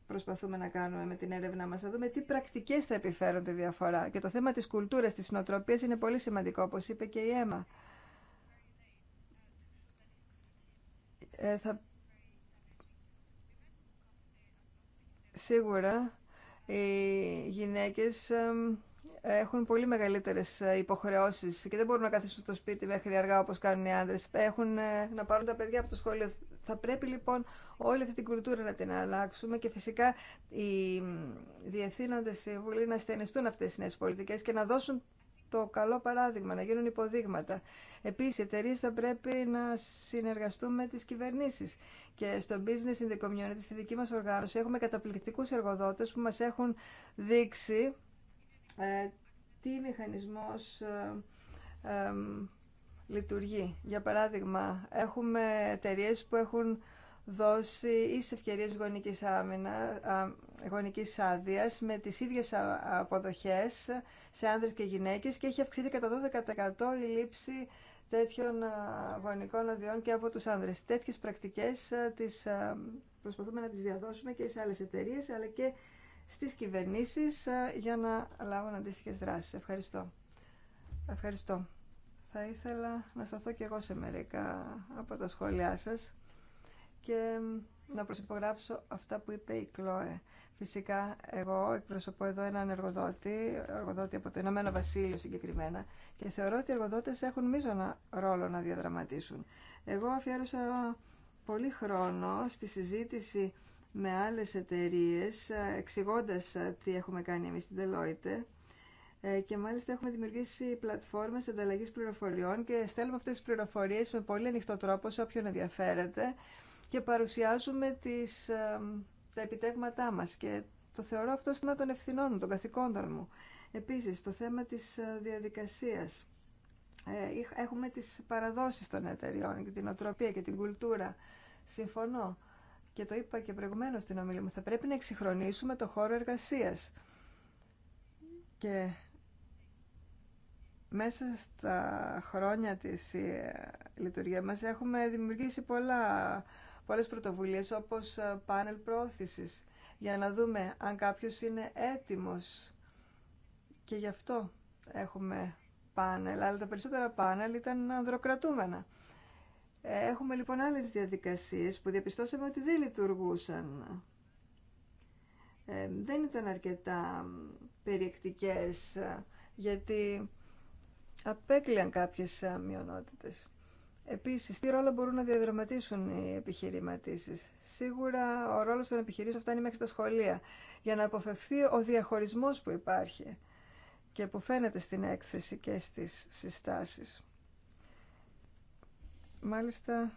προσπαθούμε να κάνουμε με την έρευνά μας, να δούμε τι πρακτικές θα επιφέρουν τη διαφορά. Και το θέμα της κουλτούρας, της νοοτροπίας είναι πολύ σημαντικό, όπως είπε και η Έμα. Ε, θα Σίγουρα οι γυναίκες έχουν πολύ μεγαλύτερες ε, υποχρεώσεις και δεν μπορούν να καθίσουν στο σπίτι μέχρι αργά όπως κάνουν οι άντρες. Έχουν ε, να πάρουν τα παιδιά από το σχολείο. Θα πρέπει λοιπόν όλη αυτή την κουλτούρα να την αλλάξουμε και φυσικά οι διευθύνοντες σύμβουλοι να στενιστούν αυτές τις νέες πολιτικές και να δώσουν το καλό παράδειγμα, να γίνουν υποδείγματα. Επίσης, οι εταιρείε θα πρέπει να συνεργαστούν με τις κυβερνήσεις. Και στο Business in the Community, στη δική μας οργάνωση, έχουμε καταπληκτικούς εργοδότες που μας έχουν δείξει ε, τι μηχανισμός ε, ε, λειτουργεί. Για παράδειγμα, έχουμε εταιρείε που έχουν δώσει ίσες ευκαιρίες γονικής, άμυνα, γονικής άδειας με τις ίδιες αποδοχές σε άνδρες και γυναίκες και έχει αυξηθεί κατά 12% η λήψη τέτοιων γονικών αδειών και από τους άνδρες. Τέτοιες πρακτικές τις προσπαθούμε να τις διαδώσουμε και σε άλλες εταιρείε, αλλά και στις κυβερνήσεις για να λάβουν αντίστοιχε δράσεις. Ευχαριστώ. Ευχαριστώ. Θα ήθελα να σταθώ και εγώ σε μερικά από τα σχόλιά σας και να προσυπογράψω αυτά που είπε η Κλώε. Φυσικά, εγώ εκπροσωπώ εδώ έναν εργοδότη, εργοδότη από το Ηνωμένο Βασίλειο συγκεκριμένα, και θεωρώ ότι οι εργοδότες έχουν μείζωνα ρόλο να διαδραματίσουν. Εγώ αφιέρωσα πολύ χρόνο στη συζήτηση με άλλε εταιρείε, εξηγώντα τι έχουμε κάνει εμεί στην Deloitte, ε, και μάλιστα έχουμε δημιουργήσει πλατφόρμες ανταλλαγής πληροφοριών και στέλνουμε αυτές τις πληροφορίες με πολύ ανοιχτό τρόπο σε όποιον ενδιαφέρεται και παρουσιάζουμε τις, ε, τα επιτεύγματά μας και το θεωρώ αυτό θέμα των ευθυνών μου, των καθηκόντων μου. Επίσης, το θέμα της ε, διαδικασίας. Ε, έχουμε τις παραδόσεις των εταιριών και την οτροπία και την κουλτούρα. Συμφωνώ και το είπα και προηγουμένως στην ομιλία μου, θα πρέπει να εξυγχρονίσουμε το χώρο εργασίας. Και μέσα στα χρόνια της λειτουργία μας έχουμε δημιουργήσει πολλά πολλές πρωτοβουλίες όπως ε, πάνελ πρόθεσης για να δούμε αν κάποιος είναι έτοιμος και γι' αυτό έχουμε πάνελ, αλλά τα περισσότερα πάνελ ήταν ανδροκρατούμενα. Ε, έχουμε λοιπόν άλλες διαδικασίες που διαπιστώσαμε ότι δεν λειτουργούσαν. Ε, δεν ήταν αρκετά περιεκτικές γιατί απέκλειαν κάποιες μειονότητες. Επίση, τι ρόλο μπορούν να διαδραματίσουν οι επιχειρηματίσει. Σίγουρα ο ρόλο των επιχειρήσεων φτάνει μέχρι τα σχολεία για να αποφευθεί ο διαχωρισμό που υπάρχει και που φαίνεται στην έκθεση και στι συστάσει. Μάλιστα,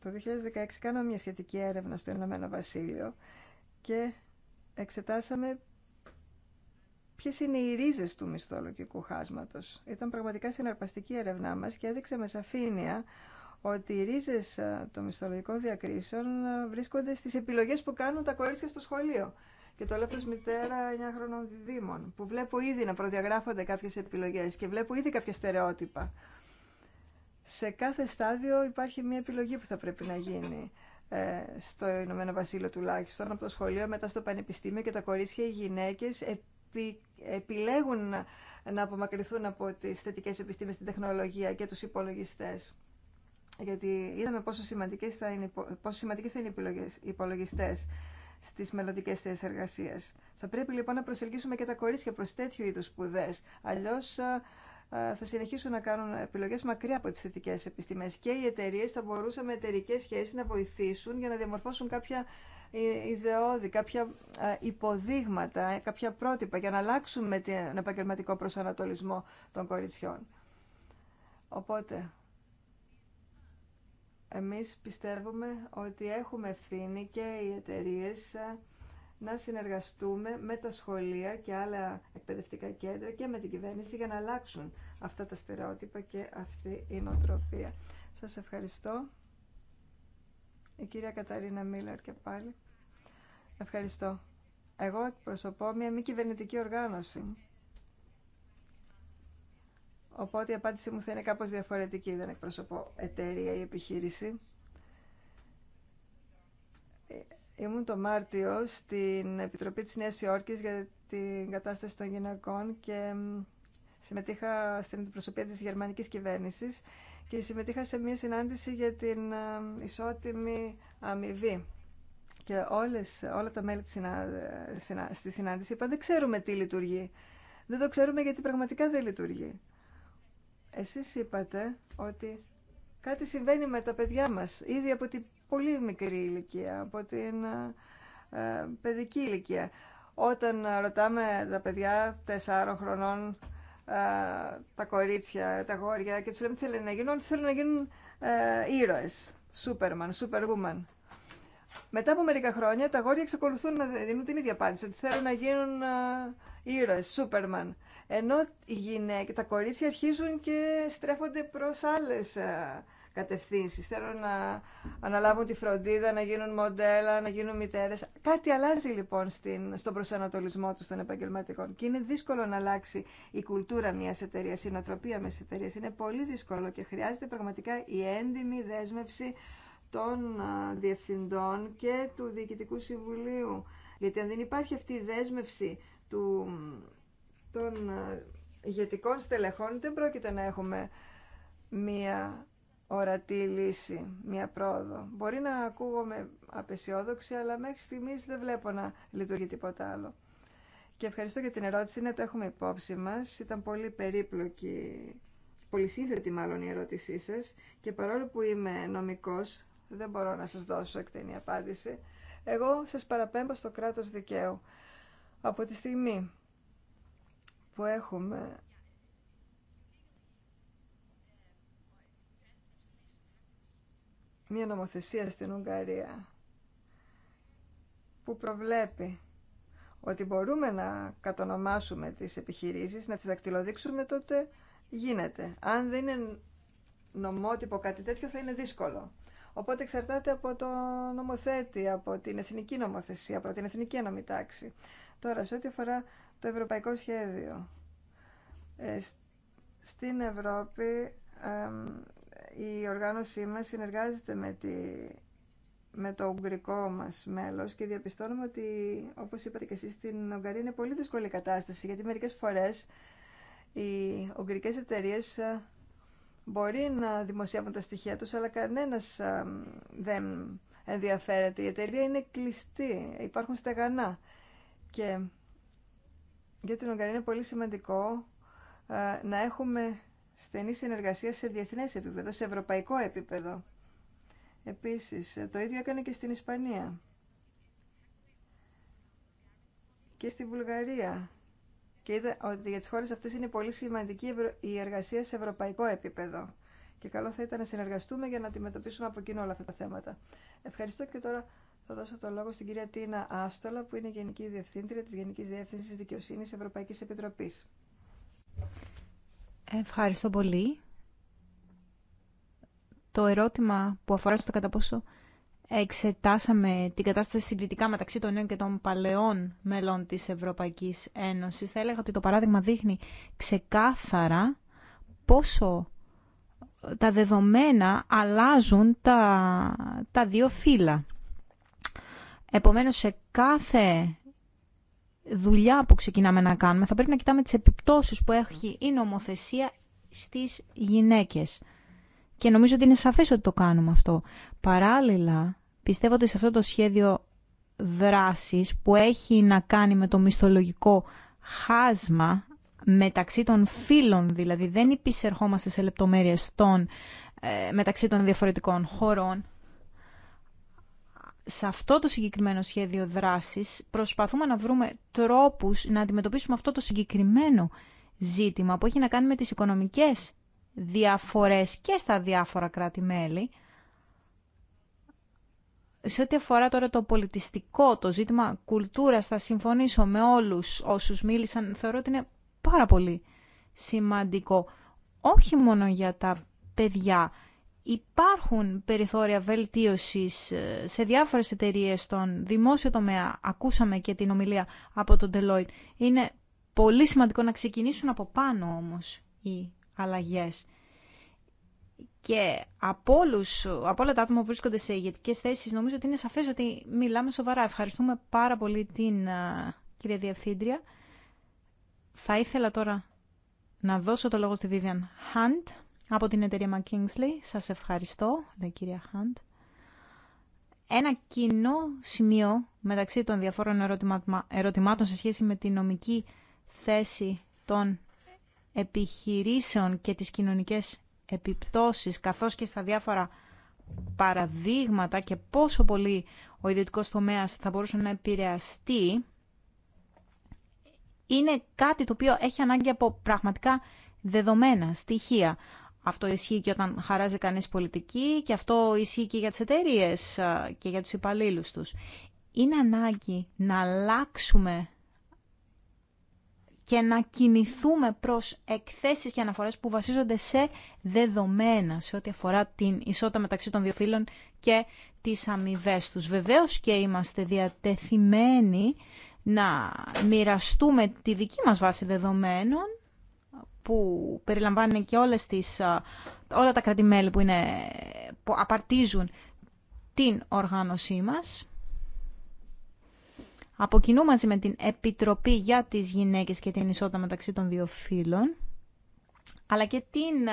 το 2016 κάναμε μια σχετική έρευνα στο Ηνωμένο Βασίλειο και εξετάσαμε ποιε είναι οι ρίζε του μισθολογικού χάσματο. Ήταν πραγματικά συναρπαστική η έρευνά μα και έδειξε με σαφήνεια ότι οι ρίζε ε, των μισθολογικών διακρίσεων ε, βρίσκονται στι επιλογέ που κάνουν τα κορίτσια στο σχολείο. Και το λέω μητέρα 9 χρονών διδήμων, που βλέπω ήδη να προδιαγράφονται κάποιε επιλογέ και βλέπω ήδη κάποια στερεότυπα. Σε κάθε στάδιο υπάρχει μια επιλογή που θα πρέπει να γίνει ε, στο Ηνωμένο Βασίλειο τουλάχιστον, από το σχολείο μετά στο πανεπιστήμιο και τα κορίτσια οι γυναίκες επι, επιλέγουν να απομακρυνθούν από τις θετικές επιστήμες, την τεχνολογία και τους υπολογιστές. Γιατί είδαμε πόσο, σημαντικές θα είναι, σημαντικοί θα είναι οι υπολογιστές στι μελλοντικέ θέσει εργασία. Θα πρέπει λοιπόν να προσελκύσουμε και τα κορίτσια προ τέτοιου είδου σπουδέ. Αλλιώ, θα συνεχίσουν να κάνουν επιλογέ μακριά από τι θετικέ επιστήμες και οι εταιρείε θα μπορούσαν με εταιρικέ σχέσει να βοηθήσουν για να διαμορφώσουν κάποια ε, ιδεώδη, κάποια ε, υποδείγματα, ε, κάποια πρότυπα για να αλλάξουμε τον επαγγελματικό προσανατολισμό των κοριτσιών. Οπότε, εμείς πιστεύουμε ότι έχουμε ευθύνη και οι εταιρείε να συνεργαστούμε με τα σχολεία και άλλα εκπαιδευτικά κέντρα και με την κυβέρνηση για να αλλάξουν αυτά τα στερεότυπα και αυτή η νοοτροπία. Σας ευχαριστώ. Η κυρία Καταρίνα Μίλλαρ και πάλι. Ευχαριστώ. Εγώ εκπροσωπώ μια μη κυβερνητική οργάνωση. Οπότε η απάντησή μου θα είναι κάπως διαφορετική. Δεν εκπροσωπώ εταιρεία ή επιχείρηση. Ε, ήμουν το Μάρτιο στην Επιτροπή της Νέας Υόρκης για την κατάσταση των γυναικών και συμμετείχα στην αντιπροσωπεία της γερμανικής κυβέρνησης και συμμετείχα σε μια συνάντηση για την ε, ισότιμη αμοιβή. Και όλες, όλα τα μέλη της στη συνάντηση είπαν δεν ξέρουμε τι λειτουργεί. Δεν το ξέρουμε γιατί πραγματικά δεν λειτουργεί. Εσείς είπατε ότι κάτι συμβαίνει με τα παιδιά μας ήδη από την πολύ μικρή ηλικία, από την ε, παιδική ηλικία. Όταν ρωτάμε τα παιδιά 4 χρονών ε, τα κορίτσια, τα γόρια και τους λέμε τι θέλουν να γίνουν, θέλουν να γίνουν ε, ήρωες, Superman, Superwoman. Μετά από μερικά χρόνια τα γόρια εξακολουθούν να δίνουν την ίδια απάντηση, ότι θέλουν να γίνουν ε, ήρωες, Superman. Ενώ οι γυναίκες, τα κορίτσια αρχίζουν και στρέφονται προς άλλες ε, κατευθύνσεις. Θέλουν να αναλάβουν τη φροντίδα, να γίνουν μοντέλα, να γίνουν μητέρες. Κάτι αλλάζει λοιπόν στην, στον προσανατολισμό τους των επαγγελματικών και είναι δύσκολο να αλλάξει η κουλτούρα μιας εταιρεία, η νοοτροπία μιας εταιρεία. Είναι πολύ δύσκολο και χρειάζεται πραγματικά η έντιμη δέσμευση των διευθυντών και του Διοικητικού Συμβουλίου. Γιατί αν δεν υπάρχει αυτή η δέσμευση του, των ηγετικών στελεχών, δεν πρόκειται να έχουμε μία ορατή λύση, μια πρόοδο. Μπορεί να ακούγομαι απεσιόδοξη, αλλά μέχρι στιγμής δεν βλέπω να λειτουργεί τίποτα άλλο. Και ευχαριστώ για την ερώτηση, ναι, το έχουμε υπόψη μας. Ήταν πολύ περίπλοκη, πολύ σύνθετη μάλλον η ερώτησή σας και παρόλο που είμαι νομικός, δεν μπορώ να σας δώσω εκτενή απάντηση. Εγώ σας παραπέμπω στο κράτος δικαίου. Από τη στιγμή που έχουμε μια νομοθεσία στην Ουγγαρία που προβλέπει ότι μπορούμε να κατονομάσουμε τις επιχειρήσεις, να τις δακτυλοδείξουμε, τότε γίνεται. Αν δεν είναι νομότυπο κάτι τέτοιο θα είναι δύσκολο. Οπότε εξαρτάται από το νομοθέτη, από την εθνική νομοθεσία, από την εθνική νομιτάξη. Τώρα, σε ό,τι αφορά το ευρωπαϊκό σχέδιο. Ε, στην Ευρώπη η οργάνωσή μας συνεργάζεται με, τη, με το ουγγρικό μας μέλος και διαπιστώνουμε ότι, όπως είπατε και εσείς, στην Ουγγαρία είναι πολύ δύσκολη κατάσταση, γιατί μερικές φορές οι ουγγρικές εταιρείε ε, μπορεί να δημοσιεύουν τα στοιχεία τους, αλλά κανένας ε, δεν ενδιαφέρεται. Η εταιρεία είναι κλειστή, υπάρχουν στεγανά. Και για την Ουγγαρία είναι πολύ σημαντικό ε, να έχουμε στενή συνεργασία σε διεθνές επίπεδο, σε ευρωπαϊκό επίπεδο. Επίση, το ίδιο έκανε και στην Ισπανία και στη Βουλγαρία. Και είδα ότι για τι χώρε αυτέ είναι πολύ σημαντική η εργασία σε ευρωπαϊκό επίπεδο. Και καλό θα ήταν να συνεργαστούμε για να αντιμετωπίσουμε από κοινό όλα αυτά τα θέματα. Ευχαριστώ και τώρα θα δώσω το λόγο στην κυρία Τίνα Άστολα, που είναι Γενική Διευθύντρια τη Γενική Διεύθυνση Δικαιοσύνη Ευρωπαϊκή Επιτροπή. Ευχαριστώ πολύ. Το ερώτημα που αφορά στο κατά πόσο εξετάσαμε την κατάσταση συγκριτικά μεταξύ των νέων και των παλαιών μελών της Ευρωπαϊκής Ένωσης, θα έλεγα ότι το παράδειγμα δείχνει ξεκάθαρα πόσο τα δεδομένα αλλάζουν τα, τα δύο φύλλα. Επομένως, σε κάθε δουλειά που ξεκινάμε να κάνουμε, θα πρέπει να κοιτάμε τις επιπτώσεις που έχει η νομοθεσία στις γυναίκες. Και νομίζω ότι είναι σαφές ότι το κάνουμε αυτό. Παράλληλα, πιστεύω ότι σε αυτό το σχέδιο δράσης που έχει να κάνει με το μισθολογικό χάσμα μεταξύ των φύλων, δηλαδή δεν υπησερχόμαστε σε λεπτομέρειες ε, μεταξύ των διαφορετικών χωρών, σε αυτό το συγκεκριμένο σχέδιο δράσης προσπαθούμε να βρούμε τρόπους να αντιμετωπίσουμε αυτό το συγκεκριμένο ζήτημα που έχει να κάνει με τις οικονομικές διαφορές και στα διάφορα κράτη-μέλη σε ό,τι αφορά τώρα το πολιτιστικό, το ζήτημα κουλτούρας, θα συμφωνήσω με όλους όσους μίλησαν, θεωρώ ότι είναι πάρα πολύ σημαντικό. Όχι μόνο για τα παιδιά, υπάρχουν περιθώρια βελτίωσης ε, σε διάφορες εταιρείες στον δημόσιο τομέα. Ακούσαμε και την ομιλία από τον Deloitte. Είναι πολύ σημαντικό να ξεκινήσουν από πάνω όμως οι αλλαγές. Και από, όλους, από όλα τα άτομα που βρίσκονται σε ηγετικέ θέσει, νομίζω ότι είναι σαφέ ότι μιλάμε σοβαρά. Ευχαριστούμε πάρα πολύ την ε, κυρία Διευθύντρια. Θα ήθελα τώρα να δώσω το λόγο στη Vivian Hunt από την εταιρεία McKinsey. Σας ευχαριστώ, λέει κυρία Χάντ. Ένα κοινό σημείο μεταξύ των διαφόρων ερωτημάτων σε σχέση με τη νομική θέση των επιχειρήσεων και τις κοινωνικές επιπτώσεις, καθώς και στα διάφορα παραδείγματα και πόσο πολύ ο ιδιωτικός τομέας θα μπορούσε να επηρεαστεί, είναι κάτι το οποίο έχει ανάγκη από πραγματικά δεδομένα, στοιχεία. Αυτό ισχύει και όταν χαράζει κανείς πολιτική και αυτό ισχύει και για τις εταιρείε και για τους υπαλλήλου τους. Είναι ανάγκη να αλλάξουμε και να κινηθούμε προς εκθέσεις και αναφορές που βασίζονται σε δεδομένα σε ό,τι αφορά την ισότητα μεταξύ των δύο φύλων και τις αμοιβέ τους. Βεβαίως και είμαστε διατεθειμένοι να μοιραστούμε τη δική μας βάση δεδομένων που περιλαμβάνει και όλες τις, όλα τα κρατημέλη που, είναι, που απαρτίζουν την οργάνωσή μας. Από μαζί με την Επιτροπή για τις Γυναίκες και την Ισότητα μεταξύ των δύο φύλων, αλλά και την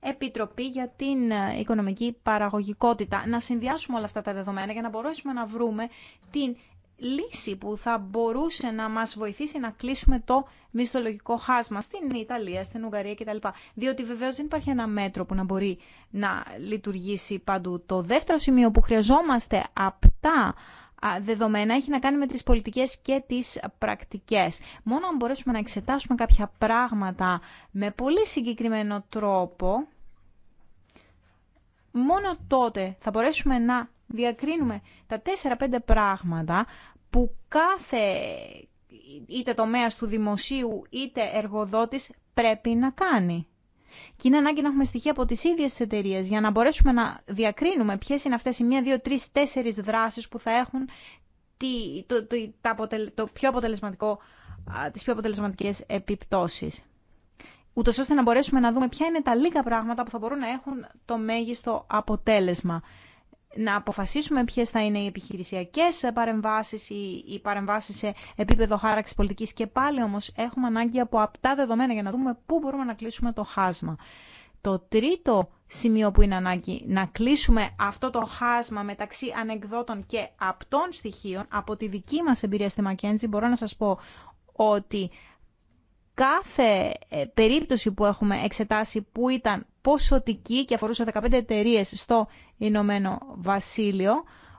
Επιτροπή για την Οικονομική Παραγωγικότητα. Να συνδυάσουμε όλα αυτά τα δεδομένα για να μπορέσουμε να βρούμε την λύση που θα μπορούσε να μας βοηθήσει να κλείσουμε το μισθολογικό χάσμα στην Ιταλία, στην Ουγγαρία κτλ. Διότι βεβαίως δεν υπάρχει ένα μέτρο που να μπορεί να λειτουργήσει παντού. Το δεύτερο σημείο που χρειαζόμαστε απτά δεδομένα έχει να κάνει με τις πολιτικές και τις πρακτικές. Μόνο αν μπορέσουμε να εξετάσουμε κάποια πράγματα με πολύ συγκεκριμένο τρόπο, μόνο τότε θα μπορέσουμε να διακρίνουμε τα 4-5 πράγματα που κάθε είτε τομέας του δημοσίου είτε εργοδότης πρέπει να κάνει. Και είναι ανάγκη να έχουμε στοιχεία από τις ίδιες τις εταιρείες για να μπορέσουμε να διακρίνουμε ποιες είναι αυτές οι μία, 2, 3, 4 δράσεις που θα έχουν τι, το, το, πιο αποτελεσματικό, τις πιο αποτελεσματικές επιπτώσεις. Ούτως ώστε να μπορέσουμε να δούμε ποια είναι τα λίγα πράγματα που θα μπορούν να έχουν το μέγιστο αποτέλεσμα να αποφασίσουμε ποιε θα είναι οι επιχειρησιακές παρεμβάσει, ή οι παρεμβάσει σε επίπεδο χάραξης πολιτικής και πάλι όμως έχουμε ανάγκη από αυτά δεδομένα για να δούμε πού μπορούμε να κλείσουμε το χάσμα. Το τρίτο σημείο που είναι ανάγκη να κλείσουμε αυτό το χάσμα μεταξύ ανεκδότων και απτών στοιχείων από τη δική μας εμπειρία στη Μακέντζη μπορώ να σας πω ότι κάθε ε, περίπτωση που έχουμε εξετάσει που ήταν ποσοτική και αφορούσε 15 εταιρείε στο Ηνωμένο Βασίλειο,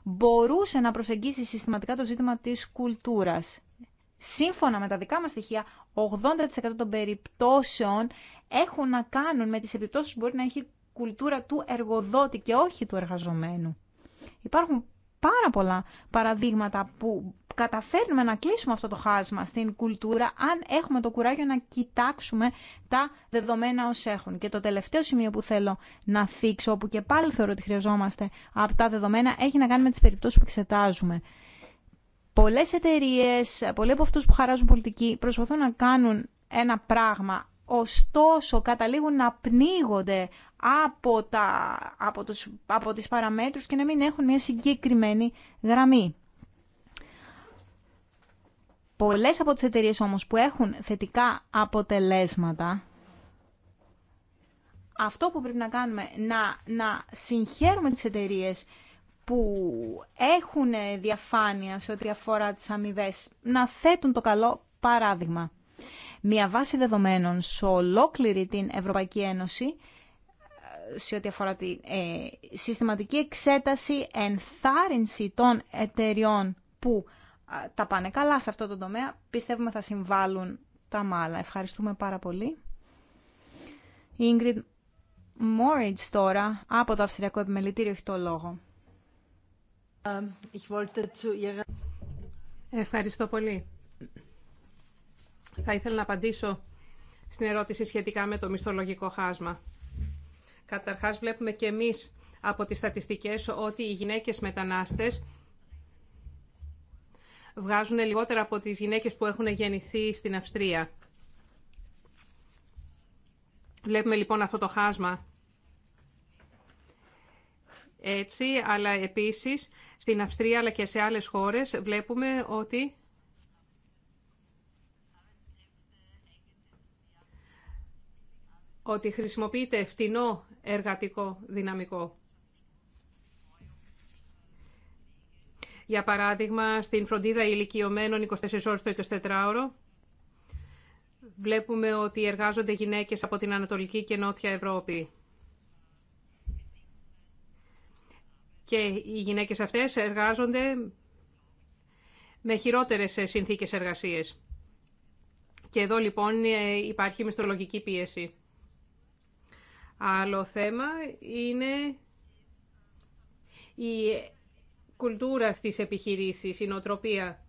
μπορούσε να προσεγγίσει συστηματικά το ζήτημα της κουλτούρας. Σύμφωνα με τα δικά μας στοιχεία, 80% των περιπτώσεων έχουν να κάνουν με τις επιπτώσεις που μπορεί να έχει κουλτούρα του εργοδότη και όχι του εργαζομένου. Υπάρχουν πάρα πολλά παραδείγματα που καταφέρνουμε να κλείσουμε αυτό το χάσμα στην κουλτούρα αν έχουμε το κουράγιο να κοιτάξουμε τα δεδομένα ως έχουν. Και το τελευταίο σημείο που θέλω να θίξω, όπου και πάλι θεωρώ ότι χρειαζόμαστε από τα δεδομένα, έχει να κάνει με τις περιπτώσεις που εξετάζουμε. Πολλές εταιρείε, πολλοί από αυτούς που χαράζουν πολιτική προσπαθούν να κάνουν ένα πράγμα ωστόσο καταλήγουν να πνίγονται από, τα, από, τους, από τις παραμέτρους και να μην έχουν μια συγκεκριμένη γραμμή. Πολλές από τις εταιρείε όμως που έχουν θετικά αποτελέσματα, αυτό που πρέπει να κάνουμε, να, να συγχαίρουμε τις εταιρείε που έχουν διαφάνεια σε ό,τι αφορά τις αμοιβέ, να θέτουν το καλό παράδειγμα. Μια βάση δεδομένων σε ολόκληρη την Ευρωπαϊκή Ένωση, σε ό,τι αφορά τη ε, συστηματική εξέταση, ενθάρρυνση των εταιριών που τα πάνε καλά σε αυτό το τομέα, πιστεύουμε θα συμβάλλουν τα μάλα. Ευχαριστούμε πάρα πολύ. Η Ingrid τώρα από το Αυστριακό Επιμελητήριο έχει το λόγο. Ευχαριστώ πολύ. Θα ήθελα να απαντήσω στην ερώτηση σχετικά με το μισθολογικό χάσμα. Καταρχάς βλέπουμε και εμείς από τις στατιστικές ότι οι γυναίκες μετανάστες βγάζουν λιγότερα από τις γυναίκες που έχουν γεννηθεί στην Αυστρία. Βλέπουμε λοιπόν αυτό το χάσμα. Έτσι, αλλά επίσης στην Αυστρία αλλά και σε άλλες χώρες βλέπουμε ότι ότι χρησιμοποιείται φτηνό εργατικό δυναμικό. για παράδειγμα στην φροντίδα ηλικιωμένων 24 ώρες το 24ωρο. Βλέπουμε ότι εργάζονται γυναίκες από την Ανατολική και Νότια Ευρώπη. Και οι γυναίκες αυτές εργάζονται με χειρότερες συνθήκες εργασίες. Και εδώ λοιπόν υπάρχει μισθολογική πίεση. Άλλο θέμα είναι η κουλτούρα στις επιχειρήσεις, η νοοτροπία.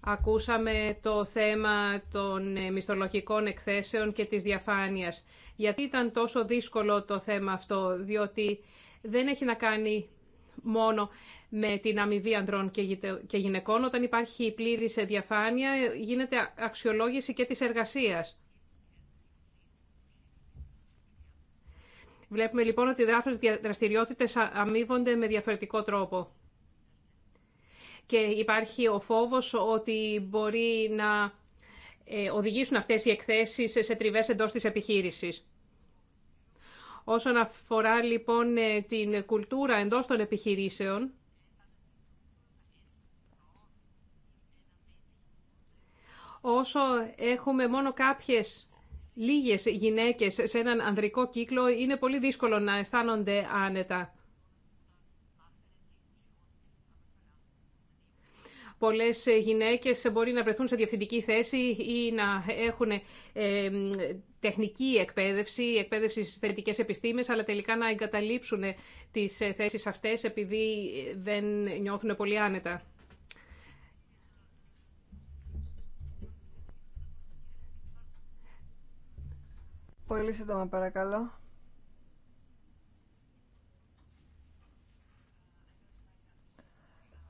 Ακούσαμε το θέμα των ε, μισθολογικών εκθέσεων και της διαφάνειας. Γιατί ήταν τόσο δύσκολο το θέμα αυτό, διότι δεν έχει να κάνει μόνο με την αμοιβή ανδρών και γυναικών. Όταν υπάρχει πλήρης διαφάνεια, γίνεται αξιολόγηση και της εργασίας. Βλέπουμε λοιπόν ότι οι διάφορες δραστηριότητες αμείβονται με διαφορετικό τρόπο. Και υπάρχει ο φόβος ότι μπορεί να ε, οδηγήσουν αυτές οι εκθέσεις σε τριβές εντός της επιχείρησης. Όσον αφορά λοιπόν ε, την κουλτούρα εντός των επιχειρήσεων, όσο έχουμε μόνο κάποιες λίγες γυναίκες σε έναν ανδρικό κύκλο είναι πολύ δύσκολο να αισθάνονται άνετα. Πολλές γυναίκες μπορεί να βρεθούν σε διευθυντική θέση ή να έχουν τεχνική εκπαίδευση, εκπαίδευση στις θετικές επιστήμες, αλλά τελικά να εγκαταλείψουν τις θέσεις αυτές επειδή δεν νιώθουν πολύ άνετα. Πολύ σύντομα παρακαλώ.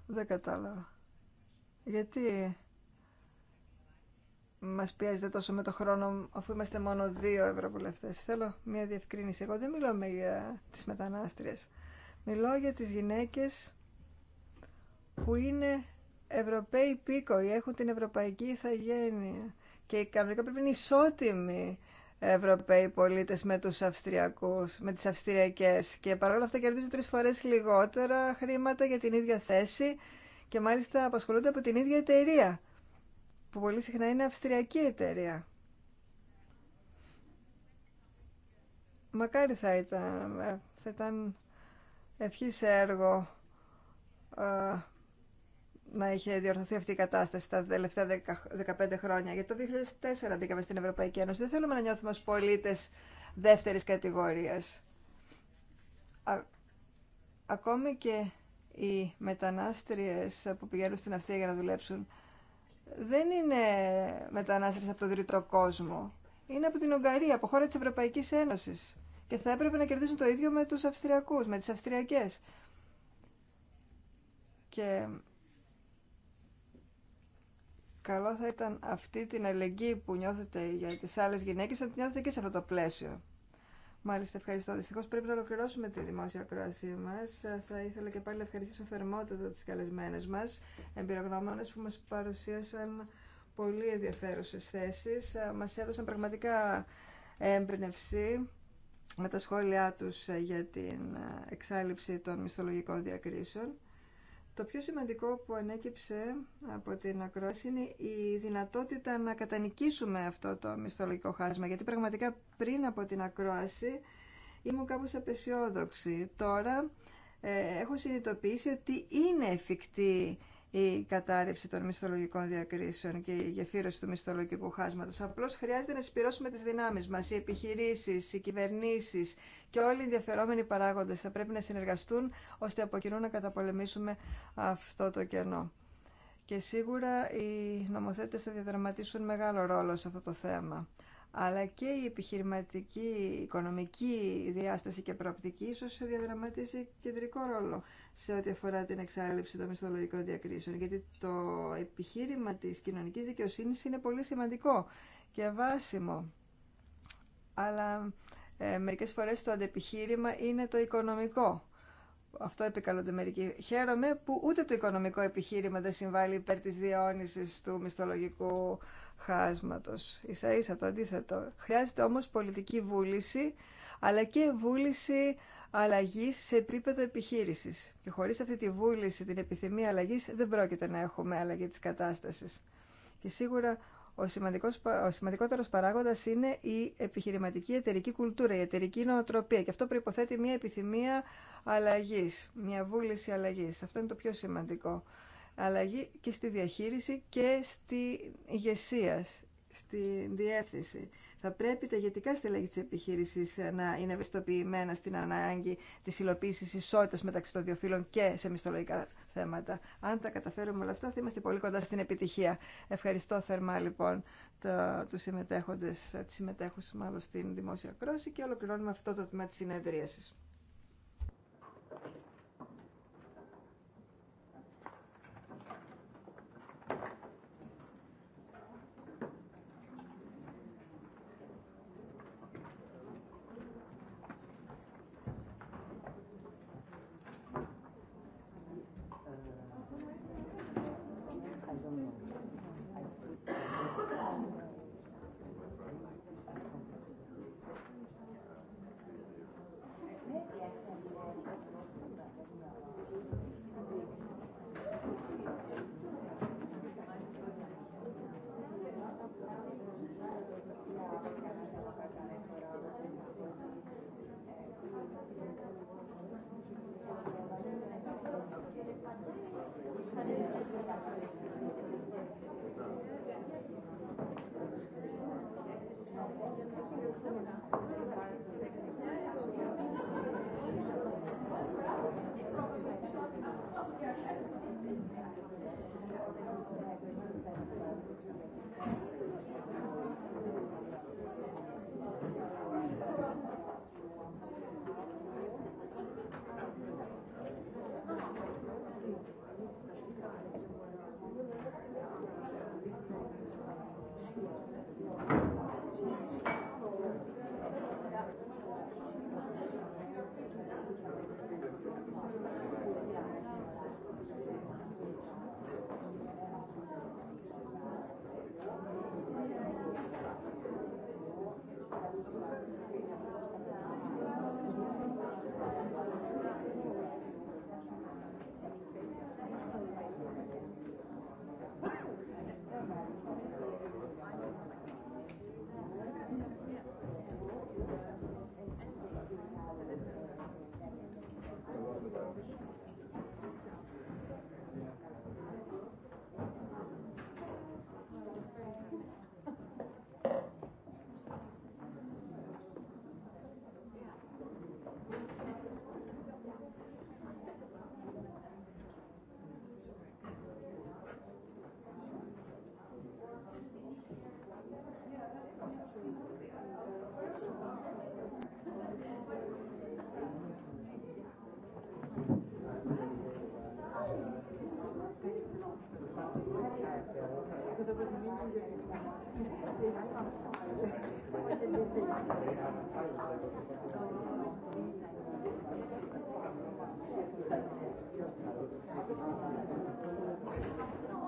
Δεν κατάλαβα. Γιατί μας πιέζεται τόσο με το χρόνο αφού είμαστε μόνο δύο ευρωβουλευτές. Θέλω μια διευκρίνηση. Εγώ δεν μιλώ για τις μετανάστριες. Μιλώ για τις γυναίκες που είναι Ευρωπαίοι πήκοοι, έχουν την ευρωπαϊκή ηθαγένεια και η κανονικά πρέπει να είναι ισότιμοι Ευρωπαίοι πολίτες με τους Αυστριακούς, με τις Αυστριακές και παρόλα αυτά κερδίζουν τρεις φορές λιγότερα χρήματα για την ίδια θέση και μάλιστα απασχολούνται από την ίδια εταιρεία που πολύ συχνά είναι Αυστριακή εταιρεία. Μακάρι θα ήταν, ε, θα ήταν ευχής έργο ε, να είχε διορθωθεί αυτή η κατάσταση τα τελευταία 15 χρόνια. Γιατί το 2004 μπήκαμε στην Ευρωπαϊκή Ένωση. Δεν θέλουμε να νιώθουμε ως πολίτες δεύτερης κατηγορίας. ακόμη και οι μετανάστριες που πηγαίνουν στην Αυστρία για να δουλέψουν δεν είναι μετανάστριες από τον τρίτο κόσμο. Είναι από την Ουγγαρία, από χώρα της Ευρωπαϊκής Ένωσης. Και θα έπρεπε να κερδίσουν το ίδιο με τους Αυστριακούς, με τις Αυστριακές. Και καλό θα ήταν αυτή την αλληλεγγύη που νιώθετε για τι άλλε γυναίκε να την νιώθετε και σε αυτό το πλαίσιο. Μάλιστα, ευχαριστώ. Δυστυχώ πρέπει να ολοκληρώσουμε τη δημόσια ακρόασή μα. Θα ήθελα και πάλι να ευχαριστήσω θερμότατα τι καλεσμένε μα, εμπειρογνώμονε που μα παρουσίασαν πολύ ενδιαφέρουσε θέσει. Μα έδωσαν πραγματικά έμπνευση με τα σχόλιά τους για την εξάλληψη των μισθολογικών διακρίσεων το πιο σημαντικό που ανέκυψε από την ακρόαση είναι η δυνατότητα να κατανικήσουμε αυτό το μισθολογικό χάσμα, γιατί πραγματικά πριν από την ακρόαση ήμουν κάπως απεσιόδοξη. Τώρα ε, έχω συνειδητοποιήσει ότι είναι εφικτή η κατάρρευση των μισθολογικών διακρίσεων και η γεφύρωση του μισθολογικού χάσματος. Απλώς χρειάζεται να συμπληρώσουμε τις δυνάμεις μα, Οι επιχειρήσει, οι κυβερνήσεις και όλοι οι ενδιαφερόμενοι παράγοντες θα πρέπει να συνεργαστούν ώστε από κοινού να καταπολεμήσουμε αυτό το κενό. Και σίγουρα οι νομοθέτες θα διαδραματίσουν μεγάλο ρόλο σε αυτό το θέμα αλλά και η επιχειρηματική, οικονομική διάσταση και προοπτική ίσως διαδραματίζει κεντρικό ρόλο σε ό,τι αφορά την εξάλληψη των μισθολογικών διακρίσεων, γιατί το επιχείρημα της κοινωνικής δικαιοσύνης είναι πολύ σημαντικό και βάσιμο. Αλλά ε, μερικές φορές το αντεπιχείρημα είναι το οικονομικό αυτό επικαλούνται μερικοί. Χαίρομαι που ούτε το οικονομικό επιχείρημα δεν συμβάλλει υπέρ της διαιώνισης του μισθολογικού χάσματος. Ίσα ίσα το αντίθετο. Χρειάζεται όμως πολιτική βούληση, αλλά και βούληση αλλαγή σε επίπεδο επιχείρησης. Και χωρίς αυτή τη βούληση, την επιθυμία αλλαγή, δεν πρόκειται να έχουμε αλλαγή τη κατάσταση. Και σίγουρα ο, σημαντικός, ο σημαντικότερος παράγοντας είναι η επιχειρηματική εταιρική κουλτούρα, η εταιρική νοοτροπία και αυτό προϋποθέτει μια επιθυμία αλλαγής, μια βούληση αλλαγής. Αυτό είναι το πιο σημαντικό. Αλλαγή και στη διαχείριση και στη ηγεσία, στη διεύθυνση. Θα πρέπει τα ηγετικά στελέχη τη επιχείρηση ε, να είναι ευαισθητοποιημένα στην ανάγκη τη υλοποίηση ισότητα μεταξύ των δύο φύλων και σε μισθολογικά θέματα. Αν τα καταφέρουμε όλα αυτά θα είμαστε πολύ κοντά στην επιτυχία. Ευχαριστώ θερμά λοιπόν του τους συμμετέχοντες, τις συμμετέχους μάλλον στην δημόσια κρόση και ολοκληρώνουμε αυτό το τμήμα της συνεδρίασης.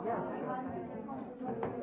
Yeah.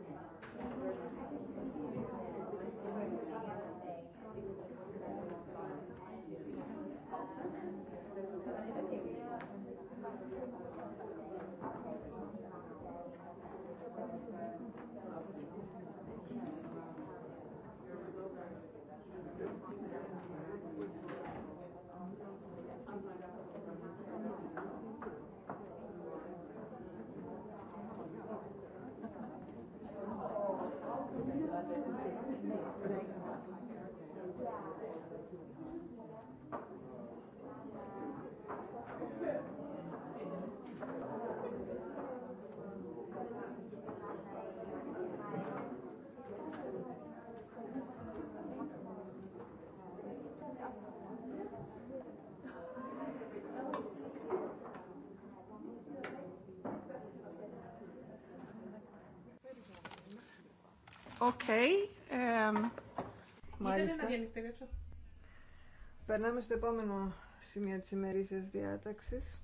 Okay. Um, Περνάμε στο επόμενο σημείο της ημερήσιας διάταξης.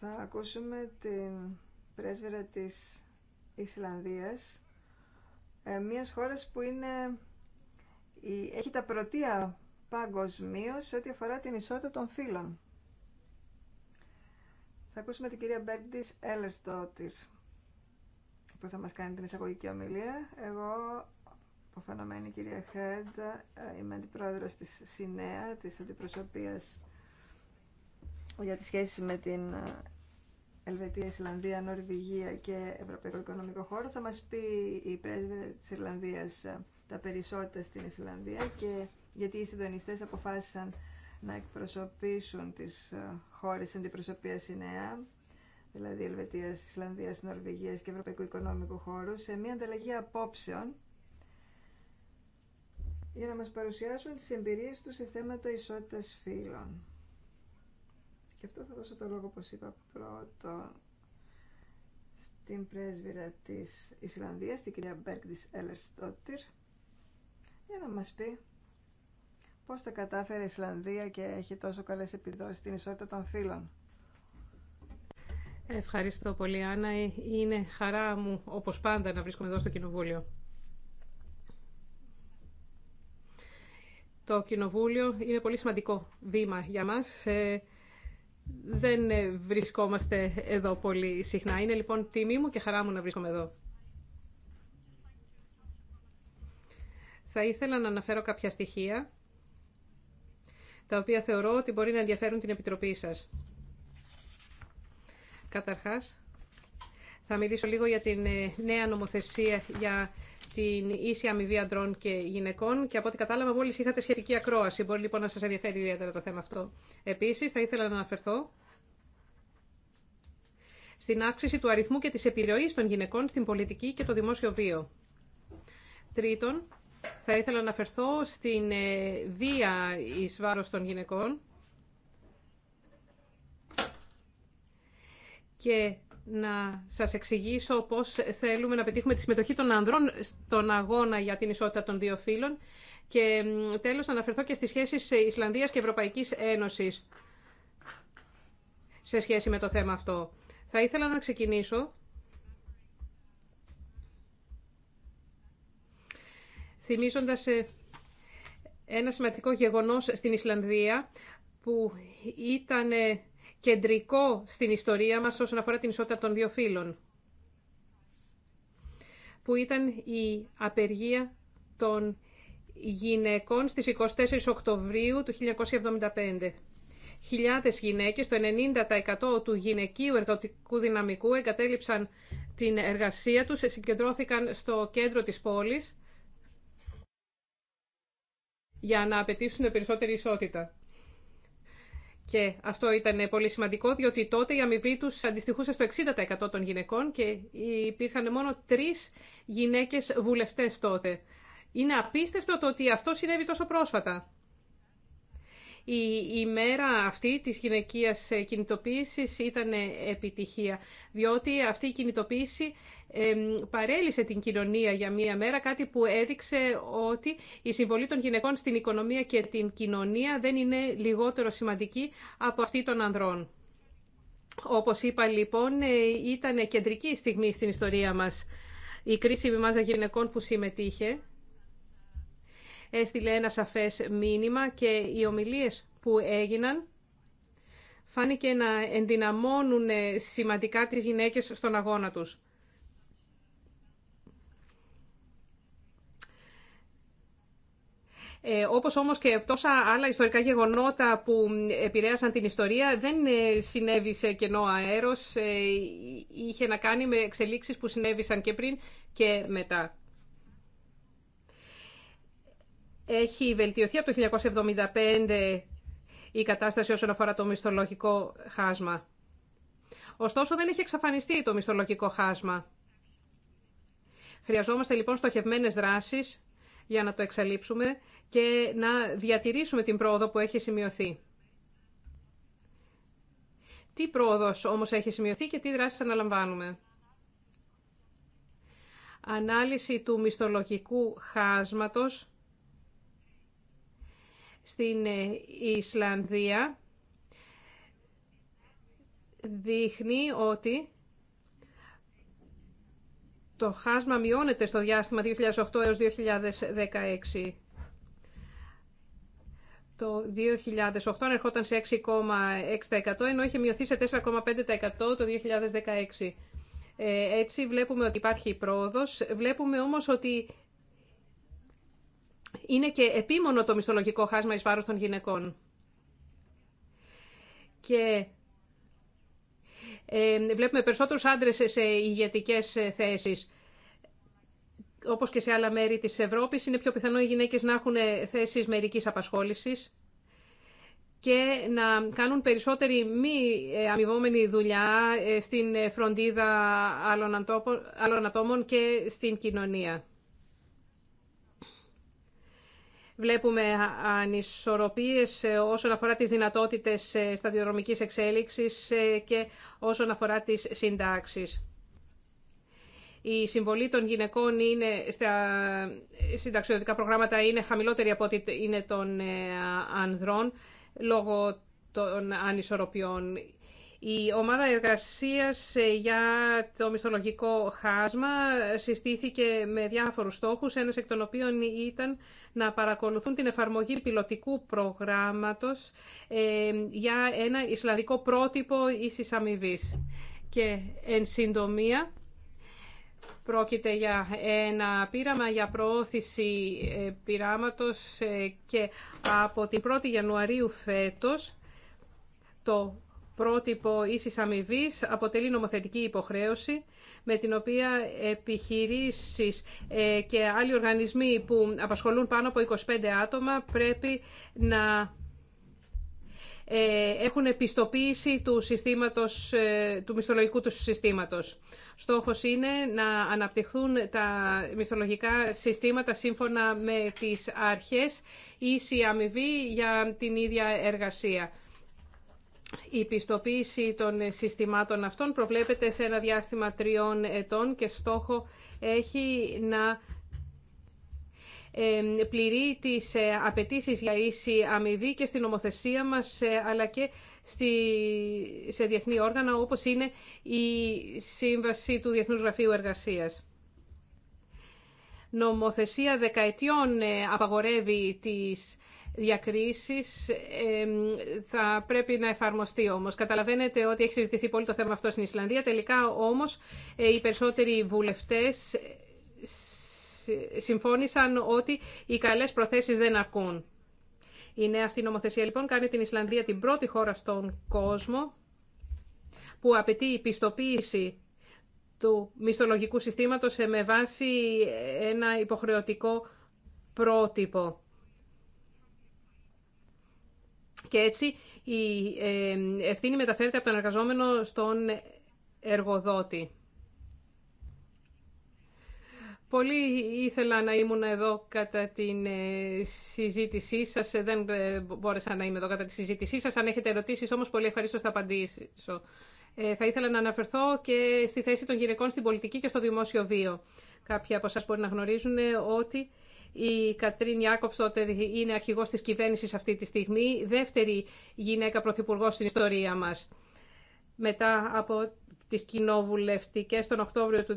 Θα ακούσουμε την πρέσβυρα της Ισλανδίας, ε, μιας χώρας που είναι, έχει τα πρωτεία παγκοσμίω ό,τι αφορά την ισότητα των φύλων. Θα ακούσουμε την κυρία Μπέρντις Έλερστότηρ που θα μας κάνει την εισαγωγική ομιλία. Εγώ, η κυρία Χέντ, είμαι αντιπρόεδρος της ΣΥΝΕΑ, της αντιπροσωπείας για τις σχέσεις με την ε, Ελβετία, Ισλανδία, Νορβηγία και Ευρωπαϊκό Οικονομικό Χώρο. Θα μας πει η πρέσβη της Ιρλανδίας ε, τα περισσότερα στην Ισλανδία και γιατί οι συντονιστές αποφάσισαν να εκπροσωπήσουν τις ε, χώρες αντιπροσωπείας η νέα, δηλαδή Ελβετίας, Ισλανδίας, Νορβηγίας και Ευρωπαϊκού Οικονομικού Χώρου, σε μια ανταλλαγή απόψεων για να μας παρουσιάσουν τις εμπειρίες τους σε θέματα ισότητας φύλων. Και αυτό θα δώσω το λόγο, όπως είπα, πρώτο στην πρέσβυρα της Ισλανδίας, την κυρία Έλερ Έλερστότυρ, για να μας πει πώς τα κατάφερε η Ισλανδία και έχει τόσο καλές επιδόσεις στην ισότητα των φίλων; Ευχαριστώ πολύ, Άννα. Ε, είναι χαρά μου, όπως πάντα, να βρίσκομαι εδώ στο Κοινοβούλιο. Το Κοινοβούλιο είναι πολύ σημαντικό βήμα για μας. Ε, δεν ε, βρισκόμαστε εδώ πολύ συχνά. Είναι λοιπόν τιμή μου και χαρά μου να βρίσκομαι εδώ. Θα ήθελα να αναφέρω κάποια στοιχεία τα οποία θεωρώ ότι μπορεί να ενδιαφέρουν την Επιτροπή σας. Καταρχάς, θα μιλήσω λίγο για την ε, νέα νομοθεσία για την ίση αμοιβή αντρών και γυναικών και από ό,τι κατάλαβα μόλις είχατε σχετική ακρόαση. Μπορεί λοιπόν να σας ενδιαφέρει ιδιαίτερα το θέμα αυτό. Επίσης, θα ήθελα να αναφερθώ στην αύξηση του αριθμού και της επιρροής των γυναικών στην πολιτική και το δημόσιο βίο. Τρίτον, θα ήθελα να αναφερθώ στην ε, βία εις βάρος των γυναικών και να σας εξηγήσω πώς θέλουμε να πετύχουμε τη συμμετοχή των ανδρών στον αγώνα για την ισότητα των δύο φύλων και τέλος να αναφερθώ και στις σχέσεις Ισλανδίας και Ευρωπαϊκής Ένωσης σε σχέση με το θέμα αυτό. Θα ήθελα να ξεκινήσω θυμίζοντας ε, ένα σημαντικό γεγονός στην Ισλανδία που ήταν ε, κεντρικό στην ιστορία μας όσον αφορά την ισότητα των δύο φύλων που ήταν η απεργία των γυναικών στις 24 Οκτωβρίου του 1975. Χιλιάδες γυναίκες, το 90% του γυναικείου εργατικού δυναμικού εγκατέλειψαν την εργασία τους, συγκεντρώθηκαν στο κέντρο της πόλης για να απαιτήσουν περισσότερη ισότητα. Και αυτό ήταν πολύ σημαντικό, διότι τότε η αμοιβή του αντιστοιχούσε στο 60% των γυναικών και υπήρχαν μόνο τρει γυναίκε βουλευτέ τότε. Είναι απίστευτο το ότι αυτό συνέβη τόσο πρόσφατα. Η ημέρα αυτή της γυναικείας κινητοποίησης ήταν επιτυχία, διότι αυτή η κινητοποίηση παρέλυσε την κοινωνία για μία μέρα, κάτι που έδειξε ότι η συμβολή των γυναικών στην οικονομία και την κοινωνία δεν είναι λιγότερο σημαντική από αυτή των ανδρών. Όπως είπα λοιπόν, ε, ήταν κεντρική στιγμή στην ιστορία μας η κρίσιμη μάζα γυναικών που συμμετείχε. Έστειλε ένα σαφές μήνυμα και οι ομιλίες που έγιναν φάνηκε να ενδυναμώνουν σημαντικά τις γυναίκες στον αγώνα τους. Ε, όπως όμως και τόσα άλλα ιστορικά γεγονότα που επηρέασαν την ιστορία δεν ε, συνέβη σε κενό αέρος. Ε, είχε να κάνει με εξελίξεις που συνέβησαν και πριν και μετά. Έχει βελτιωθεί από το 1975 η κατάσταση όσον αφορά το μισθολογικό χάσμα. Ωστόσο δεν έχει εξαφανιστεί το μισθολογικό χάσμα. Χρειαζόμαστε λοιπόν στοχευμένες δράσεις για να το εξαλείψουμε και να διατηρήσουμε την πρόοδο που έχει σημειωθεί. Τι πρόοδος όμως έχει σημειωθεί και τι δράσεις αναλαμβάνουμε. Ανάλυση του μισθολογικού χάσματος στην ε, Ισλανδία δείχνει ότι το χάσμα μειώνεται στο διάστημα 2008 έως 2016 το 2008 ερχόταν σε 6,6% ενώ είχε μειωθεί σε 4,5% το 2016. Ε, έτσι βλέπουμε ότι υπάρχει πρόοδος, βλέπουμε όμως ότι είναι και επίμονο το μισθολογικό χάσμα εις βάρος των γυναικών. Και ε, βλέπουμε περισσότερους άντρες σε ηγετικές θέσεις όπως και σε άλλα μέρη της Ευρώπης, είναι πιο πιθανό οι γυναίκες να έχουν ε, θέσεις μερικής απασχόλησης και να κάνουν περισσότερη μη ε, αμοιβόμενη δουλειά ε, στην φροντίδα άλλων ατόμων και στην κοινωνία. Βλέπουμε ανισορροπίες όσον αφορά τις δυνατότητες σταδιοδρομικής εξέλιξης και όσον αφορά τις συντάξεις η συμβολή των γυναικών είναι στα συνταξιοδοτικά προγράμματα είναι χαμηλότερη από ό,τι είναι των ε, ανδρών λόγω των ανισορροπιών. Η ομάδα εργασίας ε, για το μισθολογικό χάσμα συστήθηκε με διάφορους στόχους, ένας εκ των οποίων ήταν να παρακολουθούν την εφαρμογή πιλωτικού προγράμματος ε, για ένα Ισλαδικό πρότυπο ίσης αμοιβή. Και εν συντομία, Πρόκειται για ένα πείραμα για προώθηση ε, πειράματος ε, και από την 1η Ιανουαρίου φέτος το πρότυπο ίσης αμοιβή αποτελεί νομοθετική υποχρέωση με την οποία επιχειρήσεις ε, και άλλοι οργανισμοί που απασχολούν πάνω από 25 άτομα πρέπει να ε, έχουν επιστοποίηση του, συστήματος, ε, του μισθολογικού του συστήματος. Στόχος είναι να αναπτυχθούν τα μισθολογικά συστήματα σύμφωνα με τις αρχές ίση αμοιβή για την ίδια εργασία. Η πιστοποίηση των συστημάτων αυτών προβλέπεται σε ένα διάστημα τριών ετών και στόχο έχει να πληρεί τις ε, απαιτήσει για ίση αμοιβή και στην νομοθεσία μας, ε, αλλά και στη, σε διεθνή όργανα, όπως είναι η Σύμβαση του Διεθνούς Γραφείου Εργασίας. Νομοθεσία δεκαετιών ε, απαγορεύει τις διακρίσεις θα πρέπει να εφαρμοστεί όμως. Καταλαβαίνετε ότι έχει συζητηθεί πολύ το θέμα αυτό στην Ισλανδία. Τελικά όμως οι περισσότεροι βουλευτές συμφώνησαν ότι οι καλές προθέσεις δεν αρκούν. Η νέα αυτή νομοθεσία λοιπόν κάνει την Ισλανδία την πρώτη χώρα στον κόσμο που απαιτεί η πιστοποίηση του μισθολογικού συστήματος με βάση ένα υποχρεωτικό πρότυπο. Και έτσι η ε, ευθύνη μεταφέρεται από τον εργαζόμενο στον εργοδότη. Πολύ ήθελα να ήμουν εδώ κατά την ε, συζήτησή σας. Ε, δεν ε, μπόρεσα να είμαι εδώ κατά τη συζήτησή σας. Αν έχετε ερωτήσεις όμως, πολύ ευχαριστώ θα απαντήσω. θα ήθελα να αναφερθώ και στη θέση των γυναικών στην πολιτική και στο δημόσιο βίο. Κάποιοι από σας μπορεί να γνωρίζουν ότι η Κατρίν Ιάκοψ τότε είναι αρχηγός της κυβέρνηση αυτή τη στιγμή, δεύτερη γυναίκα πρωθυπουργό στην ιστορία μας μετά από τις κοινοβουλευτικές τον Οκτώβριο του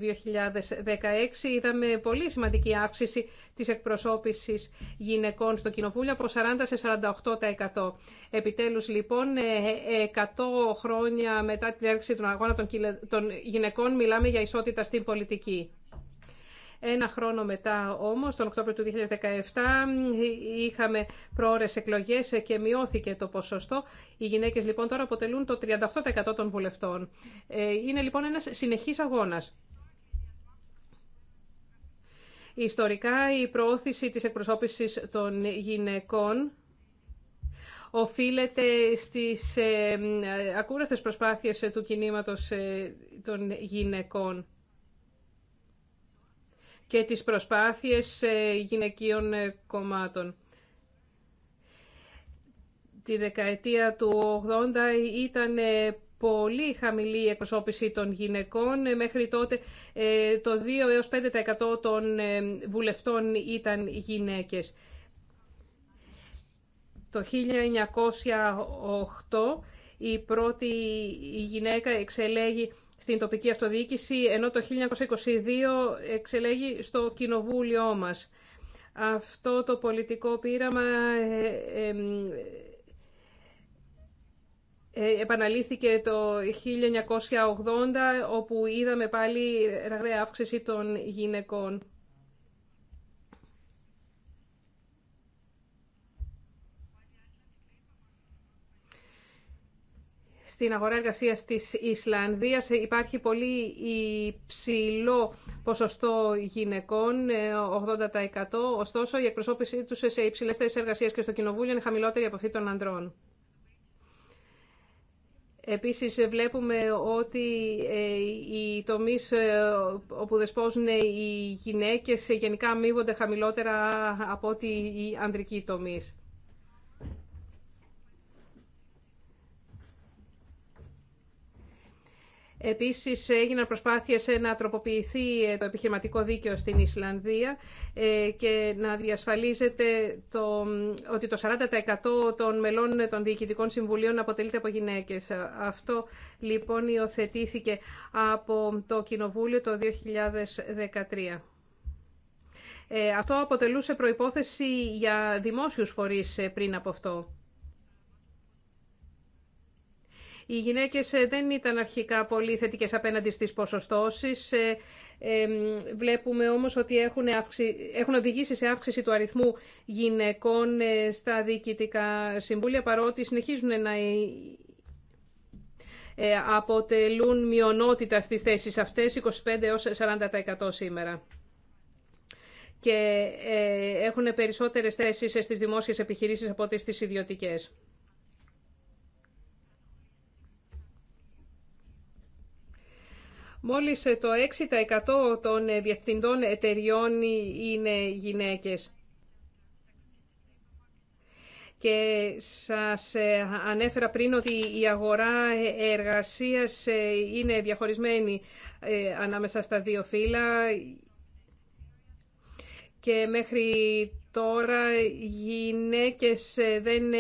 2016 είδαμε πολύ σημαντική αύξηση της εκπροσώπησης γυναικών στο Κοινοβούλιο από 40 σε 48%. Επιτέλους λοιπόν 100 ε, ε, χρόνια μετά την έρξη των αγώνα των γυναικών μιλάμε για ισότητα στην πολιτική. Ένα χρόνο μετά όμως, τον Οκτώβριο του 2017, είχαμε προώρες εκλογές και μειώθηκε το ποσοστό. Οι γυναίκες λοιπόν τώρα αποτελούν το 38% των βουλευτών. Ε, είναι λοιπόν ένας συνεχής αγώνας. Ιστορικά η προώθηση της εκπροσώπησης των γυναικών οφείλεται στις ε, ε, ακούραστες προσπάθειες του κινήματος των γυναικών και τις προσπάθειες ε, γυναικείων ε, κομμάτων. Τη δεκαετία του 80 ήταν ε, πολύ χαμηλή η εκπροσώπηση των γυναικών. Μέχρι τότε το 2 έως 5% των βουλευτών ήταν γυναίκες. Το 1908 η πρώτη γυναίκα εξελέγει στην τοπική αυτοδιοίκηση, ενώ το 1922 εξελέγει στο κοινοβούλιο μας. Αυτό το πολιτικό πείραμα ε, ε, ε, επαναλήφθηκε το 1980, όπου είδαμε πάλι ραγδαία αύξηση των γυναικών. στην αγορά εργασίας της Ισλανδίας υπάρχει πολύ υψηλό ποσοστό γυναικών, 80%. Ε, Ωστόσο, η εκπροσώπησή τους σε υψηλές θέσεις εργασίας και στο κοινοβούλιο είναι χαμηλότερη από αυτή των ανδρών. Επίσης βλέπουμε ότι ε, οι τομείς ε, όπου δεσπόζουν οι γυναίκες γενικά αμείβονται χαμηλότερα από ότι οι ανδρικοί τομείς. Επίσης έγιναν προσπάθειες να τροποποιηθεί ε, το επιχειρηματικό δίκαιο στην Ισλανδία ε, και να διασφαλίζεται το, ότι το 40% των μελών ε, των διοικητικών συμβουλίων αποτελείται από γυναίκες. Αυτό λοιπόν υιοθετήθηκε από το Κοινοβούλιο το 2013. αυτό αποτελούσε προϋπόθεση για δημόσιους φορείς πριν από αυτό. Οι γυναίκες ε, δεν ήταν αρχικά πολύ θετικές απέναντι στις ποσοστώσεις. Ε, βλέπουμε όμως ότι έχουν, αυξη... έχουν οδηγήσει σε αύξηση του αριθμού γυναικών ε, στα διοικητικά συμβούλια, παρότι συνεχίζουν να αποτελούν μειονότητα στις θέσεις αυτές, 25 έως 40% σήμερα και έχουν περισσότερες θέσεις στις δημόσιες επιχειρήσεις από ό,τι στις ιδιωτικές. Μόλις ε, το 6% των ε, διευθυντών εταιριών είναι γυναίκες. Και σας ε, ανέφερα πριν ότι η αγορά εργασίας είναι διαχωρισμένη ανάμεσα στα δύο φύλλα και μέχρι τώρα γυναίκες δεν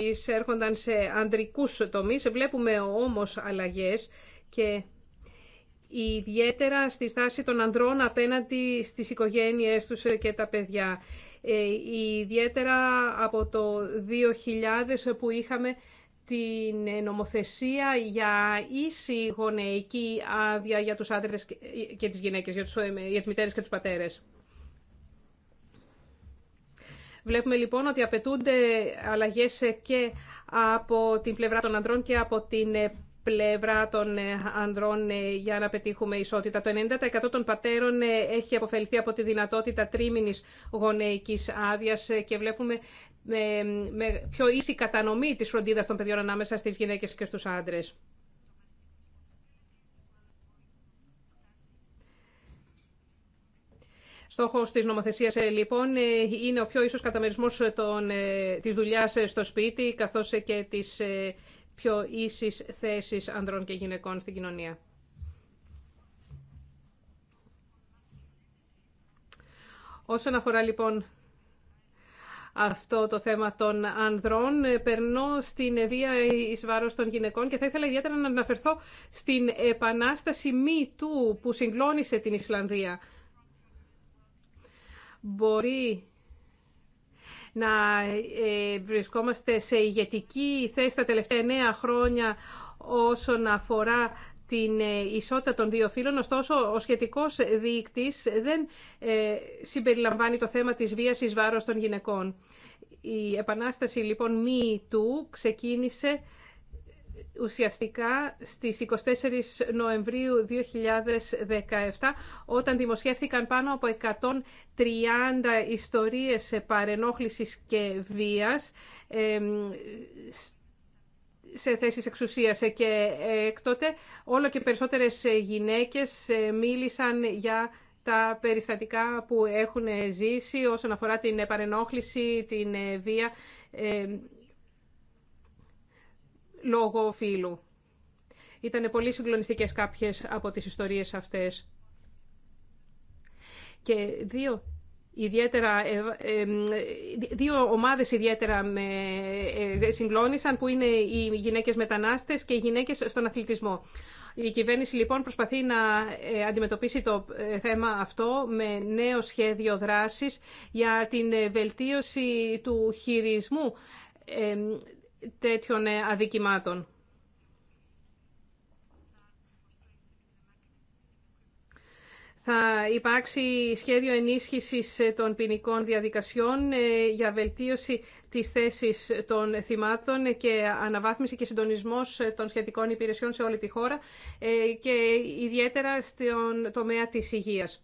εισέρχονταν σε ανδρικούς τομείς. Βλέπουμε όμως αλλαγές και ιδιαίτερα στη στάση των ανδρών απέναντι στις οικογένειές τους ε, και τα παιδιά. Ε, ιδιαίτερα από το 2000 που είχαμε την ε, νομοθεσία για ίση γονεϊκή άδεια για τους άντρες και τις γυναίκες, για, τους, για μητέρες και τους πατέρες. Βλέπουμε λοιπόν ότι απαιτούνται αλλαγές και από την πλευρά των ανδρών και από την πλευρά των ε, ανδρών ε, για να πετύχουμε ισότητα. Το 90% των πατέρων ε, έχει αποφελθεί από τη δυνατότητα τρίμηνης γονεϊκής άδειας και βλέπουμε με, πιο ίση κατανομή της φροντίδας των παιδιών ανάμεσα στις γυναίκες και στους άντρες. Στόχο τη νομοθεσία, λοιπόν, είναι ο πιο ίσω καταμερισμό τη δουλειά στο σπίτι καθώ και τη πιο ίσης θέσεις ανδρών και γυναικών στην κοινωνία. Όσον αφορά λοιπόν αυτό το θέμα των ανδρών, περνώ στην βία εις βάρος των γυναικών και θα ήθελα ιδιαίτερα να αναφερθώ στην επανάσταση μη του που συγκλώνησε την Ισλανδία. Μπορεί να ε, βρισκόμαστε σε ηγετική θέση τα τελευταία εννέα χρόνια όσον αφορά την ε, ισότητα των δύο φύλων. Ωστόσο, ο σχετικός δείκτης δεν ε, συμπεριλαμβάνει το θέμα της βίας εις βάρος των γυναικών. Η επανάσταση λοιπόν μη του ξεκίνησε ουσιαστικά στις 24 Νοεμβρίου 2017 όταν δημοσιεύτηκαν πάνω από 130 ιστορίες παρενόχλησης και βίας σε θέσεις εξουσίας και έκτοτε όλο και περισσότερες γυναίκες μίλησαν για τα περιστατικά που έχουν ζήσει όσον αφορά την παρενόχληση, την βία λόγω φίλου. Ήταν πολύ συγκλονιστικές κάποιες από τις ιστορίες αυτές. Και δύο, ιδιαίτερα, ε, ε, δύο ομάδες ιδιαίτερα με ε, συγκλώνησαν που είναι οι γυναίκες μετανάστες και οι γυναίκες στον αθλητισμό. Η κυβέρνηση λοιπόν προσπαθεί να αντιμετωπίσει το θέμα αυτό με νέο σχέδιο δράσης για την βελτίωση του χειρισμού τέτοιων ε, αδικημάτων. Θα υπάρξει σχέδιο ενίσχυσης ε, των ποινικών διαδικασιών ε, για βελτίωση της θέσης των θυμάτων και αναβάθμιση και συντονισμός των σχετικών υπηρεσιών σε όλη τη χώρα και ιδιαίτερα στον τομέα της υγείας.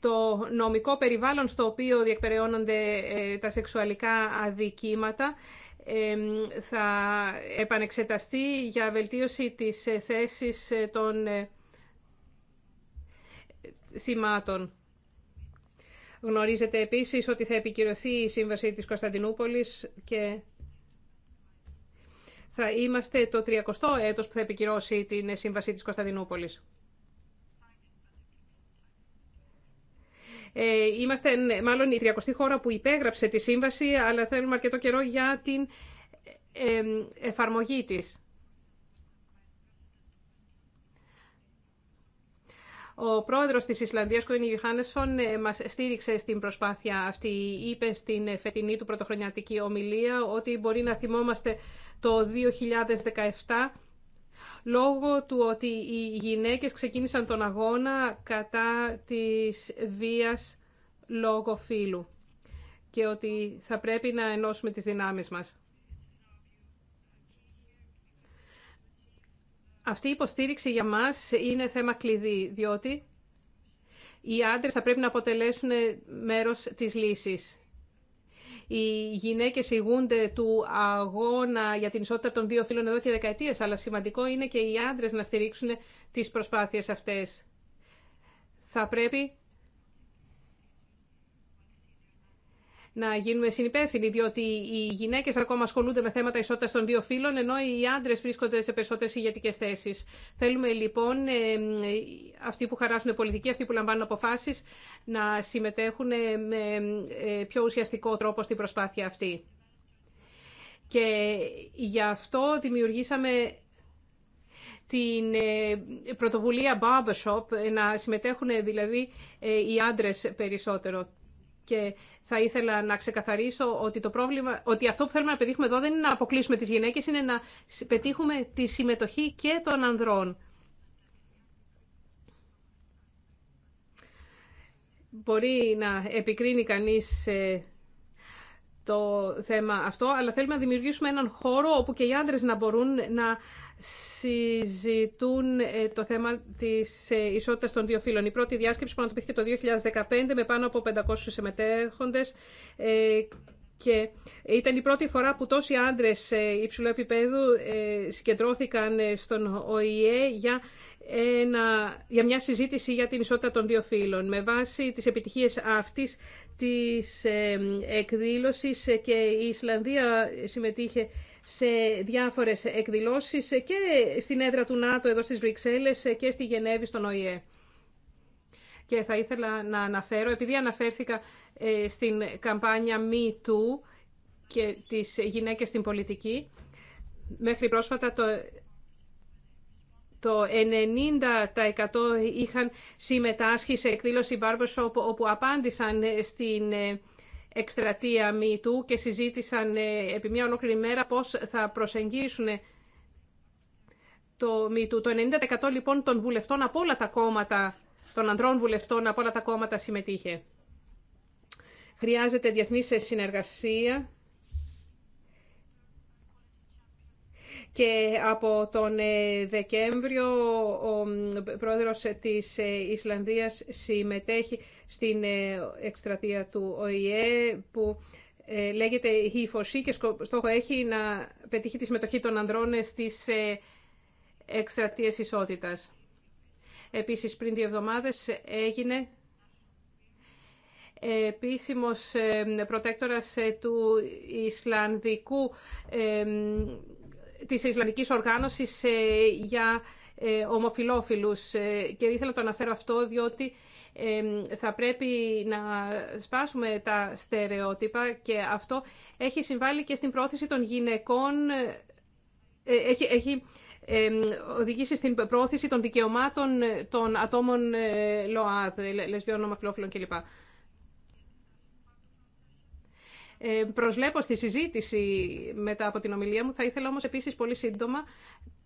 Το νομικό περιβάλλον στο οποίο διεκπεραιώνονται τα σεξουαλικά αδικήματα θα επανεξεταστεί για βελτίωση της ε, θέσης ε, των ε, θυμάτων. Γνωρίζετε επίσης ότι θα επικυρωθεί η Σύμβαση της Κωνσταντινούπολης και θα είμαστε το 30ο έτος που θα επικυρώσει την Σύμβαση της Κωνσταντινούπολης. Ε, είμαστε ναι, μάλλον η 30η χώρα που υπέγραψε τη σύμβαση, αλλά θέλουμε αρκετό καιρό για την ε, εφαρμογή της. Ο πρόεδρος της Ισλανδίας, Κοίνι Γιουχάνεσον, ε, μας στήριξε στην προσπάθεια αυτή. Είπε στην φετινή του πρωτοχρονιατική ομιλία ότι μπορεί να θυμόμαστε το 2017 λόγω του ότι οι γυναίκες ξεκίνησαν τον αγώνα κατά της βίας λόγω φύλου και ότι θα πρέπει να ενώσουμε τις δυνάμεις μας. Αυτή η υποστήριξη για μας είναι θέμα κλειδί, διότι οι άντρες θα πρέπει να αποτελέσουν μέρος της λύσης. Οι γυναίκε ηγούνται του αγώνα για την ισότητα των δύο φίλων εδώ και δεκαετίες, αλλά σημαντικό είναι και οι άντρες να στηρίξουν τις προσπάθειες αυτές. Θα πρέπει να γίνουμε συνυπεύθυνοι, διότι οι γυναίκε ακόμα ασχολούνται με θέματα ισότητα των δύο φύλων, ενώ οι άντρε βρίσκονται σε περισσότερε ηγετικέ θέσει. Θέλουμε λοιπόν ε, αυτοί που χαράσουν πολιτική, αυτοί που λαμβάνουν αποφάσει, να συμμετέχουν με ε, πιο ουσιαστικό τρόπο στην προσπάθεια αυτή. Και γι' αυτό δημιουργήσαμε την ε, πρωτοβουλία Barbershop, να συμμετέχουν δηλαδή οι άντρες περισσότερο. Και θα ήθελα να ξεκαθαρίσω ότι, το πρόβλημα, ότι αυτό που θέλουμε να πετύχουμε εδώ δεν είναι να αποκλείσουμε τις γυναίκες, είναι να πετύχουμε τη συμμετοχή και των ανδρών. Μπορεί να επικρίνει κανείς ε, το θέμα αυτό, αλλά θέλουμε να δημιουργήσουμε έναν χώρο όπου και οι άντρες να μπορούν να συζητούν ε, το θέμα της ε, ισότητας των δύο φύλων. Η πρώτη διάσκεψη πραγματοποιήθηκε το 2015 με πάνω από 500 συμμετέχοντες ε, και ήταν η πρώτη φορά που τόσοι άντρες υψηλού επίπεδου συγκεντρώθηκαν στον ΟΗΕ για, για μια συζήτηση για την ισότητα των δύο φύλων. Με βάση τις επιτυχίες αυτής της εκδήλωσης και η Ισλανδία συμμετείχε σε διάφορες εκδηλώσεις και στην έδρα του ΝΑΤΟ εδώ στις Βρυξέλλες και στη Γενέβη στον ΟΗΕ. Και θα ήθελα να αναφέρω, επειδή αναφέρθηκα ε, στην καμπάνια Me Too και τις γυναίκες στην πολιτική, μέχρι πρόσφατα το το 90% είχαν συμμετάσχει σε εκδήλωση Barbershop όπου απάντησαν στην ε, εκστρατεία μιτού και συζήτησαν ε, επί μια ολόκληρη μέρα πώς θα προσεγγίσουν το μιτού Το 90% λοιπόν των βουλευτών από όλα τα κόμματα, των ανδρών βουλευτών από όλα τα κόμματα συμμετείχε. Χρειάζεται διεθνή συνεργασία και από τον ε, Δεκέμβριο ο πρόεδρος της ε, Ισλανδίας συμμετέχει στην ε, εκστρατεία του ΟΗΕ που λέγεται η φωσή και στόχο έχει να πετύχει τη συμμετοχή των ανδρών στις εκστρατείες ισότητας. Επίσης πριν δύο εβδομάδες έγινε επίσημος προτέκτορας του Ισλανδικού της Ισλανδικής Οργάνωσης ε, για ε, ομοφιλόφιλους ε, και ήθελα να το αναφέρω αυτό διότι θα πρέπει να σπάσουμε τα στερεότυπα και αυτό έχει συμβάλει και στην πρόθεση των γυναικών, έχει, έχει οδηγήσει στην πρόθεση των δικαιωμάτων των ατόμων ΛΟΑΔ, λεσβιών, ομοφιλόφιλων κλπ. Ε, προσλέπω στη συζήτηση μετά από την ομιλία μου. Θα ήθελα όμως επίσης πολύ σύντομα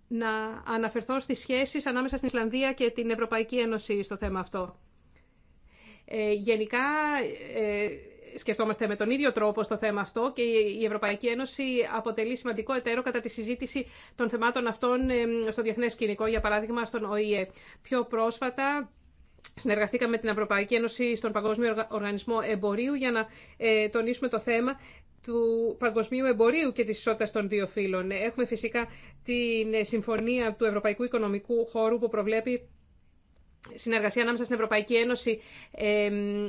να αναφερθώ στις σχέσεις ανάμεσα στην Ισλανδία και την Ευρωπαϊκή Ένωση στο θέμα αυτό. Ε, γενικά ε, σκεφτόμαστε με τον ίδιο τρόπο στο θέμα αυτό και η Ευρωπαϊκή Ένωση αποτελεί σημαντικό εταίρο κατά τη συζήτηση των θεμάτων αυτών ε, στο διεθνές σκηνικό, για παράδειγμα στον ΟΗΕ. Πιο πρόσφατα Συνεργαστήκαμε με την Ευρωπαϊκή Ένωση στον Παγκόσμιο Οργανισμό Εμπορίου για να ε, τονίσουμε το θέμα του παγκοσμίου εμπορίου και της ισότητας των δύο φύλων. Έχουμε φυσικά την ε, συμφωνία του Ευρωπαϊκού Οικονομικού Χώρου που προβλέπει συνεργασία ανάμεσα στην Ευρωπαϊκή Ένωση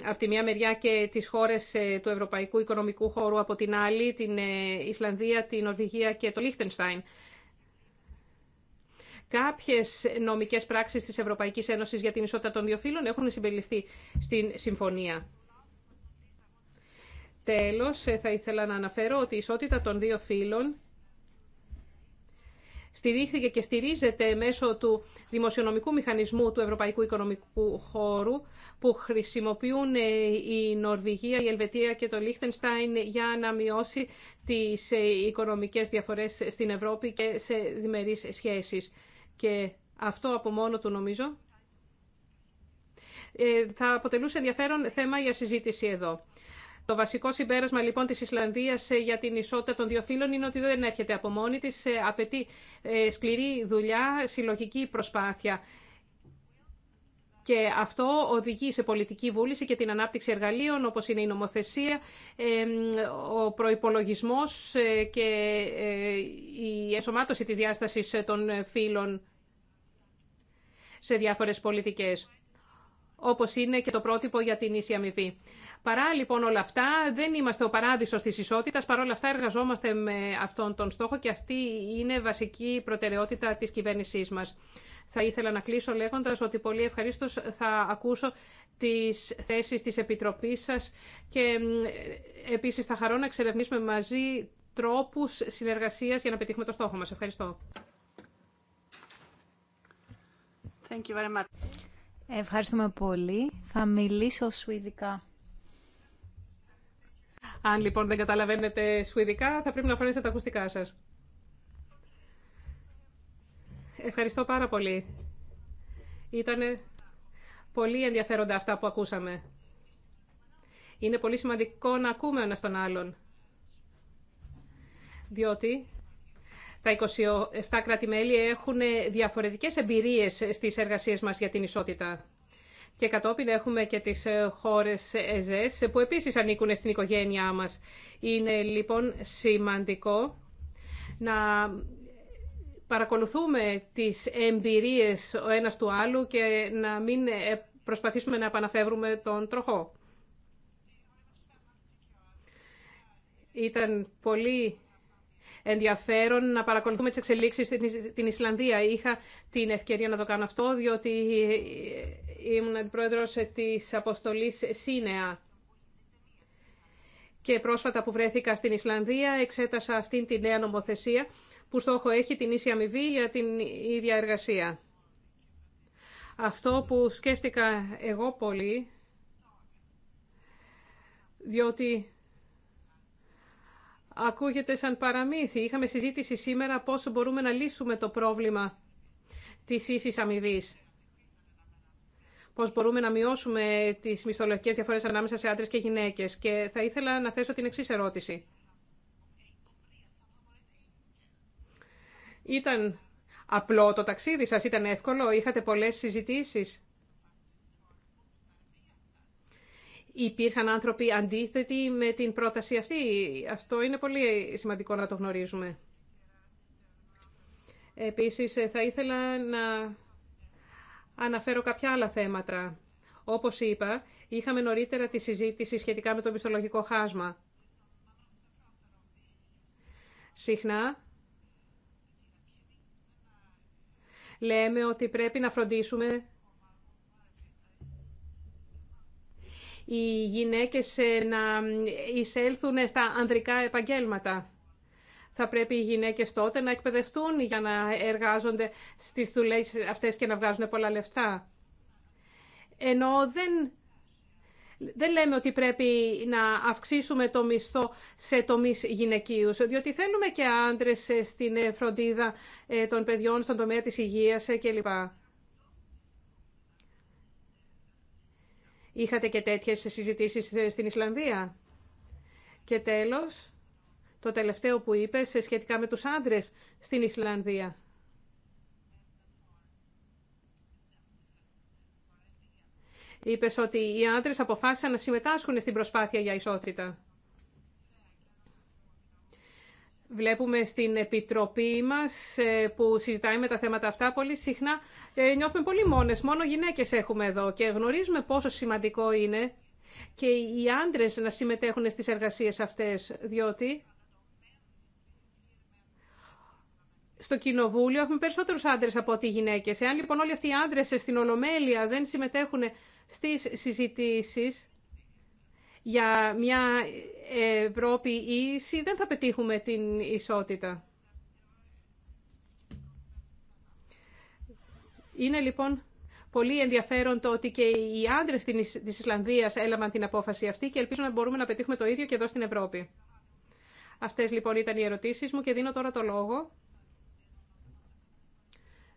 από τη μία μεριά και τις χώρες ε, του Ευρωπαϊκού Οικονομικού Χώρου από την άλλη, την Ισλανδία, την Νορβηγία και το Λίχτενστάιν. Κάποιε νομικές πράξεις της Ευρωπαϊκής Ένωσης για την ισότητα των δύο φύλων έχουν συμπεριληφθεί στην συμφωνία. Τέλος, ε, θα ήθελα να αναφέρω ότι η ισότητα των δύο φύλων στηρίχθηκε και στηρίζεται μέσω του δημοσιονομικού μηχανισμού του Ευρωπαϊκού Οικονομικού Χώρου που χρησιμοποιούν ε, η Νορβηγία, η Ελβετία και το Λίχτενστάιν για να μειώσει τις ε, οικονομικές διαφορές στην Ευρώπη και σε διμερείς σχέσεις. Και αυτό από μόνο του νομίζω ε, θα αποτελούσε ενδιαφέρον θέμα για συζήτηση εδώ. Το βασικό συμπέρασμα λοιπόν της Ισλανδίας ε, για την ισότητα των δύο φύλων είναι ότι δεν έρχεται από μόνη της, ε, απαιτεί σκληρή δουλειά, συλλογική προσπάθεια. Και αυτό οδηγεί σε πολιτική βούληση και την ανάπτυξη εργαλείων όπως είναι η νομοθεσία, ο προϋπολογισμός και η ενσωμάτωση της διάστασης των φύλων σε διάφορες πολιτικές όπως είναι και το πρότυπο για την ίση αμοιβή. Παρά λοιπόν όλα αυτά, δεν είμαστε ο παράδεισος της ισότητας, παρόλα αυτά εργαζόμαστε με αυτόν τον στόχο και αυτή είναι βασική προτεραιότητα της κυβέρνησής μας. Θα ήθελα να κλείσω λέγοντας ότι πολύ ευχαρίστω θα ακούσω τις θέσεις της Επιτροπής σας και επίσης θα χαρώ να εξερευνήσουμε μαζί τρόπους συνεργασίας για να πετύχουμε το στόχο μας. Ευχαριστώ. Thank you Ευχαριστούμε πολύ. Θα μιλήσω σουηδικά. Αν λοιπόν δεν καταλαβαίνετε σουηδικά, θα πρέπει να φορέσετε τα ακουστικά σας. Ευχαριστώ πάρα πολύ. Ήταν πολύ ενδιαφέροντα αυτά που ακούσαμε. Είναι πολύ σημαντικό να ακούμε ένα τον άλλον. Διότι τα 27 κράτη-μέλη έχουν διαφορετικές εμπειρίες στις εργασίες μας για την ισότητα. Και κατόπιν έχουμε και τις χώρες ΕΖΕΣ που επίσης ανήκουν στην οικογένειά μας. Είναι λοιπόν σημαντικό να παρακολουθούμε τις εμπειρίες ο ένας του άλλου και να μην προσπαθήσουμε να επαναφεύρουμε τον τροχό. Ήταν πολύ ενδιαφέρον να παρακολουθούμε τις εξελίξεις στην Ισλανδία. Είχα την ευκαιρία να το κάνω αυτό, διότι ήμουν αντιπρόεδρος της αποστολής ΣΥΝΕΑ. Και πρόσφατα που βρέθηκα στην Ισλανδία, εξέτασα αυτήν την νέα νομοθεσία που στόχο έχει την ίση αμοιβή για την ίδια εργασία. Αυτό που σκέφτηκα εγώ πολύ, διότι ακούγεται σαν παραμύθι. Είχαμε συζήτηση σήμερα πόσο μπορούμε να λύσουμε το πρόβλημα της ίσης αμοιβή. Πώς μπορούμε να μειώσουμε τις μισθολογικές διαφορές ανάμεσα σε άντρες και γυναίκες. Και θα ήθελα να θέσω την εξής ερώτηση. Ήταν απλό το ταξίδι σας, ήταν εύκολο, είχατε πολλές συζητήσεις. υπήρχαν άνθρωποι αντίθετοι με την πρόταση αυτή. Αυτό είναι πολύ σημαντικό να το γνωρίζουμε. Επίσης, ε, θα ήθελα να αναφέρω κάποια άλλα θέματα. Όπως είπα, είχαμε νωρίτερα τη συζήτηση σχετικά με το μισθολογικό χάσμα. Συχνά λέμε ότι πρέπει να φροντίσουμε οι γυναίκες να εισέλθουν στα ανδρικά επαγγέλματα. Θα πρέπει οι γυναίκες τότε να εκπαιδευτούν για να εργάζονται στις δουλειές αυτές και να βγάζουν πολλά λεφτά. Ενώ δεν δεν λέμε ότι πρέπει να αυξήσουμε το μισθό σε τομείς γυναικείους, διότι θέλουμε και άντρες στην φροντίδα ε, των παιδιών, στον τομέα της υγείας ε, κλπ. Είχατε και τέτοιες συζητήσεις στην Ισλανδία. Και τέλος, το τελευταίο που είπες σχετικά με τους άντρες στην Ισλανδία. Είπες ότι οι άντρες αποφάσισαν να συμμετάσχουν στην προσπάθεια για ισότητα βλέπουμε στην επιτροπή μας ε, που συζητάει με τα θέματα αυτά πολύ συχνά ε, νιώθουμε πολύ μόνες, μόνο γυναίκες έχουμε εδώ και γνωρίζουμε πόσο σημαντικό είναι και οι άντρες να συμμετέχουν στις εργασίες αυτές, διότι στο κοινοβούλιο έχουμε περισσότερους άντρες από ό,τι γυναίκες. Εάν λοιπόν όλοι αυτοί οι άντρες στην Ολομέλεια δεν συμμετέχουν στις συζητήσεις, για μια Ευρώπη ίση δεν θα πετύχουμε την ισότητα. Είναι λοιπόν πολύ ενδιαφέρον το ότι και οι άντρε τη Ισλανδία έλαβαν την απόφαση αυτή και ελπίζω να μπορούμε να πετύχουμε το ίδιο και εδώ στην Ευρώπη. Αυτέ λοιπόν ήταν οι ερωτήσει μου και δίνω τώρα το λόγο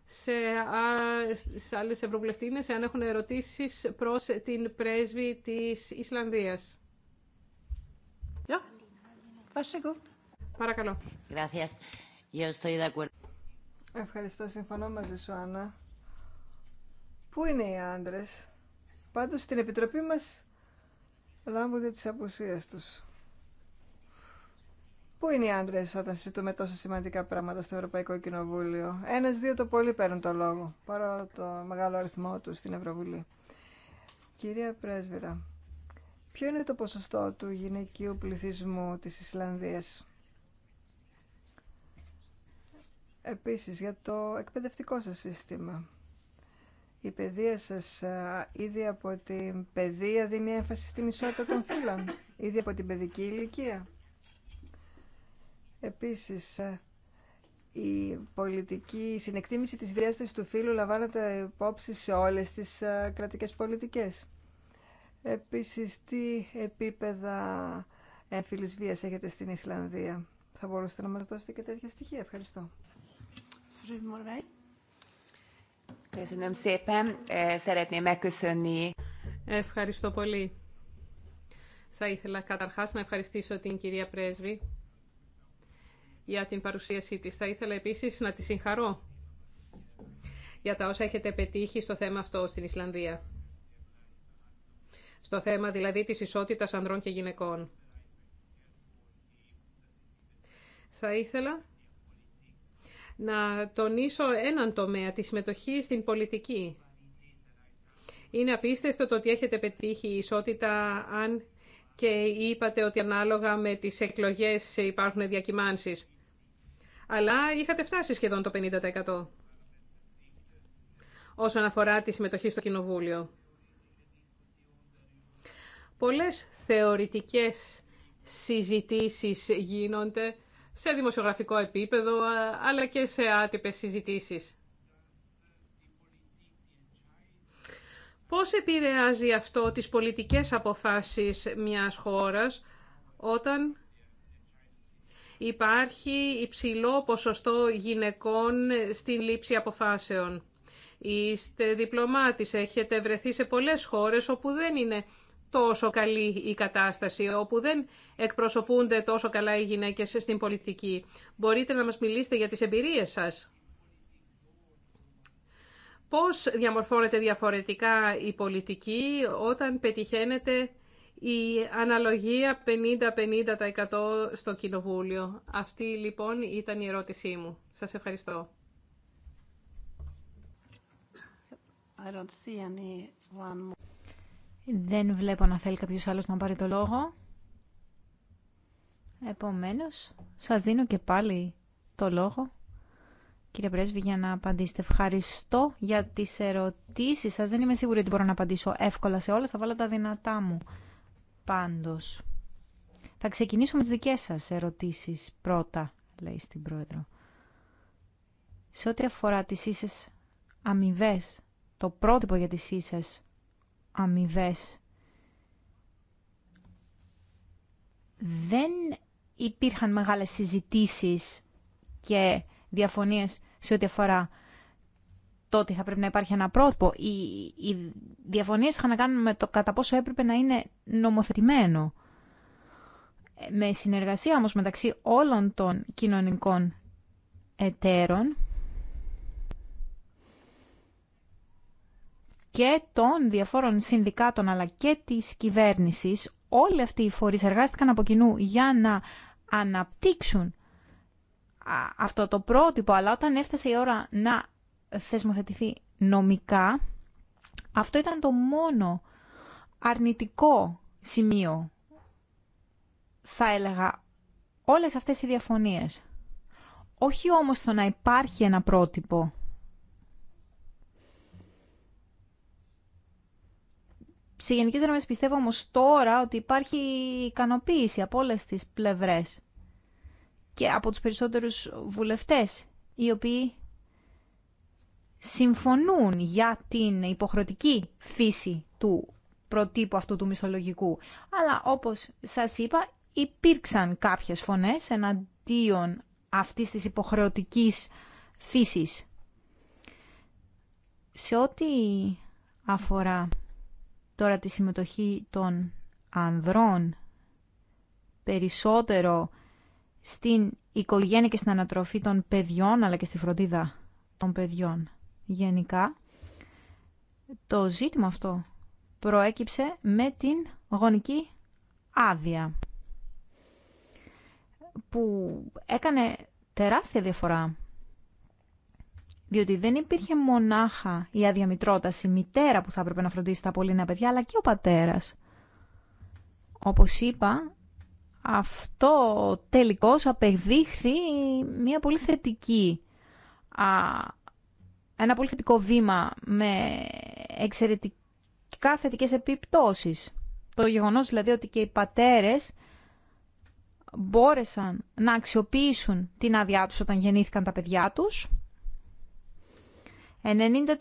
σε, σε άλλες ευρωβουλευτίνες αν έχουν ερωτήσεις προς την πρέσβη της Ισλανδίας. Παρακαλώ. Ευχαριστώ, συμφωνώ μαζί σου, Άννα. Πού είναι οι άντρες? Πάντως στην Επιτροπή μας λάμβονται τις απουσίες τους. Πού είναι οι άντρε όταν συζητούμε τόσο σημαντικά πράγματα στο Ευρωπαϊκό Κοινοβούλιο. Ένα-δύο το πολύ παίρνουν το λόγο, παρά το μεγάλο αριθμό του στην Ευρωβουλή. Κυρία Πρέσβυρα, ποιο είναι το ποσοστό του γυναικείου πληθυσμού τη Ισλανδία. Επίσης, για το εκπαιδευτικό σας σύστημα. Η παιδεία σας ήδη από την παιδεία δίνει έμφαση στην ισότητα των φύλων, ήδη από την παιδική ηλικία. Επίσης, ε, η πολιτική συνεκτίμηση της διάστασης του φύλου λαμβάνεται υπόψη σε όλες τις ε, κρατικές πολιτικές. Επίσης, τι επίπεδα έμφυλης βίας έχετε στην Ισλανδία. Θα μπορούσατε να μας δώσετε και τέτοια στοιχεία. Ευχαριστώ. Ε, Ευχαριστώ πολύ. Θα ήθελα καταρχάς να ευχαριστήσω την κυρία Πρέσβη για την παρουσίασή της. Θα ήθελα επίσης να τη συγχαρώ για τα όσα έχετε πετύχει στο θέμα αυτό στην Ισλανδία. Στο θέμα δηλαδή της ισότητας ανδρών και γυναικών. Θα ήθελα να τονίσω έναν τομέα, τη συμμετοχή στην πολιτική. Είναι απίστευτο το ότι έχετε πετύχει η ισότητα αν και είπατε ότι ανάλογα με τις εκλογές υπάρχουν διακυμάνσεις αλλά είχατε φτάσει σχεδόν το 50% όσον αφορά τη συμμετοχή στο Κοινοβούλιο. Πολλές θεωρητικές συζητήσεις γίνονται σε δημοσιογραφικό επίπεδο, αλλά και σε άτυπες συζητήσεις. Πώς επηρεάζει αυτό τις πολιτικές αποφάσεις μιας χώρας όταν υπάρχει υψηλό ποσοστό γυναικών στην λήψη αποφάσεων. Είστε διπλωμάτης, έχετε βρεθεί σε πολλές χώρες όπου δεν είναι τόσο καλή η κατάσταση, όπου δεν εκπροσωπούνται τόσο καλά οι γυναίκες στην πολιτική. Μπορείτε να μας μιλήσετε για τις εμπειρίες σας. Πώς διαμορφώνεται διαφορετικά η πολιτική όταν πετυχαίνετε η αναλογία 50-50% στο Κοινοβούλιο. Αυτή λοιπόν ήταν η ερώτησή μου. Σας ευχαριστώ. Δεν βλέπω να θέλει κάποιος άλλος να πάρει το λόγο. Επομένως, σας δίνω και πάλι το λόγο. Κύριε Πρέσβη, για να απαντήσετε. Ευχαριστώ για τις ερωτήσεις σας. Δεν είμαι σίγουρη ότι μπορώ να απαντήσω εύκολα σε όλα. Θα βάλω τα δυνατά μου. Πάντως, θα ξεκινήσω με τις δικές σας ερωτήσεις πρώτα, λέει στην Πρόεδρο. Σε ό,τι αφορά τις ίσες αμοιβέ, το πρότυπο για τις ίσες αμοιβέ. δεν υπήρχαν μεγάλες συζητήσεις και διαφωνίες σε ό,τι αφορά ότι θα πρέπει να υπάρχει ένα πρότυπο. Οι, οι διαφωνίες είχαν να κάνουν με το κατά πόσο έπρεπε να είναι νομοθετημένο. Με συνεργασία όμως μεταξύ όλων των κοινωνικών εταίρων και των διαφόρων συνδικάτων αλλά και της κυβέρνησης, όλοι αυτοί οι φορείς εργάστηκαν από κοινού για να αναπτύξουν αυτό το πρότυπο, αλλά όταν έφτασε η ώρα να θεσμοθετηθεί νομικά, αυτό ήταν το μόνο αρνητικό σημείο, θα έλεγα, όλες αυτές οι διαφωνίες. Όχι όμως το να υπάρχει ένα πρότυπο. Σε γενικές γραμμές πιστεύω όμως τώρα ότι υπάρχει ικανοποίηση από όλες τις πλευρές και από τους περισσότερους βουλευτές, οι οποίοι συμφωνούν για την υποχρεωτική φύση του προτύπου αυτού του μισθολογικού. Αλλά όπως σας είπα υπήρξαν κάποιες φωνές εναντίον αυτής της υποχρεωτικής φύσης. Σε ό,τι αφορά τώρα τη συμμετοχή των ανδρών περισσότερο στην οικογένεια και στην ανατροφή των παιδιών αλλά και στη φροντίδα των παιδιών γενικά, το ζήτημα αυτό προέκυψε με την γονική άδεια που έκανε τεράστια διαφορά διότι δεν υπήρχε μονάχα η αδιαμητρότας, η μητέρα που θα έπρεπε να φροντίσει τα πολύ νέα παιδιά, αλλά και ο πατέρας. Όπως είπα, αυτό τελικώς απεδείχθη μια πολύ θετική α, ένα πολύ θετικό βήμα με εξαιρετικά θετικές επιπτώσεις. Το γεγονός δηλαδή ότι και οι πατέρες μπόρεσαν να αξιοποιήσουν την άδειά τους όταν γεννήθηκαν τα παιδιά τους. 90%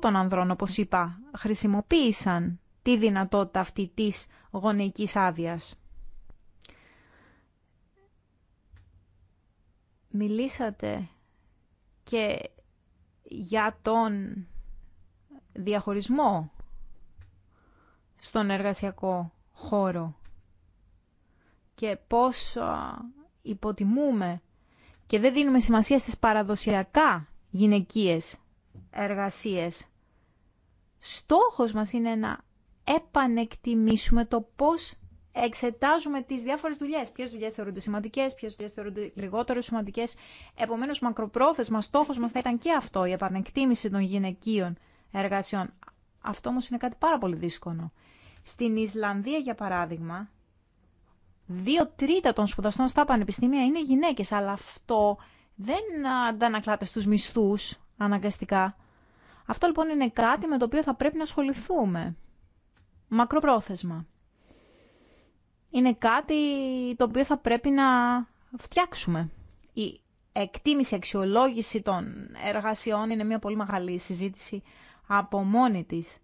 των ανδρών, όπως είπα, χρησιμοποίησαν τη δυνατότητα αυτή της γονεϊκής άδειας. Μιλήσατε και για τον διαχωρισμό στον εργασιακό χώρο και πώς υποτιμούμε και δεν δίνουμε σημασία στις παραδοσιακά γυναικείες εργασίες. Στόχος μας είναι να επανεκτιμήσουμε το πώς εξετάζουμε τι διάφορε δουλειέ. Ποιε δουλειέ θεωρούνται σημαντικέ, ποιε δουλειέ θεωρούνται λιγότερο σημαντικέ. Επομένω, μακροπρόθεσμα, στόχο μα θα ήταν και αυτό, η επανεκτίμηση των γυναικείων εργασιών. Αυτό όμω είναι κάτι πάρα πολύ δύσκολο. Στην Ισλανδία, για παράδειγμα, δύο τρίτα των σπουδαστών στα πανεπιστήμια είναι γυναίκε. αλλά αυτό δεν αντανακλάται στου μισθού αναγκαστικά. Αυτό λοιπόν είναι κάτι με το οποίο θα πρέπει να ασχοληθούμε. Μακροπρόθεσμα είναι κάτι το οποίο θα πρέπει να φτιάξουμε. Η εκτίμηση, αξιολόγηση των εργασιών είναι μια πολύ μεγάλη συζήτηση από μόνη της.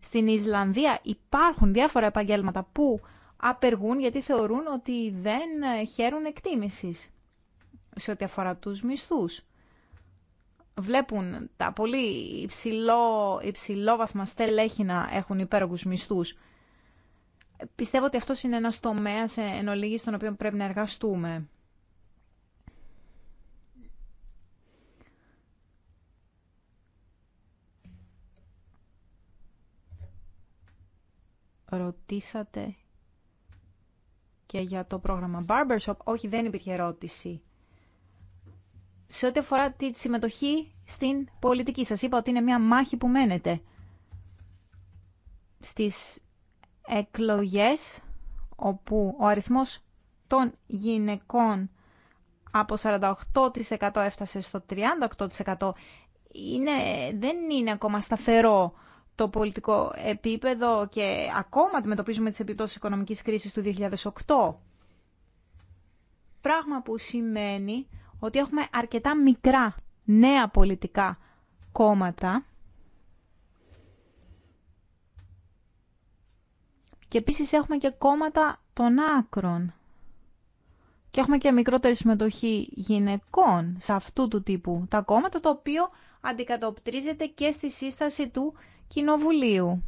Στην Ισλανδία υπάρχουν διάφορα επαγγέλματα που απεργούν γιατί θεωρούν ότι δεν χαίρουν εκτίμησης σε ό,τι αφορά τους μισθούς. Βλέπουν τα πολύ υψηλό, υψηλό στελέχη να έχουν υπέρογους μισθούς Πιστεύω ότι αυτό είναι ένας τομέας ε, εν στον οποίο πρέπει να εργαστούμε. Ρωτήσατε και για το πρόγραμμα Barbershop. Όχι, δεν υπήρχε ερώτηση. Σε ό,τι αφορά τη συμμετοχή στην πολιτική, σας είπα ότι είναι μια μάχη που μένετε στις εκλογές όπου ο αριθμός των γυναικών από 48% έφτασε στο 38% είναι, δεν είναι ακόμα σταθερό το πολιτικό επίπεδο και ακόμα αντιμετωπίζουμε τις επιπτώσεις οικονομικής κρίσης του 2008. Πράγμα που σημαίνει ότι έχουμε αρκετά μικρά νέα πολιτικά κόμματα Και επίσης έχουμε και κόμματα των άκρων. Και έχουμε και μικρότερη συμμετοχή γυναικών σε αυτού του τύπου τα κόμματα, το οποίο αντικατοπτρίζεται και στη σύσταση του Κοινοβουλίου.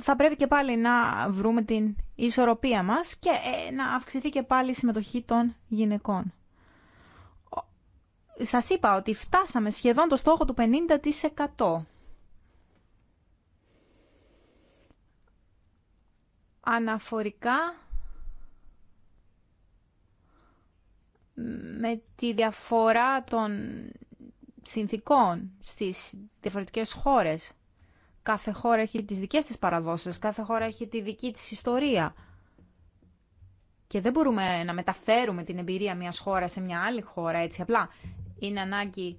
Θα πρέπει και πάλι να βρούμε την ισορροπία μας και ε, να αυξηθεί και πάλι η συμμετοχή των γυναικών. Σας είπα ότι φτάσαμε σχεδόν το στόχο του 50%. αναφορικά με τη διαφορά των συνθήκων στις διαφορετικές χώρες. Κάθε χώρα έχει τις δικές της παραδόσεις, κάθε χώρα έχει τη δική της ιστορία. Και δεν μπορούμε να μεταφέρουμε την εμπειρία μιας χώρας σε μια άλλη χώρα έτσι απλά. Είναι ανάγκη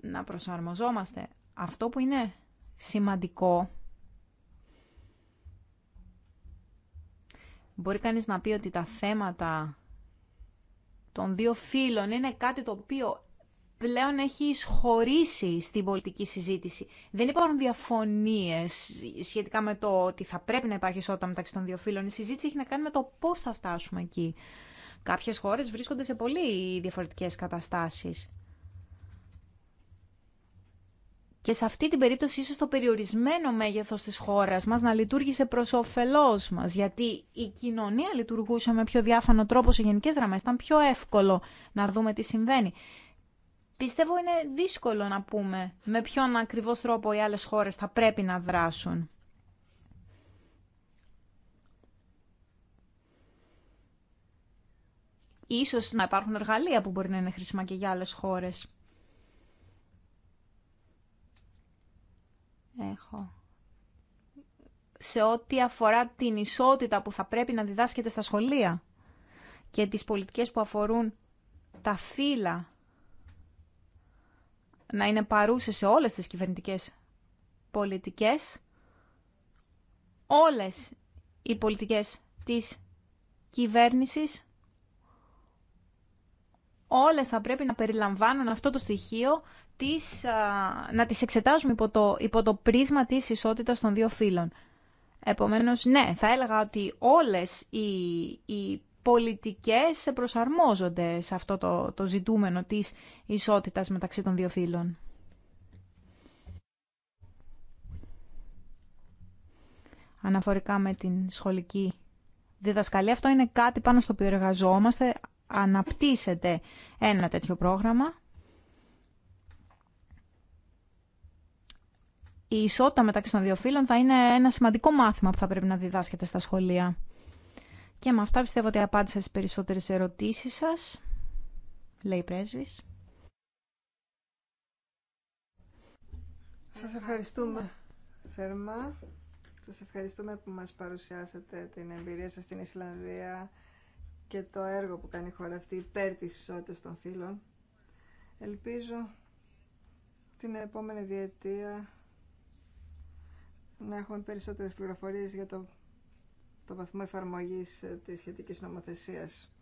να προσαρμοζόμαστε. Αυτό που είναι σημαντικό Μπορεί κανείς να πει ότι τα θέματα των δύο φύλων είναι κάτι το οποίο πλέον έχει εισχωρήσει στην πολιτική συζήτηση. Δεν υπάρχουν διαφωνίες σχετικά με το ότι θα πρέπει να υπάρχει ισότητα μεταξύ των δύο φίλων. Η συζήτηση έχει να κάνει με το πώς θα φτάσουμε εκεί. Κάποιες χώρες βρίσκονται σε πολύ διαφορετικές καταστάσεις. Και σε αυτή την περίπτωση ίσως το περιορισμένο μέγεθος της χώρας μας να λειτουργήσε προς οφελό μας, γιατί η κοινωνία λειτουργούσε με πιο διάφανο τρόπο σε γενικές γραμμές, ήταν πιο εύκολο να δούμε τι συμβαίνει. Πιστεύω είναι δύσκολο να πούμε με ποιον ακριβώς τρόπο οι άλλες χώρες θα πρέπει να δράσουν. Ίσως να υπάρχουν εργαλεία που μπορεί να είναι χρήσιμα και για άλλες χώρες. έχω σε ό,τι αφορά την ισότητα που θα πρέπει να διδάσκεται στα σχολεία και τις πολιτικές που αφορούν τα φύλλα να είναι παρούσες σε όλες τις κυβερνητικές πολιτικές, όλες οι πολιτικές της κυβέρνησης, όλες θα πρέπει να περιλαμβάνουν αυτό το στοιχείο τις, να τις εξετάζουμε υπό το, υπό το πρίσμα της ισότητας των δύο φύλων. Επομένως, ναι, θα έλεγα ότι όλες οι, οι πολιτικές προσαρμόζονται σε αυτό το, το ζητούμενο της ισότητας μεταξύ των δύο φύλων. Αναφορικά με την σχολική διδασκαλία, αυτό είναι κάτι πάνω στο οποίο εργαζόμαστε, αναπτύσσεται ένα τέτοιο πρόγραμμα. η ισότητα μεταξύ των δύο φύλων θα είναι ένα σημαντικό μάθημα που θα πρέπει να διδάσκεται στα σχολεία. Και με αυτά πιστεύω ότι απάντησα στις περισσότερες ερωτήσεις σας, λέει η πρέσβης. Σας ευχαριστούμε θερμά. Σας ευχαριστούμε που μας παρουσιάσατε την εμπειρία σας στην Ισλανδία και το έργο που κάνει η χώρα αυτή υπέρ της ισότητας των φύλων. Ελπίζω την επόμενη διετία να έχουμε περισσότερες πληροφορίες για το, το βαθμό εφαρμογής ε, της σχετικής νομοθεσίας.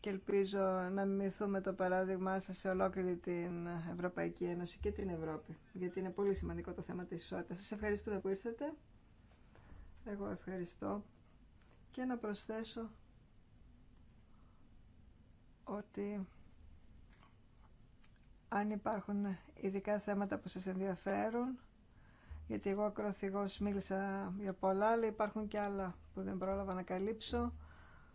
Και ελπίζω να μιμηθούμε το παράδειγμά σας σε ολόκληρη την Ευρωπαϊκή Ένωση και την Ευρώπη, γιατί είναι πολύ σημαντικό το θέμα της ισότητας. Σας ευχαριστούμε που ήρθατε. Εγώ ευχαριστώ. Και να προσθέσω ότι αν υπάρχουν ειδικά θέματα που σας ενδιαφέρουν, γιατί εγώ ακροθυγός μίλησα για πολλά, αλλά υπάρχουν και άλλα που δεν πρόλαβα να καλύψω.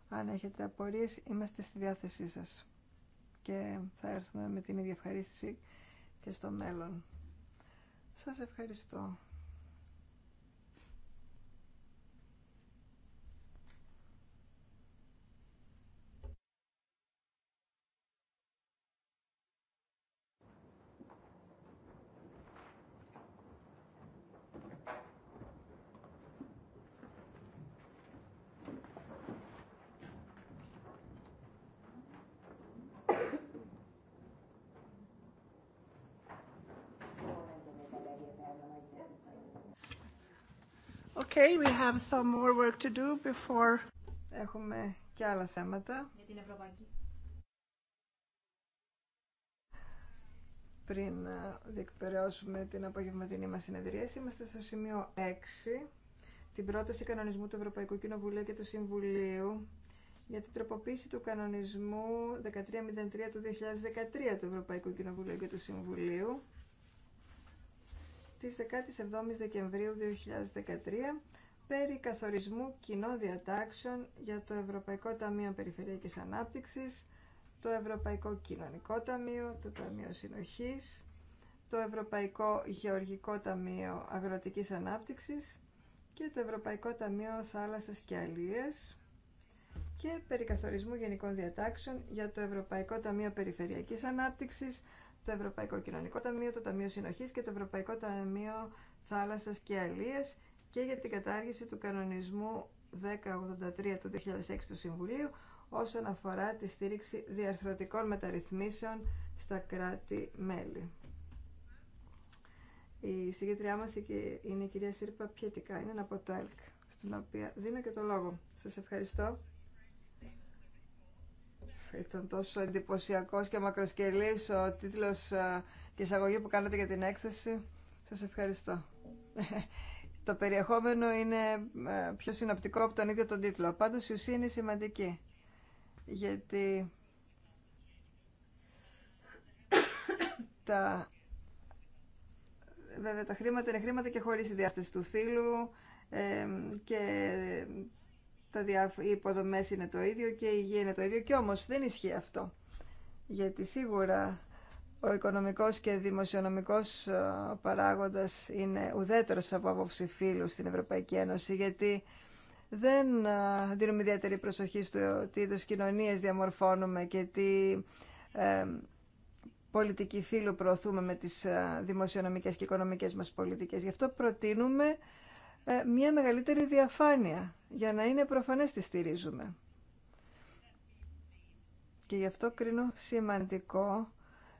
Αν έχετε απορίες, είμαστε στη διάθεσή σας και θα έρθουμε με την ίδια ευχαρίστηση και στο μέλλον. Σας ευχαριστώ. Okay, we have some more work to do before... Έχουμε και άλλα θέματα. Πριν διεκπαιρεώσουμε την απογευματινή μας συνεδρία, είμαστε στο σημείο 6, την πρόταση κανονισμού του Ευρωπαϊκού Κοινοβουλίου και του Συμβουλίου για την τροποποίηση του κανονισμού 1303 του 2013 του Ευρωπαϊκού Κοινοβουλίου και του Συμβουλίου της 17 Δεκεμβρίου 2013 περί καθορισμού κοινών διατάξεων για το Ευρωπαϊκό Ταμείο Περιφερειακής Ανάπτυξης, το Ευρωπαϊκό Κοινωνικό Ταμείο, το Ταμείο Συνοχής, το Ευρωπαϊκό Γεωργικό Ταμείο Αγροτικής Ανάπτυξης και το Ευρωπαϊκό Ταμείο Θάλασσας και αλίες και περί καθορισμού γενικών διατάξεων για το Ευρωπαϊκό Ταμείο Περιφερειακής Ανάπτυξης, το Ευρωπαϊκό Κοινωνικό Ταμείο, το Ταμείο Συνοχής και το Ευρωπαϊκό Ταμείο Θάλασσας και Αλίας και για την κατάργηση του κανονισμού 1083 του 2006 του Συμβουλίου όσον αφορά τη στήριξη διαρθρωτικών μεταρρυθμίσεων στα κράτη-μέλη. Η συγκεκριά μας είναι η κυρία Σύρπα Πιετικά, είναι από το ΕΛΚ, στην οποία δίνω και το λόγο. Σας ευχαριστώ. Ήταν τόσο εντυπωσιακό και μακροσκελή ο τίτλο ε, και εισαγωγή που κάνατε για την έκθεση. Σα ευχαριστώ. Το περιεχόμενο είναι ε, πιο συνοπτικό από τον ίδιο τον τίτλο. Πάντω η ουσία είναι σημαντική. Γιατί τα... Βέβαια τα χρήματα είναι χρήματα και χωρίς τη διάσταση του φύλου ε, και τα διά, οι υποδομές είναι το ίδιο και η υγεία είναι το ίδιο και όμως δεν ισχύει αυτό. Γιατί σίγουρα ο οικονομικός και δημοσιονομικός ε, παράγοντας είναι ουδέτερος από άποψη φύλου στην Ευρωπαϊκή Ένωση γιατί δεν ε, δίνουμε ιδιαίτερη προσοχή στο τι είδους κοινωνίες διαμορφώνουμε και τι ε, πολιτική φύλου προωθούμε με τις ε, δημοσιονομικές και οικονομικές μας πολιτικές. Γι' αυτό προτείνουμε ε, μια μεγαλύτερη διαφάνεια για να είναι προφανές τι στηρίζουμε. Και γι' αυτό κρίνω σημαντικό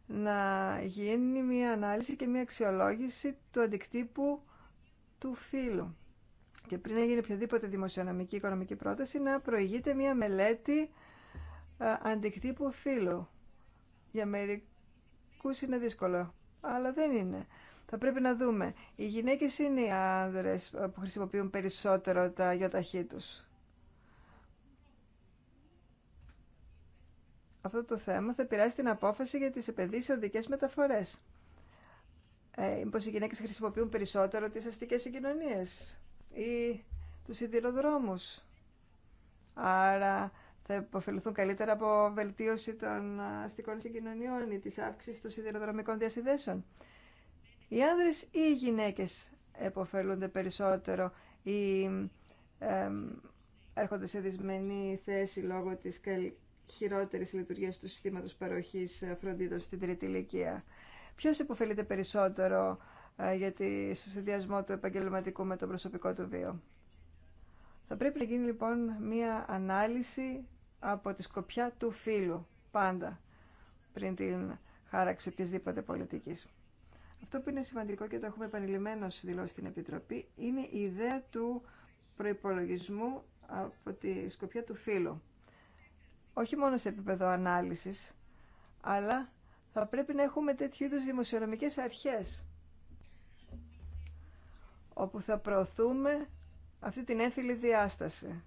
να γίνει μια ανάλυση και μια αξιολόγηση του αντικτύπου του φύλου. Και πριν να γίνει οποιαδήποτε δημοσιονομική οικονομική πρόταση να προηγείται μια μελέτη ε, αντικτύπου φύλου. Για μερικούς είναι δύσκολο, αλλά δεν είναι θα πρέπει να δούμε. Οι γυναίκε είναι οι άνδρες που χρησιμοποιούν περισσότερο τα γιοταχή του. Αυτό το θέμα θα επηρεάσει την απόφαση για τις επενδύσεις οδικέ μεταφορές. Ε, πως οι γυναίκε χρησιμοποιούν περισσότερο τις αστικές συγκοινωνίες ή τους σιδηροδρόμους. Άρα θα υποφεληθούν καλύτερα από βελτίωση των αστικών συγκοινωνιών ή τη αύξηση των σιδηροδρομικών διασυνδέσεων οι άνδρες ή οι γυναίκες εποφελούνται περισσότερο ή ε, έρχονται σε δυσμενή θέση λόγω της χειρότερης λειτουργίας του συστήματος παροχής ε, φροντίδος στην τρίτη ηλικία. Ποιος εποφελείται περισσότερο ε, για τη συνδυασμό του επαγγελματικού με το προσωπικό του βίο. Θα πρέπει να γίνει λοιπόν μία ανάλυση από τη σκοπιά του φίλου πάντα πριν την χάραξη οποιασδήποτε πολιτικής. Αυτό που είναι σημαντικό και το έχουμε επανειλημμένω δηλώσει στην Επιτροπή είναι η ιδέα του προπολογισμού από τη σκοπιά του φύλου. Όχι μόνο σε επίπεδο ανάλυσης, αλλά θα πρέπει να έχουμε τέτοιου είδου δημοσιονομικέ αρχές όπου θα προωθούμε αυτή την έμφυλη διάσταση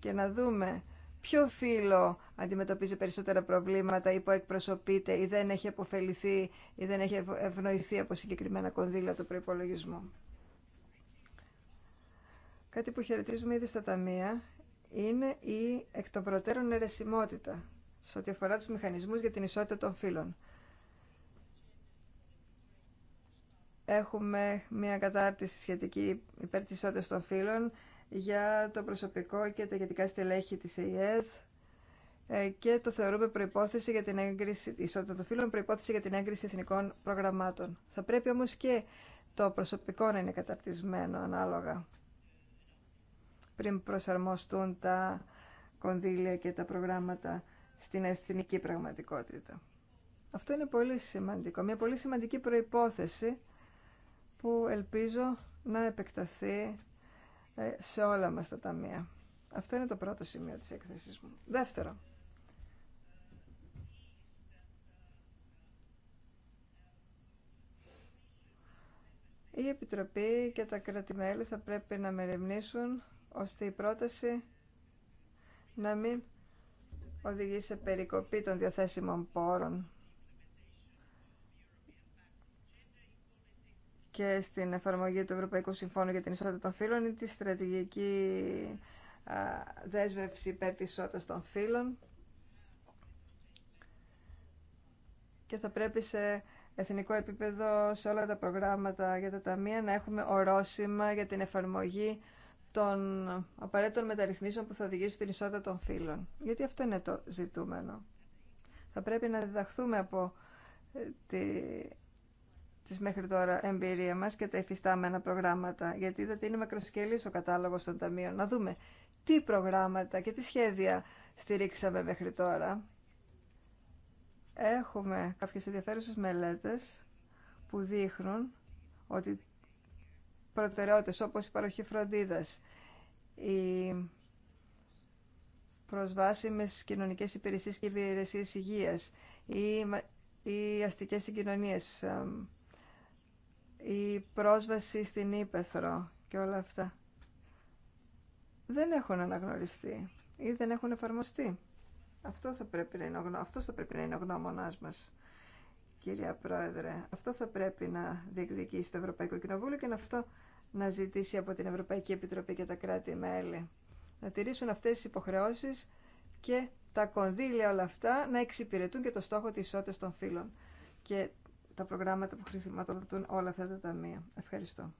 και να δούμε ποιο φύλλο αντιμετωπίζει περισσότερα προβλήματα ή που εκπροσωπείται ή δεν έχει αποφεληθεί ή δεν έχει ευνοηθεί από συγκεκριμένα κονδύλια του προϋπολογισμού. Κάτι που χαιρετίζουμε ήδη στα ταμεία είναι η εκ των προτέρων αιρεσιμότητα σε ό,τι αφορά τους μηχανισμούς για την ισότητα των φύλων. Έχουμε μια κατάρτιση σχετική υπέρ της ισότητας των φύλων για το προσωπικό και τα ηγετικά στελέχη της ΕΙΕΔ ε, και το θεωρούμε προϋπόθεση για την έγκριση, ισότητα των φύλων, προϋπόθεση για την έγκριση εθνικών προγραμμάτων. Θα πρέπει όμως και το προσωπικό να είναι καταρτισμένο ανάλογα πριν προσαρμοστούν τα κονδύλια και τα προγράμματα στην εθνική πραγματικότητα. Αυτό είναι πολύ σημαντικό. Μια πολύ σημαντική προϋπόθεση που ελπίζω να επεκταθεί ε, σε όλα μας τα ταμεία. Αυτό είναι το πρώτο σημείο της έκθεσης μου. Δεύτερο. Η Επιτροπή και τα κρατημέλη θα πρέπει να μερεμνήσουν ώστε η πρόταση να μην οδηγεί σε περικοπή των διαθέσιμων πόρων και στην εφαρμογή του Ευρωπαϊκού Συμφώνου για την Ισότητα των Φύλων ή τη στρατηγική δέσμευση υπέρ της ισότητας των φύλων και θα πρέπει σε εθνικό επίπεδο σε όλα τα προγράμματα για τα ταμεία να έχουμε ορόσημα για την εφαρμογή των απαραίτητων μεταρρυθμίσεων που θα οδηγήσουν την ισότητα των φύλων. Γιατί αυτό είναι το ζητούμενο. Θα πρέπει να διδαχθούμε από ε, τη Τη μέχρι τώρα εμπειρία μα και τα υφιστάμενα προγράμματα, γιατί δεν είναι μακροσκελή ο κατάλογος των ταμείων. Να δούμε τι προγράμματα και τι σχέδια στηρίξαμε μέχρι τώρα. Έχουμε κάποιες ενδιαφέρουσες μελέτες που δείχνουν ότι προτεραιότητες όπως η παροχή φροντίδας, οι προσβάσιμες κοινωνικές υπηρεσίες και υπηρεσίες υγείας, οι αστικές συγκοινωνίες, η πρόσβαση στην Ήπεθρο και όλα αυτά δεν έχουν αναγνωριστεί ή δεν έχουν εφαρμοστεί. Αυτό θα πρέπει να είναι ο, αυτός θα πρέπει να είναι ο γνώμονάς μας, κυρία Πρόεδρε. Αυτό θα πρέπει να διεκδικήσει το Ευρωπαϊκό Κοινοβούλιο και να αυτό να ζητήσει από την Ευρωπαϊκή Επιτροπή και τα κράτη-μέλη. Να τηρήσουν αυτές τις υποχρεώσεις και τα κονδύλια όλα αυτά να εξυπηρετούν και το στόχο της ισότητας των φύλων. Και τα προγράμματα που χρησιμοποιούν όλα αυτά τα ταμεία. Ευχαριστώ.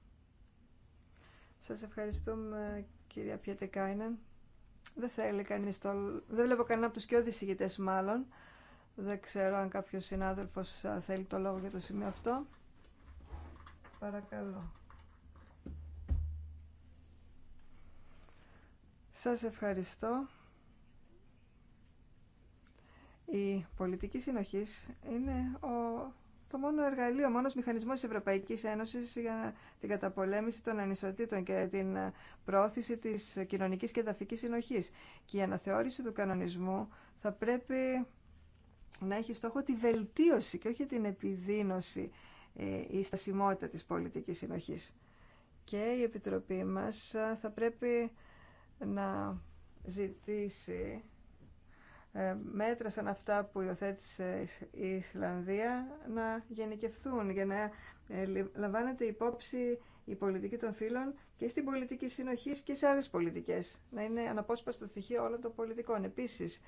Σας ευχαριστούμε κυρία Πιέτε Κάινεν. Δεν θέλει κανείς το... Δεν βλέπω κανένα από τους πιο δυσηγητές μάλλον. Δεν ξέρω αν κάποιος συνάδελφος θέλει το λόγο για το σημείο αυτό. Παρακαλώ. Σας ευχαριστώ. Η πολιτική συνοχής είναι ο το μόνο εργαλείο, ο μόνος μηχανισμός της Ευρωπαϊκής Ένωσης για την καταπολέμηση των ανισοτήτων και την ε, πρόθεση της κοινωνική και ταφικής συνοχής. Και η αναθεώρηση του κανονισμού θα πρέπει να έχει στόχο τη βελτίωση και όχι την επιδείνωση ή ε, στασιμότητα της πολιτικής συνοχής. Και η Επιτροπή μας ε, θα πρέπει να ζητήσει ε, μέτρα σαν αυτά που υιοθέτησε η Ισλανδία να γενικευθούν για να ε, λαμβάνεται υπόψη η πολιτική των φύλων και στην πολιτική συνοχή και σε άλλες πολιτικές. Να είναι αναπόσπαστο στοιχείο όλων των πολιτικών. Επίσης,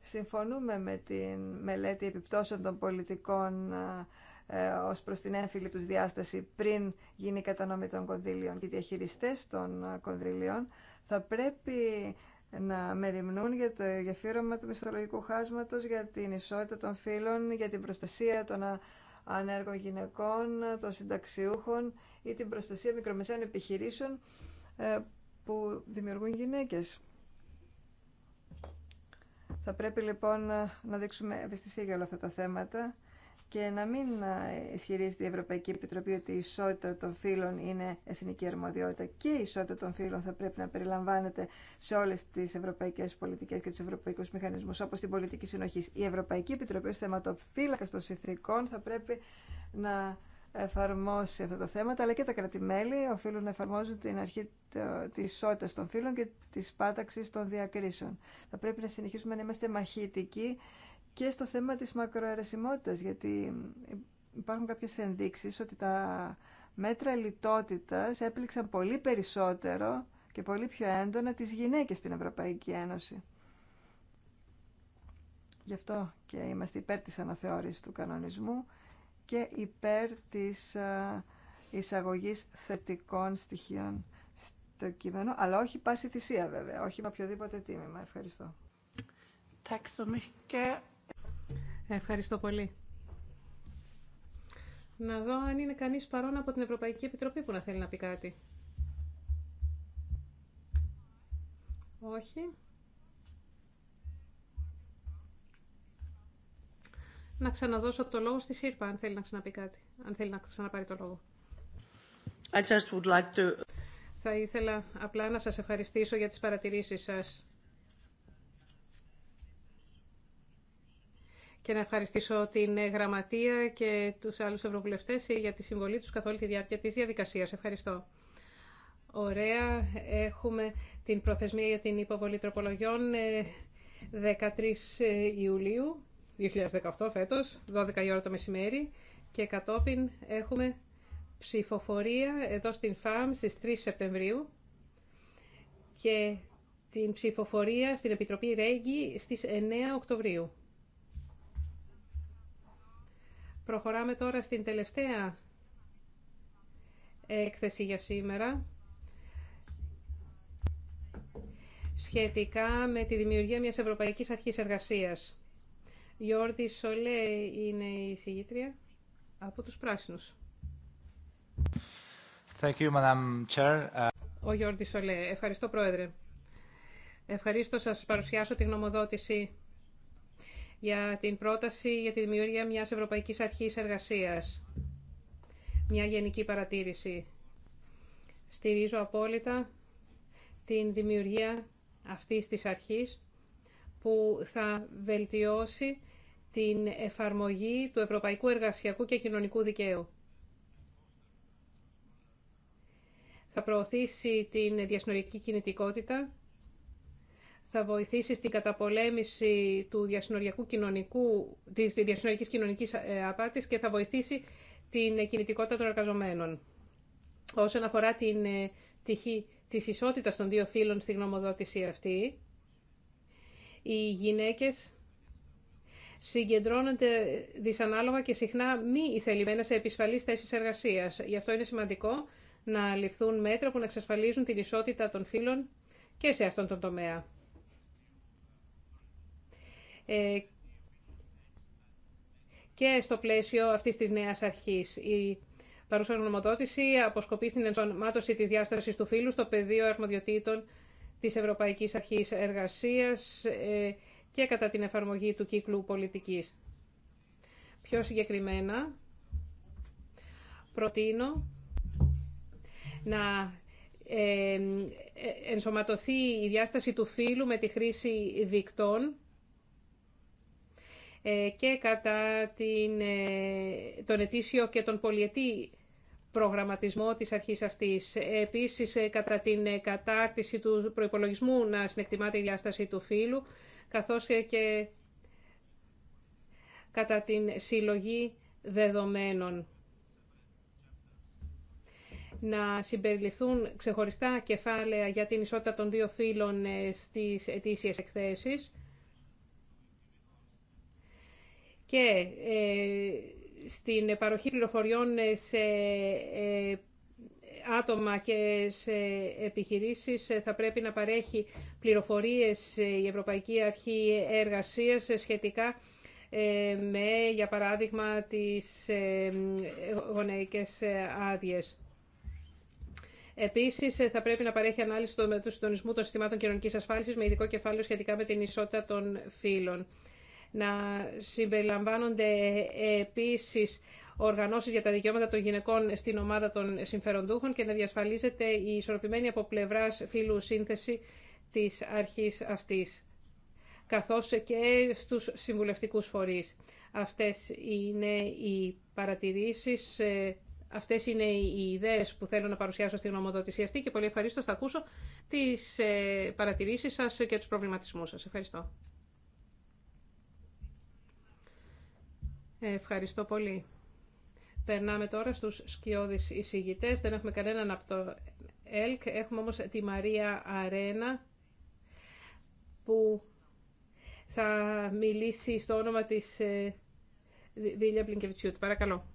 συμφωνούμε με την μελέτη επιπτώσεων των πολιτικών ε, ε ως προς την έμφυλη τους διάσταση πριν γίνει η κατανομή των κονδύλιων και οι διαχειριστές των κονδύλιων θα πρέπει να μεριμνούν για το γεφύρωμα του μισθολογικού χάσματος, για την ισότητα των φύλων, για την προστασία των ανέργων γυναικών, των συνταξιούχων ή την προστασία μικρομεσαίων επιχειρήσεων ε, που δημιουργούν γυναίκες. Θα πρέπει λοιπόν να δείξουμε ευαισθησία για όλα αυτά τα θέματα και να μην ε, ισχυρίζεται η Ευρωπαϊκή Επιτροπή ότι η ισότητα των φύλων είναι εθνική αρμοδιότητα και η ισότητα των φύλων θα πρέπει να περιλαμβάνεται σε όλε τι ευρωπαϊκέ πολιτικέ και του ευρωπαϊκού μηχανισμού, όπω την πολιτική συνοχή. Η Ευρωπαϊκή Επιτροπή ω θεματοφύλακα των συνθήκων θα πρέπει να εφαρμόσει αυτά τα θέματα, αλλά και τα κρατημέλη οφείλουν να εφαρμόζουν την αρχή τη ισότητα των φύλων και τη πάταξη των διακρίσεων. Θα πρέπει να συνεχίσουμε να είμαστε μαχητικοί και στο θέμα της μακροαιρεσιμότητας, γιατί υπάρχουν κάποιες ενδείξεις ότι τα μέτρα λιτότητας έπληξαν πολύ περισσότερο και πολύ πιο έντονα τις γυναίκες στην Ευρωπαϊκή Ένωση. Γι' αυτό και είμαστε υπέρ της αναθεώρησης του κανονισμού και υπέρ της ε, εισαγωγής θετικών στοιχείων στο κείμενο, αλλά όχι πάση θυσία βέβαια, όχι με οποιοδήποτε τίμημα. Ευχαριστώ. Ευχαριστώ πολύ. Να δω αν είναι κανείς παρόν από την Ευρωπαϊκή Επιτροπή που να θέλει να πει κάτι. Όχι. Να ξαναδώσω το λόγο στη ΣΥΡΠΑ, αν θέλει να ξαναπεί κάτι, αν θέλει να ξαναπάρει το λόγο. I just would like to... Θα ήθελα απλά να σας ευχαριστήσω για τις παρατηρήσεις σας. και να ευχαριστήσω την Γραμματεία και τους άλλους ευρωβουλευτές για τη συμβολή τους καθ' όλη τη διάρκεια της διαδικασίας. Ευχαριστώ. Ωραία. Έχουμε την προθεσμία για την υποβολή τροπολογιών 13 ε, ε, Ιουλίου 2018 φέτος, 12 η ώρα το μεσημέρι και κατόπιν έχουμε ψηφοφορία εδώ στην ΦΑΜ στις 3 Σεπτεμβρίου και την ψηφοφορία στην Επιτροπή Ρέγγι στις 9 Οκτωβρίου. Προχωράμε τώρα στην τελευταία έκθεση για σήμερα σχετικά με τη δημιουργία μιας Ευρωπαϊκής Αρχής Εργασίας. Γιώργη Σολέ είναι η συγγήτρια από τους Πράσινους. Thank you, Madam Chair. Ο Γιώργη Σολέ. Ευχαριστώ, Πρόεδρε. Ευχαρίστω σας παρουσιάσω τη γνωμοδότηση για την πρόταση για τη δημιουργία μιας Ευρωπαϊκής Αρχής Εργασίας. Μια γενική παρατήρηση. Στηρίζω απόλυτα την δημιουργία αυτής της αρχής που θα βελτιώσει την εφαρμογή του Ευρωπαϊκού Εργασιακού και Κοινωνικού Δικαίου. Θα προωθήσει την διασυνορική κινητικότητα θα βοηθήσει στην καταπολέμηση του διασυνοριακού κοινωνικού, της διασυνοριακής κοινωνικής ε, απάτης και θα βοηθήσει την κινητικότητα των εργαζομένων. Όσον αφορά την ε, τυχή της ισότητας των δύο φύλων στη γνωμοδότηση αυτή, οι γυναίκες συγκεντρώνονται δυσανάλογα και συχνά μη ηθελημένα σε επισφαλείς θέσεις εργασίας. Γι' αυτό είναι σημαντικό να ληφθούν μέτρα που να εξασφαλίζουν την ισότητα των φύλων και σε αυτόν τον τομέα. Ε, και στο πλαίσιο αυτής της νέας αρχής. Η παρούσα γνωμοδότηση αποσκοπεί στην ενσωμάτωση της διάστασης του φύλου στο πεδίο αρμοδιοτήτων της Ευρωπαϊκής Αρχής Εργασίας ε, και κατά την εφαρμογή του κύκλου πολιτικής. Πιο συγκεκριμένα, προτείνω να ε, ενσωματωθεί η διάσταση του φύλου με τη χρήση δικτών ε, και κατά την, ε, τον ετήσιο και τον πολιετή προγραμματισμό της αρχής αυτής. Επίσης, ε, κατά την κατάρτιση του προϋπολογισμού να συνεκτιμάται η διάσταση του φύλου, καθώς και κατά την συλλογή δεδομένων. Να συμπεριληφθούν ξεχωριστά κεφάλαια για την ισότητα των δύο φύλων στις ετήσιες εκθέσεις και ε, στην παροχή πληροφοριών ε, σε ε, άτομα και σε επιχειρήσεις θα πρέπει να παρέχει πληροφορίες η Ευρωπαϊκή Αρχή Εργασίας σχετικά με, για παράδειγμα, τις γονεϊκές άδειες. Επίσης, θα πρέπει να παρέχει ανάλυση του συντονισμού των συστημάτων κοινωνικής ασφάλισης με ειδικό κεφάλαιο σχετικά με την ισότητα των φύλων να συμπεριλαμβάνονται επίσης οργανώσεις για τα δικαιώματα των γυναικών στην ομάδα των συμφεροντούχων και να διασφαλίζεται η ισορροπημένη από πλευράς φύλου σύνθεση της αρχής αυτής, καθώς και στους συμβουλευτικούς φορείς. Αυτές είναι οι παρατηρήσεις, ε, αυτές είναι οι ιδέες που θέλω να παρουσιάσω στην ομοδότηση αυτή και πολύ ευχαριστώ θα ακούσω τις ε, παρατηρήσεις σας και τους προβληματισμούς σας. Ευχαριστώ. Ευχαριστώ πολύ. Περνάμε τώρα στους σκιώδεις εισηγητές. Δεν έχουμε κανέναν από το ΕΛΚ. Έχουμε όμως τη Μαρία Αρένα που θα μιλήσει στο όνομα της ε, Δίλια Πλινκεβιτσιούτ. Παρακαλώ.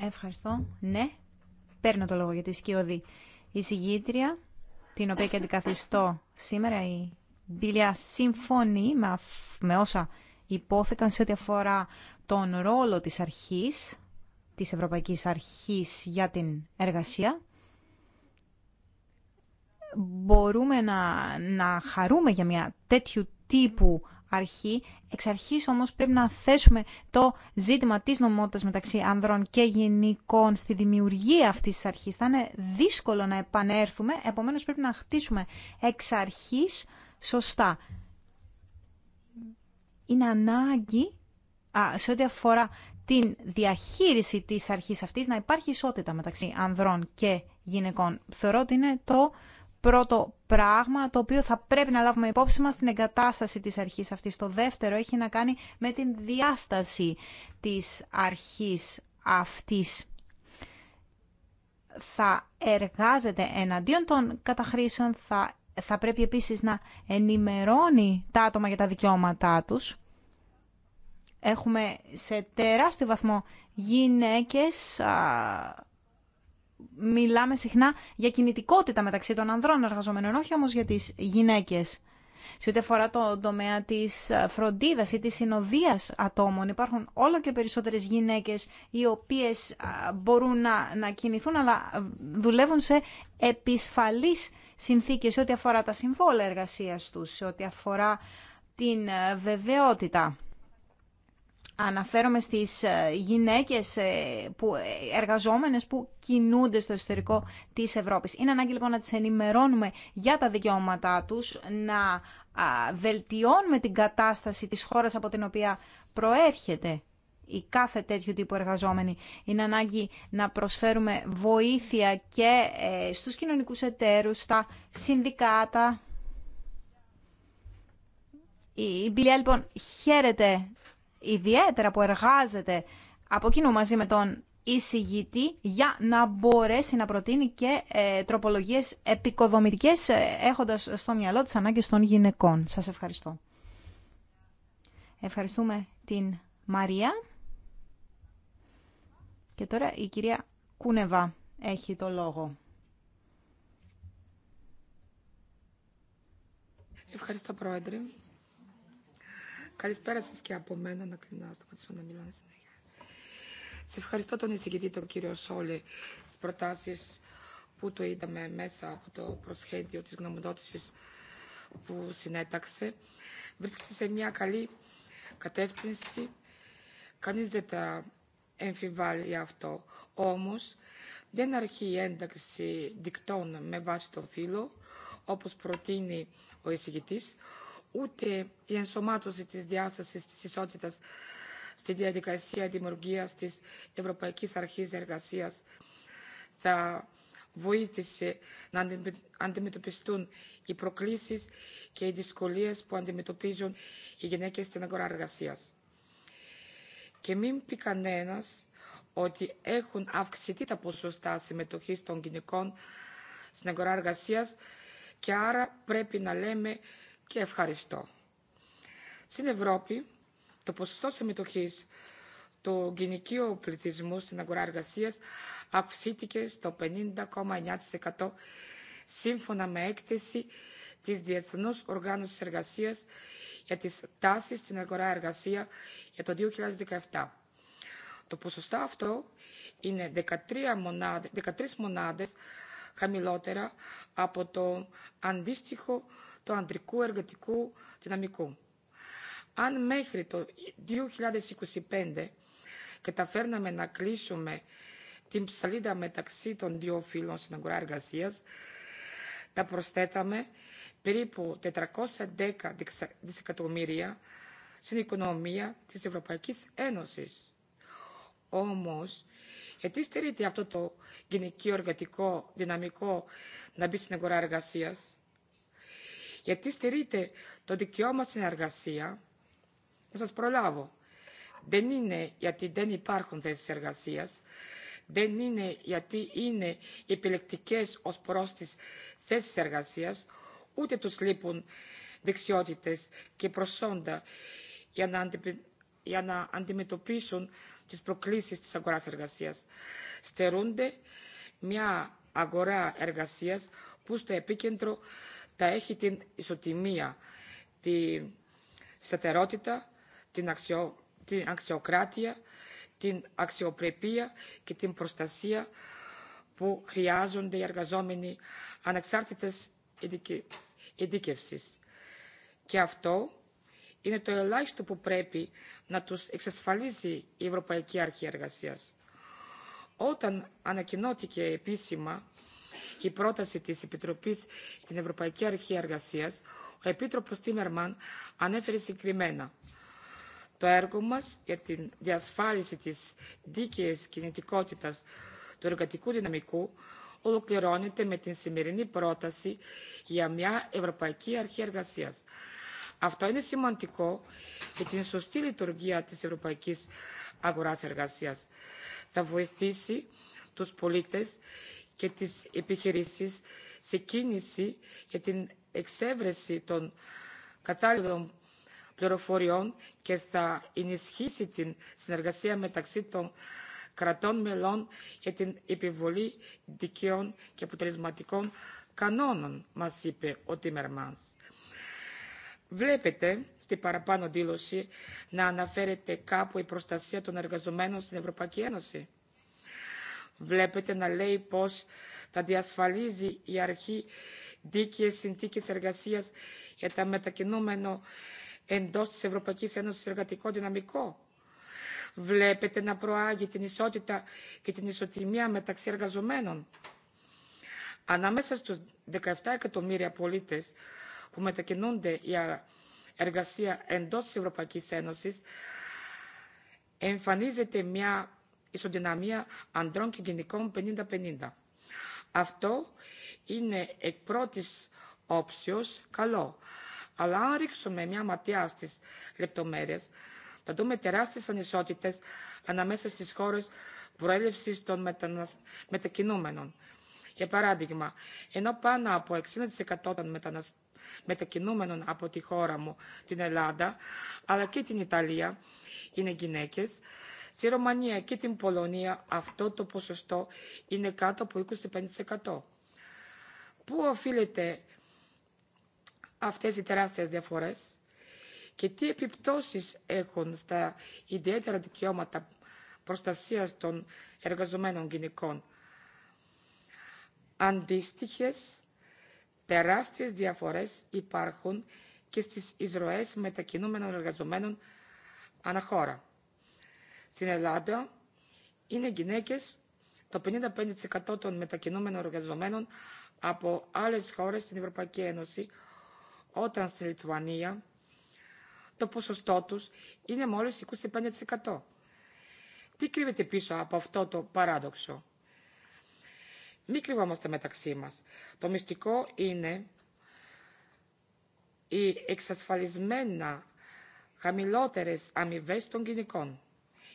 Ευχαριστώ. Ναι, παίρνω το λόγο για τη σκιώδη εισηγήτρια, την οποία και αντικαθιστώ σήμερα η Μπίλια συμφωνεί με όσα Υπόθεκαν σε ό,τι αφορά τον ρόλο της αρχής, της Ευρωπαϊκής Αρχής για την εργασία. Μπορούμε να, χαρούμε για μια τέτοιου τύπου αρχή. Εξ αρχής όμως πρέπει να θέσουμε το ζήτημα της νομότητας μεταξύ ανδρών και γενικών στη δημιουργία αυτής της αρχής. Θα είναι δύσκολο να επανέρθουμε, επομένως πρέπει να χτίσουμε εξ αρχής σωστά είναι ανάγκη σε ό,τι αφορά την διαχείριση της αρχής αυτής να υπάρχει ισότητα μεταξύ ανδρών και γυναικών. Θεωρώ ότι είναι το πρώτο πράγμα το οποίο θα πρέπει να λάβουμε υπόψη μας στην εγκατάσταση της αρχής αυτής. Το δεύτερο έχει να κάνει με την διάσταση της αρχής αυτής. Θα εργάζεται εναντίον των καταχρήσεων, θα θα πρέπει επίσης να ενημερώνει τα άτομα για τα δικαιώματά τους. Έχουμε σε τεράστιο βαθμό γυναίκες, μιλάμε συχνά για κινητικότητα μεταξύ των ανδρών εργαζομένων, όχι όμως για τις γυναίκες. Σε ό,τι αφορά το τομέα της φροντίδας ή της συνοδείας ατόμων, υπάρχουν όλο και περισσότερες γυναίκες οι οποίες μπορούν να, να κινηθούν, αλλά δουλεύουν σε συνθήκες σε ό,τι αφορά τα συμβόλα εργασίας τους, σε ό,τι αφορά την ε, βεβαιότητα. Αναφέρομαι στις ε, γυναίκες ε, που, εργαζόμενες που κινούνται στο εσωτερικό της Ευρώπης. Είναι ανάγκη λοιπόν να τις ενημερώνουμε για τα δικαιώματά τους, να βελτιώνουμε την κατάσταση της χώρας από την οποία προέρχεται η κάθε τέτοιου τύπου εργαζόμενοι. Είναι ανάγκη να προσφέρουμε βοήθεια και ε, στους κοινωνικούς εταίρους, στα συνδικάτα. Η Μπιλιά λοιπόν χαίρεται ιδιαίτερα που εργάζεται από κοινού μαζί με τον εισηγητή για να μπορέσει να προτείνει και ε, τροπολογίες επικοδομητικές ε, έχοντας στο μυαλό τις ανάγκες των γυναικών. Σας ευχαριστώ. Ευχαριστούμε την Μαρία. Και τώρα η κυρία Κούνεβα έχει το λόγο. Ευχαριστώ, Πρόεδρε. Καλησπέρα σας και από μένα να σταματήσω να μιλάω συνέχεια. Σε ευχαριστώ τον εισηγητή τον κύριο Σόλη στις προτάσεις που το είδαμε μέσα από το προσχέδιο της γνωμοδότησης που συνέταξε. Βρίσκεται σε μια καλή κατεύθυνση. Κανείς δεν τα εμφιβάλλει αυτό. Όμως δεν αρχεί η ένταξη δικτών με βάση το φύλλο, όπως προτείνει ο εισηγητής, ούτε η ενσωμάτωση της διάστασης της ισότητας στη διαδικασία δημιουργίας της Ευρωπαϊκής Αρχής Εργασίας θα βοήθησε να αντιμετωπιστούν οι προκλήσεις και οι δυσκολίες που αντιμετωπίζουν οι γυναίκες στην αγορά εργασίας και μην πει κανένα ότι έχουν αυξηθεί τα ποσοστά συμμετοχής των γυναικών στην αγορά εργασία και άρα πρέπει να λέμε και ευχαριστώ. Στην Ευρώπη, το ποσοστό συμμετοχής του γυναικείου πληθυσμού στην αγορά εργασία αυξήθηκε στο 50,9% σύμφωνα με έκθεση της Διεθνούς Οργάνωσης Εργασίας για τις τάσεις στην αγορά εργασία για το 2017. Το ποσοστό αυτό είναι 13 μονάδες, 13 μονάδες χαμηλότερα από το αντίστοιχο του αντρικού εργατικού δυναμικού. Αν μέχρι το 2025 καταφέρναμε να κλείσουμε την ψαλίδα μεταξύ των δύο φύλων στην αγορά εργασία, θα προσθέταμε περίπου 410 δισεκατομμύρια στην οικονομία της Ευρωπαϊκής Ένωσης. Όμως, γιατί στερείται αυτό το γενικό εργατικό δυναμικό να μπει στην αγορά εργασία, γιατί στερείται το δικαίωμα στην εργασία, να σας προλάβω. Δεν είναι γιατί δεν υπάρχουν θέσεις εργασία, δεν είναι γιατί είναι επιλεκτικές ω προ τις θέσεις εργασία, ούτε του λείπουν δεξιότητε και προσόντα για να αντιμετωπίσουν τις προκλήσεις της αγοράς εργασίας. Στερούνται μια αγορά εργασίας που στο επίκεντρο θα έχει την ισοτιμία, τη σταθερότητα, την, αξιο, την αξιοκράτεια, την αξιοπρεπία και την προστασία που χρειάζονται οι εργαζόμενοι ανεξάρτητες ειδικεύσεις. Και αυτό είναι το ελάχιστο που πρέπει να τους εξασφαλίζει η Ευρωπαϊκή Αρχή Εργασίας. Όταν ανακοινώθηκε επίσημα η πρόταση της Επιτροπής στην Ευρωπαϊκή Αρχή Εργασίας, ο Επίτροπος Τίμερμαν ανέφερε συγκεκριμένα το έργο μας για την διασφάλιση της δίκαιης κινητικότητας του εργατικού δυναμικού ολοκληρώνεται με την σημερινή πρόταση για μια Ευρωπαϊκή Αρχή Εργασίας αυτό είναι σημαντικό για την σωστή λειτουργία της ευρωπαϊκής αγοράς εργασίας. Θα βοηθήσει τους πολίτες και τις επιχειρήσεις σε κίνηση για την εξέβρεση των κατάλληλων πληροφοριών και θα ενισχύσει την συνεργασία μεταξύ των κρατών μελών για την επιβολή δικαίων και αποτελεσματικών κανόνων, μας είπε ο Τίμερμανς. Βλέπετε στην παραπάνω δήλωση να αναφέρεται κάπου η προστασία των εργαζομένων στην Ευρωπαϊκή Ένωση. Βλέπετε να λέει πως θα διασφαλίζει η αρχή δίκαιες συνθήκες εργασίας για τα μετακινούμενο εντός της Ευρωπαϊκής Ένωσης εργατικό δυναμικό. Βλέπετε να προάγει την ισότητα και την ισοτιμία μεταξύ εργαζομένων. Ανάμεσα στους 17 εκατομμύρια πολίτες που μετακινούνται για εργασία εντός της Ευρωπαϊκής Ένωσης, εμφανίζεται μια ισοδυναμία αντρών και γυναικών 50-50. Αυτό είναι εκ πρώτης όψιος καλό. Αλλά αν ρίξουμε μια ματιά στις λεπτομέρειες, θα δούμε τεράστιες ανισότητες ανάμεσα στις χώρες προέλευσης των μετακινούμενων. Για παράδειγμα, ενώ πάνω από 60% των μεταναστών μετακινούμενων από τη χώρα μου, την Ελλάδα, αλλά και την Ιταλία, είναι γυναίκες. Στη Ρωμανία και την Πολωνία αυτό το ποσοστό είναι κάτω από 25%. Πού οφείλεται αυτές οι τεράστιες διαφορές και τι επιπτώσεις έχουν στα ιδιαίτερα δικαιώματα προστασίας των εργαζομένων γυναικών. Αντίστοιχες τεράστιες διαφορές υπάρχουν και στις εισρωές μετακινούμενων εργαζομένων αναχώρα. Στην Ελλάδα είναι γυναίκες το 55% των μετακινούμενων εργαζομένων από άλλες χώρες στην Ευρωπαϊκή Ένωση, όταν στη Λιτουανία το ποσοστό τους είναι μόλις 25%. Τι κρύβεται πίσω από αυτό το παράδοξο. Μην κρυβόμαστε μεταξύ μας. Το μυστικό είναι οι εξασφαλισμένα χαμηλότερες αμοιβέ των γυναικών.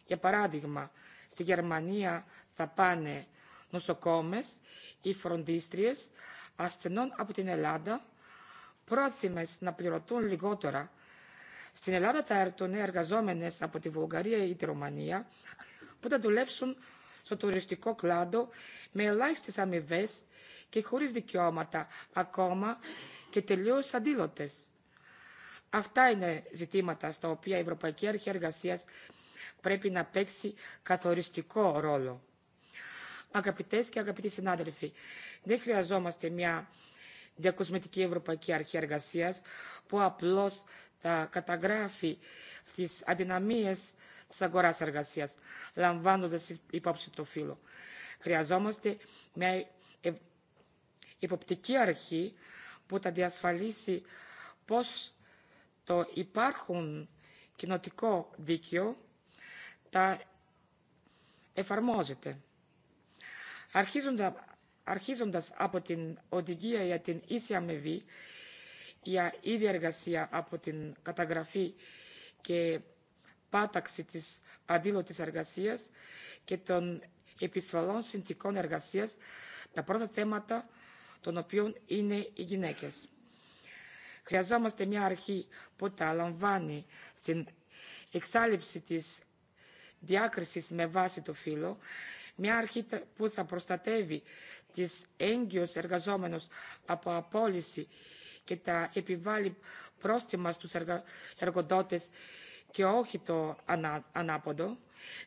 Για παράδειγμα, στη Γερμανία θα πάνε νοσοκόμες ή φροντίστριες ασθενών από την Ελλάδα, πρόθυμες να πληρωτούν λιγότερα. Στην Ελλάδα θα έρθουν εργαζόμενες από τη Βουλγαρία ή τη Ρωμανία που θα δουλέψουν στο τουριστικό κλάδο με ελάχιστες αμοιβέ και χωρίς δικαιώματα ακόμα και τελείως αντίλωτες. Αυτά είναι ζητήματα στα οποία η Ευρωπαϊκή Αρχή Εργασίας πρέπει να παίξει καθοριστικό ρόλο. Αγαπητές και αγαπητοί συνάδελφοι, δεν χρειαζόμαστε μια διακοσμητική Ευρωπαϊκή Αρχή Εργασίας που απλώς θα καταγράφει τις αδυναμίες της αγοράς εργασίας, λαμβάνοντας υπόψη το φύλλο. Χρειαζόμαστε μια υποπτική αρχή που θα διασφαλίσει πως το υπάρχουν κοινοτικό δίκαιο τα εφαρμόζεται. Αρχίζοντα, αρχίζοντας από την οδηγία για την ίση αμοιβή, για ίδια εργασία από την καταγραφή και πάταξη της αντίλωτης εργασίας και των επισφαλών συνθηκών εργασίας, τα πρώτα θέματα των οποίων είναι οι γυναίκες. Χρειαζόμαστε μια αρχή που τα λαμβάνει στην εξάλληψη της διάκρισης με βάση το φύλλο, μια αρχή που θα προστατεύει τις έγκυος εργαζόμενους από απόλυση και τα επιβάλλει πρόστιμα στους εργοδότες και όχι το ανάποδο,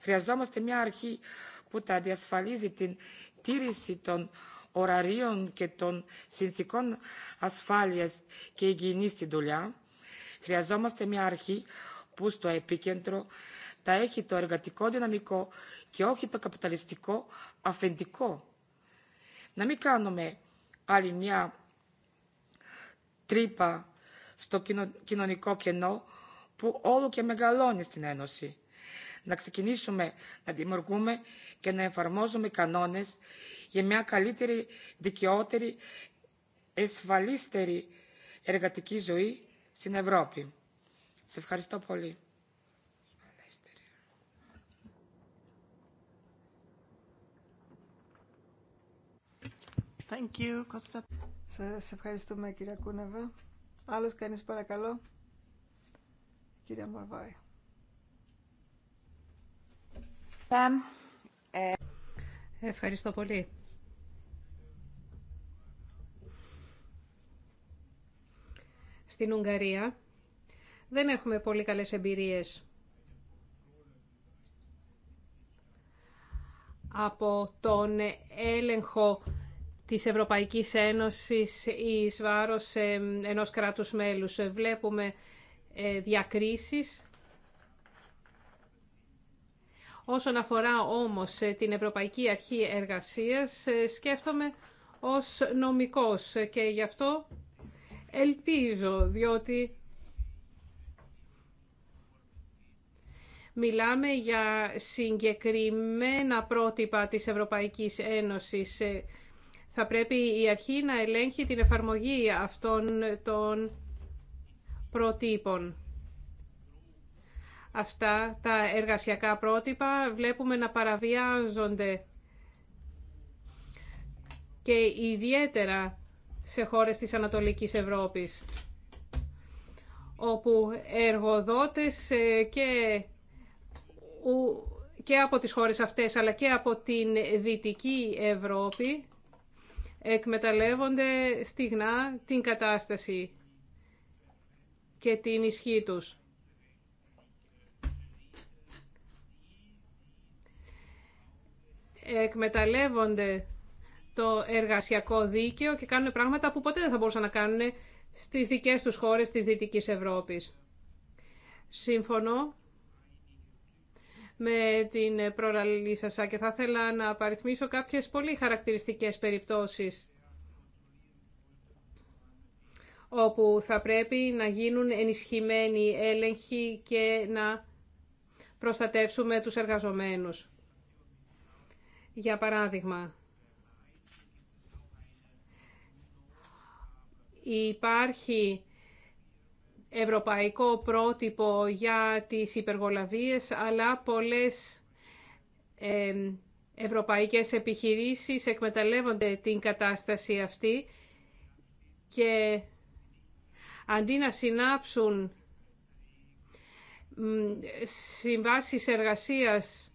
χρειαζόμαστε μια αρχή που θα διασφαλίζει την τήρηση των ωραρίων και των συνθήκων ασφάλειας και υγιεινής στη δουλειά. Χρειαζόμαστε μια αρχή που στο επίκεντρο θα έχει το εργατικό δυναμικό και όχι το καπιταλιστικό αφεντικό. Να μην κάνουμε άλλη μια τρύπα στο κοινωνικό κενό που όλο και μεγαλώνει στην Ένωση. Να ξεκινήσουμε να δημιουργούμε και να εφαρμόζουμε κανόνες για μια καλύτερη, δικαιότερη, εσφαλίστερη εργατική ζωή στην Ευρώπη. Σε ευχαριστώ πολύ. Thank you, Σας ευχαριστούμε κυρία Κούνεβα. Άλλος κανείς παρακαλώ. Ε. Ευχαριστώ πολύ. Στην Ουγγαρία δεν έχουμε πολύ καλές εμπειρίες από τον έλεγχο της Ευρωπαϊκής Ένωσης ή βάρος ε, ενός κράτους μέλους. Βλέπουμε ε, διακρίσεις. Όσον αφορά όμως ε, την Ευρωπαϊκή Αρχή Εργασίας, ε, σκέφτομαι ως νομικός και γι' αυτό ελπίζω, διότι μιλάμε για συγκεκριμένα πρότυπα της Ευρωπαϊκής Ένωσης. Θα πρέπει η αρχή να ελέγχει την εφαρμογή αυτών των προτύπων. Αυτά τα εργασιακά πρότυπα βλέπουμε να παραβιάζονται και ιδιαίτερα σε χώρες της Ανατολικής Ευρώπης, όπου εργοδότες ε, και, και από τις χώρες αυτές, αλλά και από την Δυτική Ευρώπη, εκμεταλλεύονται στιγνά την κατάσταση και την ισχύ τους. Εκμεταλλεύονται το εργασιακό δίκαιο και κάνουν πράγματα που ποτέ δεν θα μπορούσαν να κάνουν στις δικές τους χώρες της Δυτικής Ευρώπης. Σύμφωνο με την προραλή σας και θα ήθελα να παριθμίσω κάποιες πολύ χαρακτηριστικές περιπτώσεις όπου θα πρέπει να γίνουν ενισχυμένοι έλεγχοι και να προστατεύσουμε τους εργαζομένους. Για παράδειγμα, υπάρχει ευρωπαϊκό πρότυπο για τις υπεργολαβίες, αλλά πολλές ευρωπαϊκές επιχειρήσεις εκμεταλλεύονται την κατάσταση αυτή και αντί να συνάψουν συμβάσεις εργασίας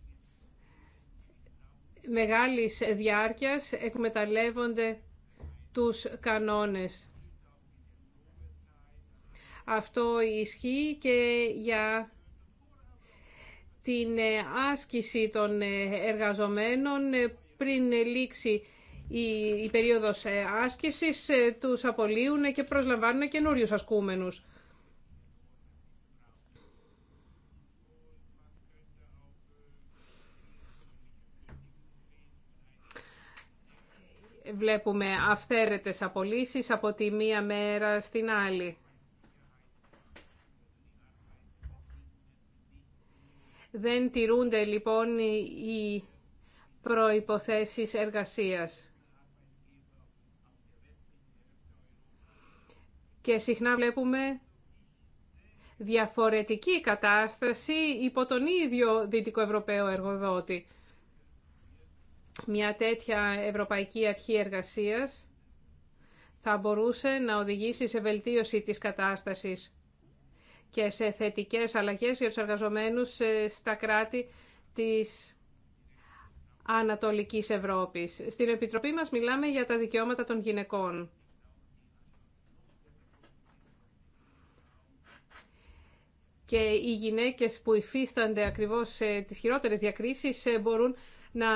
μεγάλης διάρκειας εκμεταλλεύονται τους κανόνες. Αυτό ισχύει και για την ε, άσκηση των ε, εργαζομένων ε, πριν λήξει η, η περίοδος ε, άσκησης ε, τους απολύουν και προσλαμβάνουν καινούριου ασκούμενους. Βλέπουμε αυθαίρετες απολύσεις από τη μία μέρα στην άλλη. Δεν τηρούνται λοιπόν οι προϋποθέσεις εργασίας. και συχνά βλέπουμε διαφορετική κατάσταση υπό τον ίδιο δυτικο δυτικό-ευρωπαίο εργοδότη. Μια τέτοια Ευρωπαϊκή Αρχή Εργασίας θα μπορούσε να οδηγήσει σε βελτίωση της κατάστασης και σε θετικές αλλαγές για τους εργαζομένους ε, στα κράτη της Ανατολικής Ευρώπης. Στην Επιτροπή μας μιλάμε για τα δικαιώματα των γυναικών. και οι γυναίκες που υφίστανται ακριβώς ε, τις χειρότερες διακρίσεις ε, μπορούν να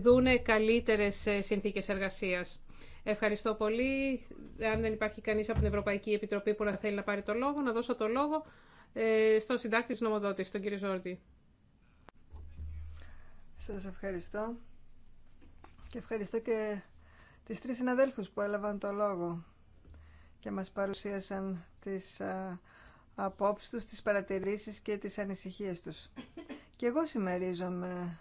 δούνε καλύτερες ε, συνθήκες εργασίας. Ευχαριστώ πολύ. Αν δεν υπάρχει κανείς από την Ευρωπαϊκή Επιτροπή που να θέλει να πάρει το λόγο, να δώσω το λόγο στον συντάκτη της νομοδότης, τον κύριο Ζόρντι. Σας ευχαριστώ. Και ευχαριστώ και τις τρεις συναδέλφους που έλαβαν το λόγο και μας παρουσίασαν τις απόψεις τους, τις παρατηρήσεις και τις ανησυχίες τους. Και εγώ συμμερίζομαι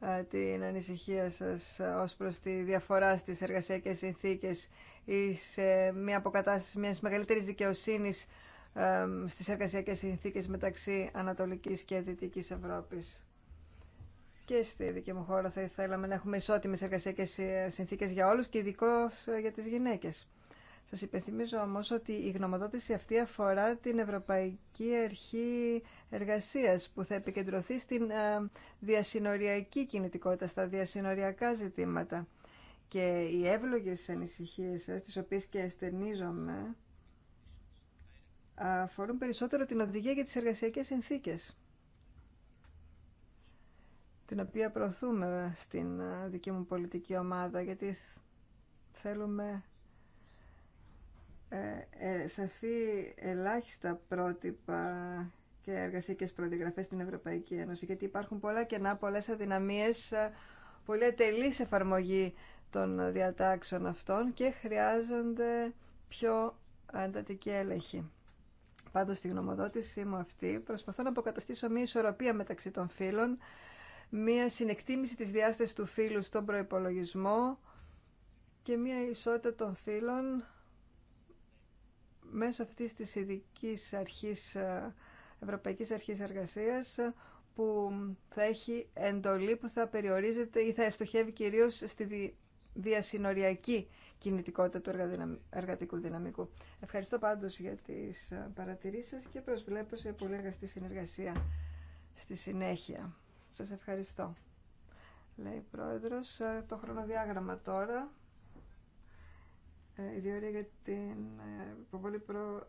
ε, την ανησυχία σας ε, ως προς τη διαφορά στις εργασιακές συνθήκες ή σε μια αποκατάσταση μιας μεγαλύτερης δικαιοσύνης ε, στις εργασιακές συνθήκες μεταξύ Ανατολικής και Δυτικής Ευρώπης. Και στη δική μου χώρα θα ήθελα να έχουμε ισότιμες εργασιακές συνθήκες για όλους και ειδικώ για τις γυναίκες. Σας υπενθυμίζω όμως ότι η γνωμοδότηση αυτή αφορά την Ευρωπαϊκή Αρχή Εργασίας που θα επικεντρωθεί στην ε, διασυνοριακή κινητικότητα, στα διασυνοριακά ζητήματα. Και οι εύλογε ανησυχίε σα ε, τι οποίες και εστερνίζομαι, αφορούν περισσότερο την οδηγία για τις εργασιακέ συνθήκες την οποία προωθούμε στην ε, δική μου πολιτική ομάδα γιατί θέλουμε ε, ε, σαφή ελάχιστα πρότυπα και εργασίκες προδιαγραφές στην Ευρωπαϊκή Ένωση, γιατί υπάρχουν πολλά κενά, πολλές αδυναμίες, ε, πολύ ατελής εφαρμογή των διατάξεων αυτών και χρειάζονται πιο αντατική έλεγχη. Πάντω στη γνωμοδότησή μου αυτή προσπαθώ να αποκαταστήσω μια ισορροπία μεταξύ των φύλων, μια συνεκτίμηση της διάστασης του φύλου στον προϋπολογισμό και μια ισότητα των φύλων μέσω αυτής της ειδική αρχής, ε, Ευρωπαϊκής Αρχής Εργασίας ε, που θα έχει εντολή που θα περιορίζεται ή θα εστοχεύει κυρίως στη διασυνοριακή κινητικότητα του εργατικού δυναμικού. Ευχαριστώ πάντως για τις ε, παρατηρήσεις και προσβλέπω σε πολύ εργαστή συνεργασία στη συνέχεια. Σας ευχαριστώ. Λέει Πρόεδρος, το χρονοδιάγραμμα τώρα. Ε, η διορία για την ε, υποβολή προ...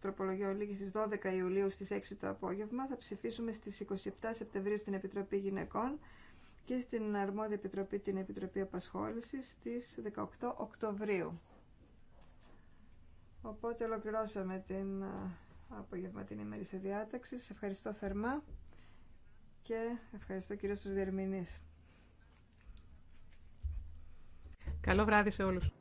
τροπολογία ολίγη 12 Ιουλίου στις 6 το απόγευμα. Θα ψηφίσουμε στις 27 Σεπτεμβρίου στην Επιτροπή Γυναικών και στην Αρμόδια Επιτροπή, την Επιτροπή Απασχόλησης, στις 18 Οκτωβρίου. Οπότε ολοκληρώσαμε την ε, απογευματινή ημέρη σε διάταξη. ευχαριστώ θερμά και ευχαριστώ κυρίως τους διερμηνείς. Καλό βράδυ σε όλους.